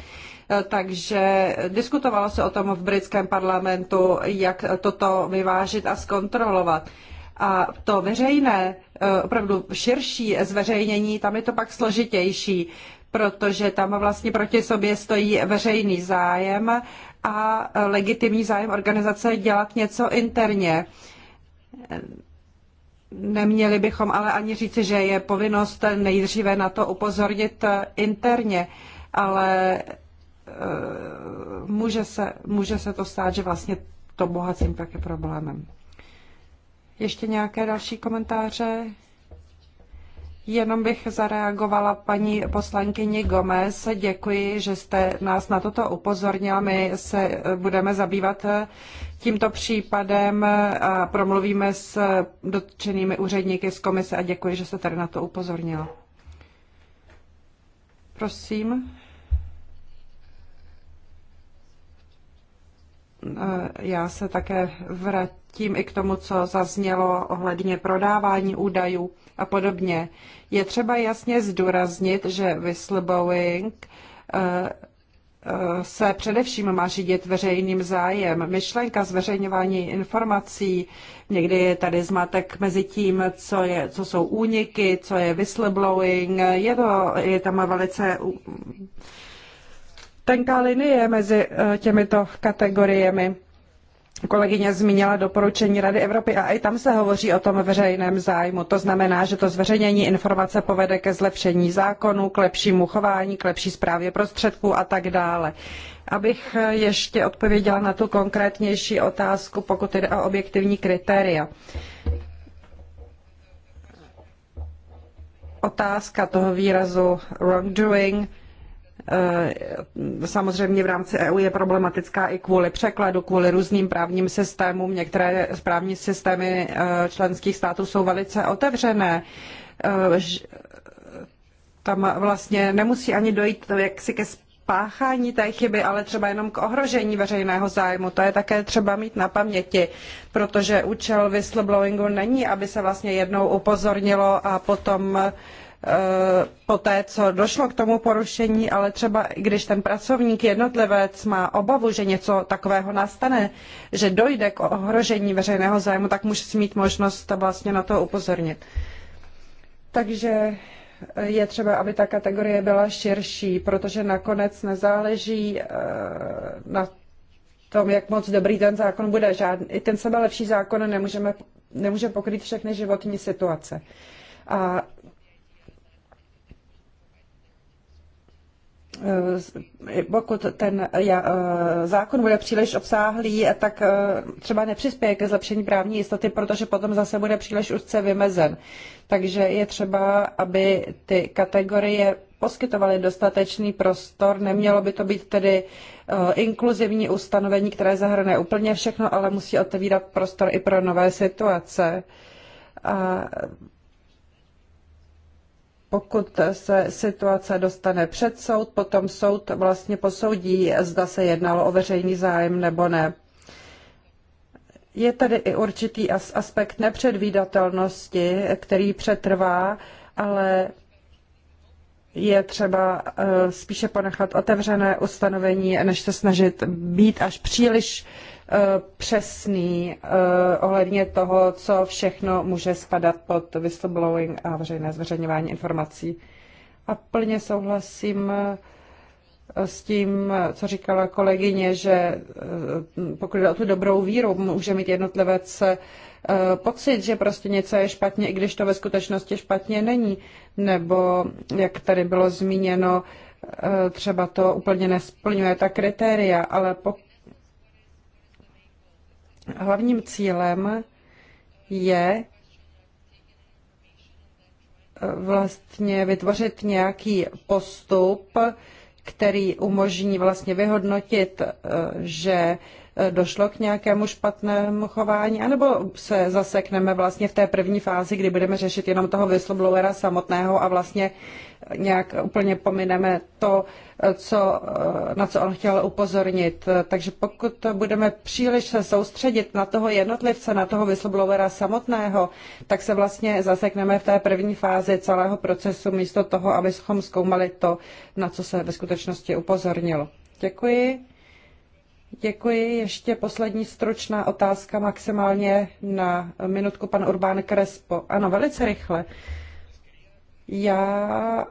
E, takže diskutovalo se o tom v britském parlamentu, jak toto vyvážit a zkontrolovat. A to veřejné, e, opravdu širší zveřejnění, tam je to pak složitější, protože tam vlastně proti sobě stojí veřejný zájem a legitimní zájem organizace dělat něco interně. Neměli bychom ale ani říci, že je povinnost nejdříve na to upozornit interně, ale eh, může se, může se to stát, že vlastně to bohacím pak je problémem. Ještě nějaké další komentáře? Jenom bych zareagovala paní poslankyni Gomez. Děkuji, že jste nás na toto upozornila. My se eh, budeme zabývat eh, tímto případem a promluvíme s dotčenými úředníky z komise a děkuji, že jste tady na to upozornila. Prosím. Eh, já se také vrátím i k tomu, co zaznělo ohledně prodávání údajů a podobně. Je třeba jasně zdůraznit, že whistleblowing eh, eh, se především má řídit veřejným zájem. Myšlenka zveřejňování informací, někdy je tady zmatek mezi tím, co, je, co jsou úniky, co je whistleblowing, je, to, je tam velice tenká linie mezi eh, těmito kategoriemi. Kolegyně zmínila doporučení Rady Evropy a i tam se hovoří o tom veřejném zájmu. To znamená, že to zveřejnění informace povede ke zlepšení zákonů, k lepšímu chování, k lepší správě prostředků a tak dále. Abych eh, ještě odpověděla na tu konkrétnější otázku, pokud jde o objektivní kritéria. Otázka toho výrazu wrongdoing – Eh, samozřejmě v rámci EU je problematická i kvůli překladu, kvůli různým právním systémům. Některé právní systémy eh, členských států jsou velice otevřené. Eh, tam vlastně nemusí ani dojít jaksi ke páchání té chyby, ale třeba jenom k ohrožení veřejného zájmu. To je také třeba mít na paměti, protože účel whistleblowingu není, aby se vlastně jednou upozornilo a potom uh, Eh, po té, co došlo k tomu porušení, ale třeba když ten pracovník jednotlivec má obavu, že něco takového nastane, že dojde k ohrožení veřejného zájmu, tak musí mít možnost vlastně na to upozornit. Takže eh, je třeba, aby ta kategorie byla širší, protože nakonec nezáleží eh, na tom, jak moc dobrý ten zákon bude. Žádný, I ten sebelepší zákon nemůžeme, nemůže pokrýt všechny životní situace. A Eh, pokud ten eh, eh, zákon bude příliš obsáhlý, tak třeba nepřispěje ke zlepšení právní jistoty, protože potom zase bude příliš úzce vymezen. Takže je třeba, aby ty kategorie poskytovaly dostatečný prostor. Nemělo by to být tedy inkluzivní ustanovení, které zahrne úplně všechno, ale musí otevírat prostor i pro nové situace. A pokud se situace dostane před soud, potom soud vlastně posoudí, zda se jednalo o veřejný zájem nebo ne. Je tady i určitý aspekt nepředvídatelnosti, který přetrvá, ale je třeba eh, spíše ponechat otevřené ustanovení, než se snažit být až příliš Eh, přesný eh, ohledně toho, co všechno může spadat pod whistleblowing a veřejné zveřejňování informací. A plně souhlasím eh, s tím, co říkala kolegyně, že pokud jde o tu dobrou víru, může mít jednotlivec pocit, že prostě něco je špatně, i když to ve skutečnosti špatně není. Nebo, jak tady bylo zmíněno, třeba to úplně nesplňuje ta kritéria, ale pokud Hlavním cílem je eh, vlastně vytvořit nějaký postup, který umožní vlastně vyhodnotit, eh, že eh, došlo k nějakému špatnému chování, anebo se zasekneme vlastně v té první fázi, kdy budeme řešit jenom toho whistleblowera samotného a vlastně nějak úplně pomineme to, co, eh, na co on chtěl upozornit. Takže pokud budeme příliš se soustředit na toho jednotlivce, na toho vysloblovera samotného, tak se vlastně zasekneme v té první fázi celého procesu místo toho, abychom zkoumali to, na co se ve skutečnosti upozornilo. Děkuji. Děkuji. Ještě poslední stručná otázka maximálně na minutku pan Urbán Krespo. Ano, velice rychle. Uh, já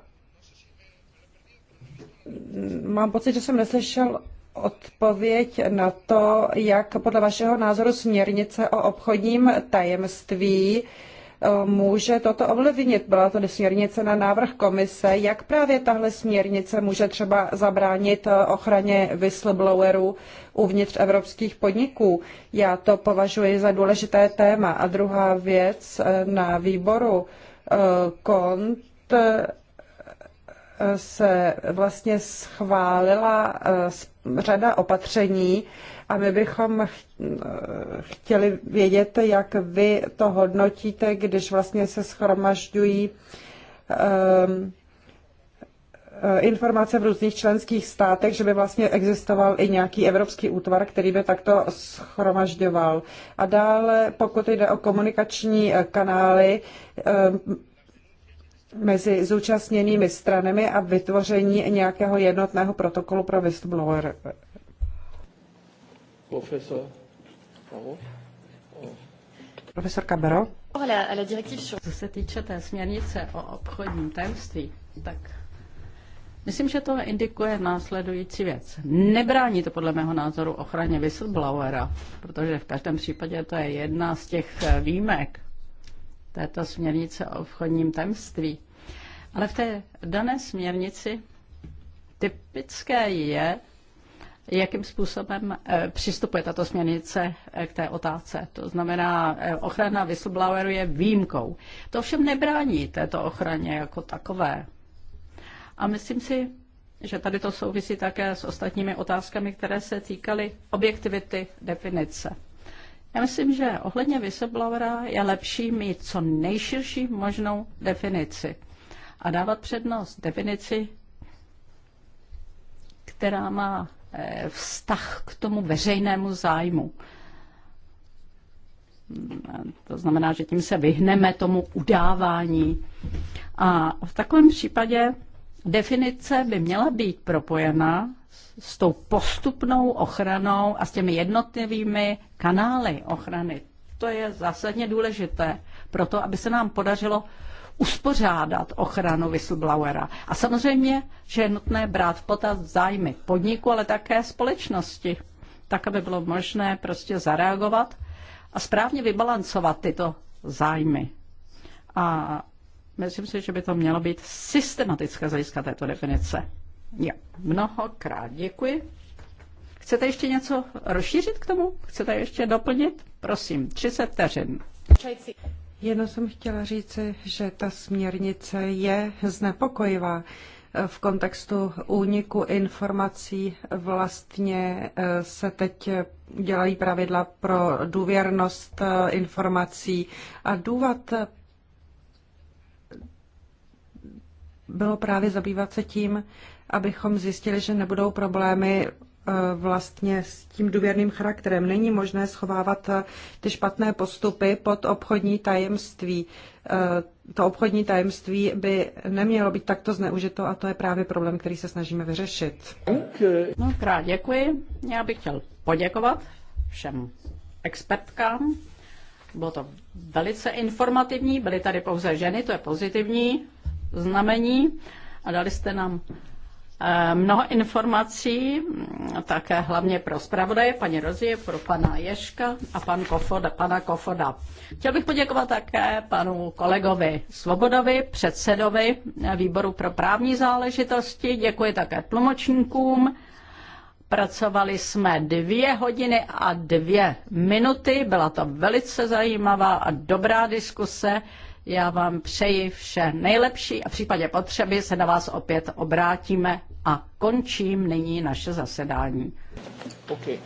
mám pocit, že jsem neslyšel odpověď na to, jak podle vašeho názoru směrnice o obchodním tajemství eh, může toto ovlivnit. Byla to směrnice na návrh komise. Jak právě tahle směrnice může třeba zabránit eh, ochraně whistleblowerů uvnitř evropských podniků? Já to považuji za důležité téma. A druhá věc eh, na výboru kont eh, se vlastně schválila eh, řada opatření a my bychom eh, chtěli vědět, jak vy to hodnotíte, když vlastně se schromažďují um, Eh, informace v různých členských státech, že by vlastně existoval i nějaký evropský útvar, který by takto schromažďoval. A dále, pokud jde o komunikační eh, kanály, eh, mezi zúčastněnými stranami a vytvoření nějakého jednotného protokolu pro whistleblower. Profesor. Profesor Cabero. Co se týče té směrnice o obchodním tajemství, tak Myslím, že to indikuje následující věc. Nebrání to podle mého názoru ochraně whistleblowera, protože v každém případě to je jedna z těch eh, výjimek této směrnice o obchodním tajemství. Ale v té dané směrnici typické je, jakým způsobem eh, přistupuje tato směrnice eh, k té otázce. To znamená, ochrana whistlebloweru je výjimkou. To všem nebrání této ochraně jako takové. A myslím si, že tady to souvisí také s ostatními otázkami, které se týkaly objektivity definice. Já myslím, že ohledně whistleblowera je lepší mít co nejširší možnou definici a dávat přednost definici, která má eh, vztah k tomu veřejnému zájmu. To znamená, že tím se vyhneme tomu udávání. A v takovém případě definice by měla být propojena s tou postupnou ochranou a s těmi jednotlivými kanály ochrany. To je zásadně důležité pro to, aby se nám podařilo uspořádat ochranu whistleblowera. A samozřejmě, že je nutné brát v potaz zájmy podniku, ale také společnosti, tak, aby bylo možné prostě zareagovat a správně vybalancovat tyto zájmy. A Myslím si, že by to mělo být systematické z hlediska této definice. Jo, mnohokrát děkuji. Chcete ještě něco rozšířit k tomu? Chcete ještě doplnit? Prosím, 30 vteřin. Jenom jsem chtěla říci, že ta směrnice je znepokojivá v kontextu úniku informací vlastně eh, se teď dělají pravidla pro důvěrnost eh, informací a důvod, bylo právě zabývat se tím, abychom zjistili, že nebudou problémy e, vlastně s tím důvěrným charakterem. Není možné schovávat e, ty špatné postupy pod obchodní tajemství. E, to obchodní tajemství by nemělo být takto zneužito a to je právě problém, který se snažíme vyřešit. Okay. No krát děkuji. Já bych chtěl poděkovat všem expertkám. Bylo to velice informativní, byly tady pouze ženy, to je pozitivní znamení a dali jste nám eh, mnoho informací, mm, také hlavně pro zpravodaje, paní Rozie, pro pana Ješka a pan Kofoda, pana Kofoda. Chtěl bych poděkovat také panu kolegovi Svobodovi, předsedovi eh, výboru pro právní záležitosti. Děkuji také tlumočníkům. Pracovali jsme dvě hodiny a dvě minuty. Byla to velice zajímavá a dobrá diskuse. Já vám přeji vše nejlepší a v případě potřeby se na vás opět obrátíme a končím nyní naše zasedání. Okay.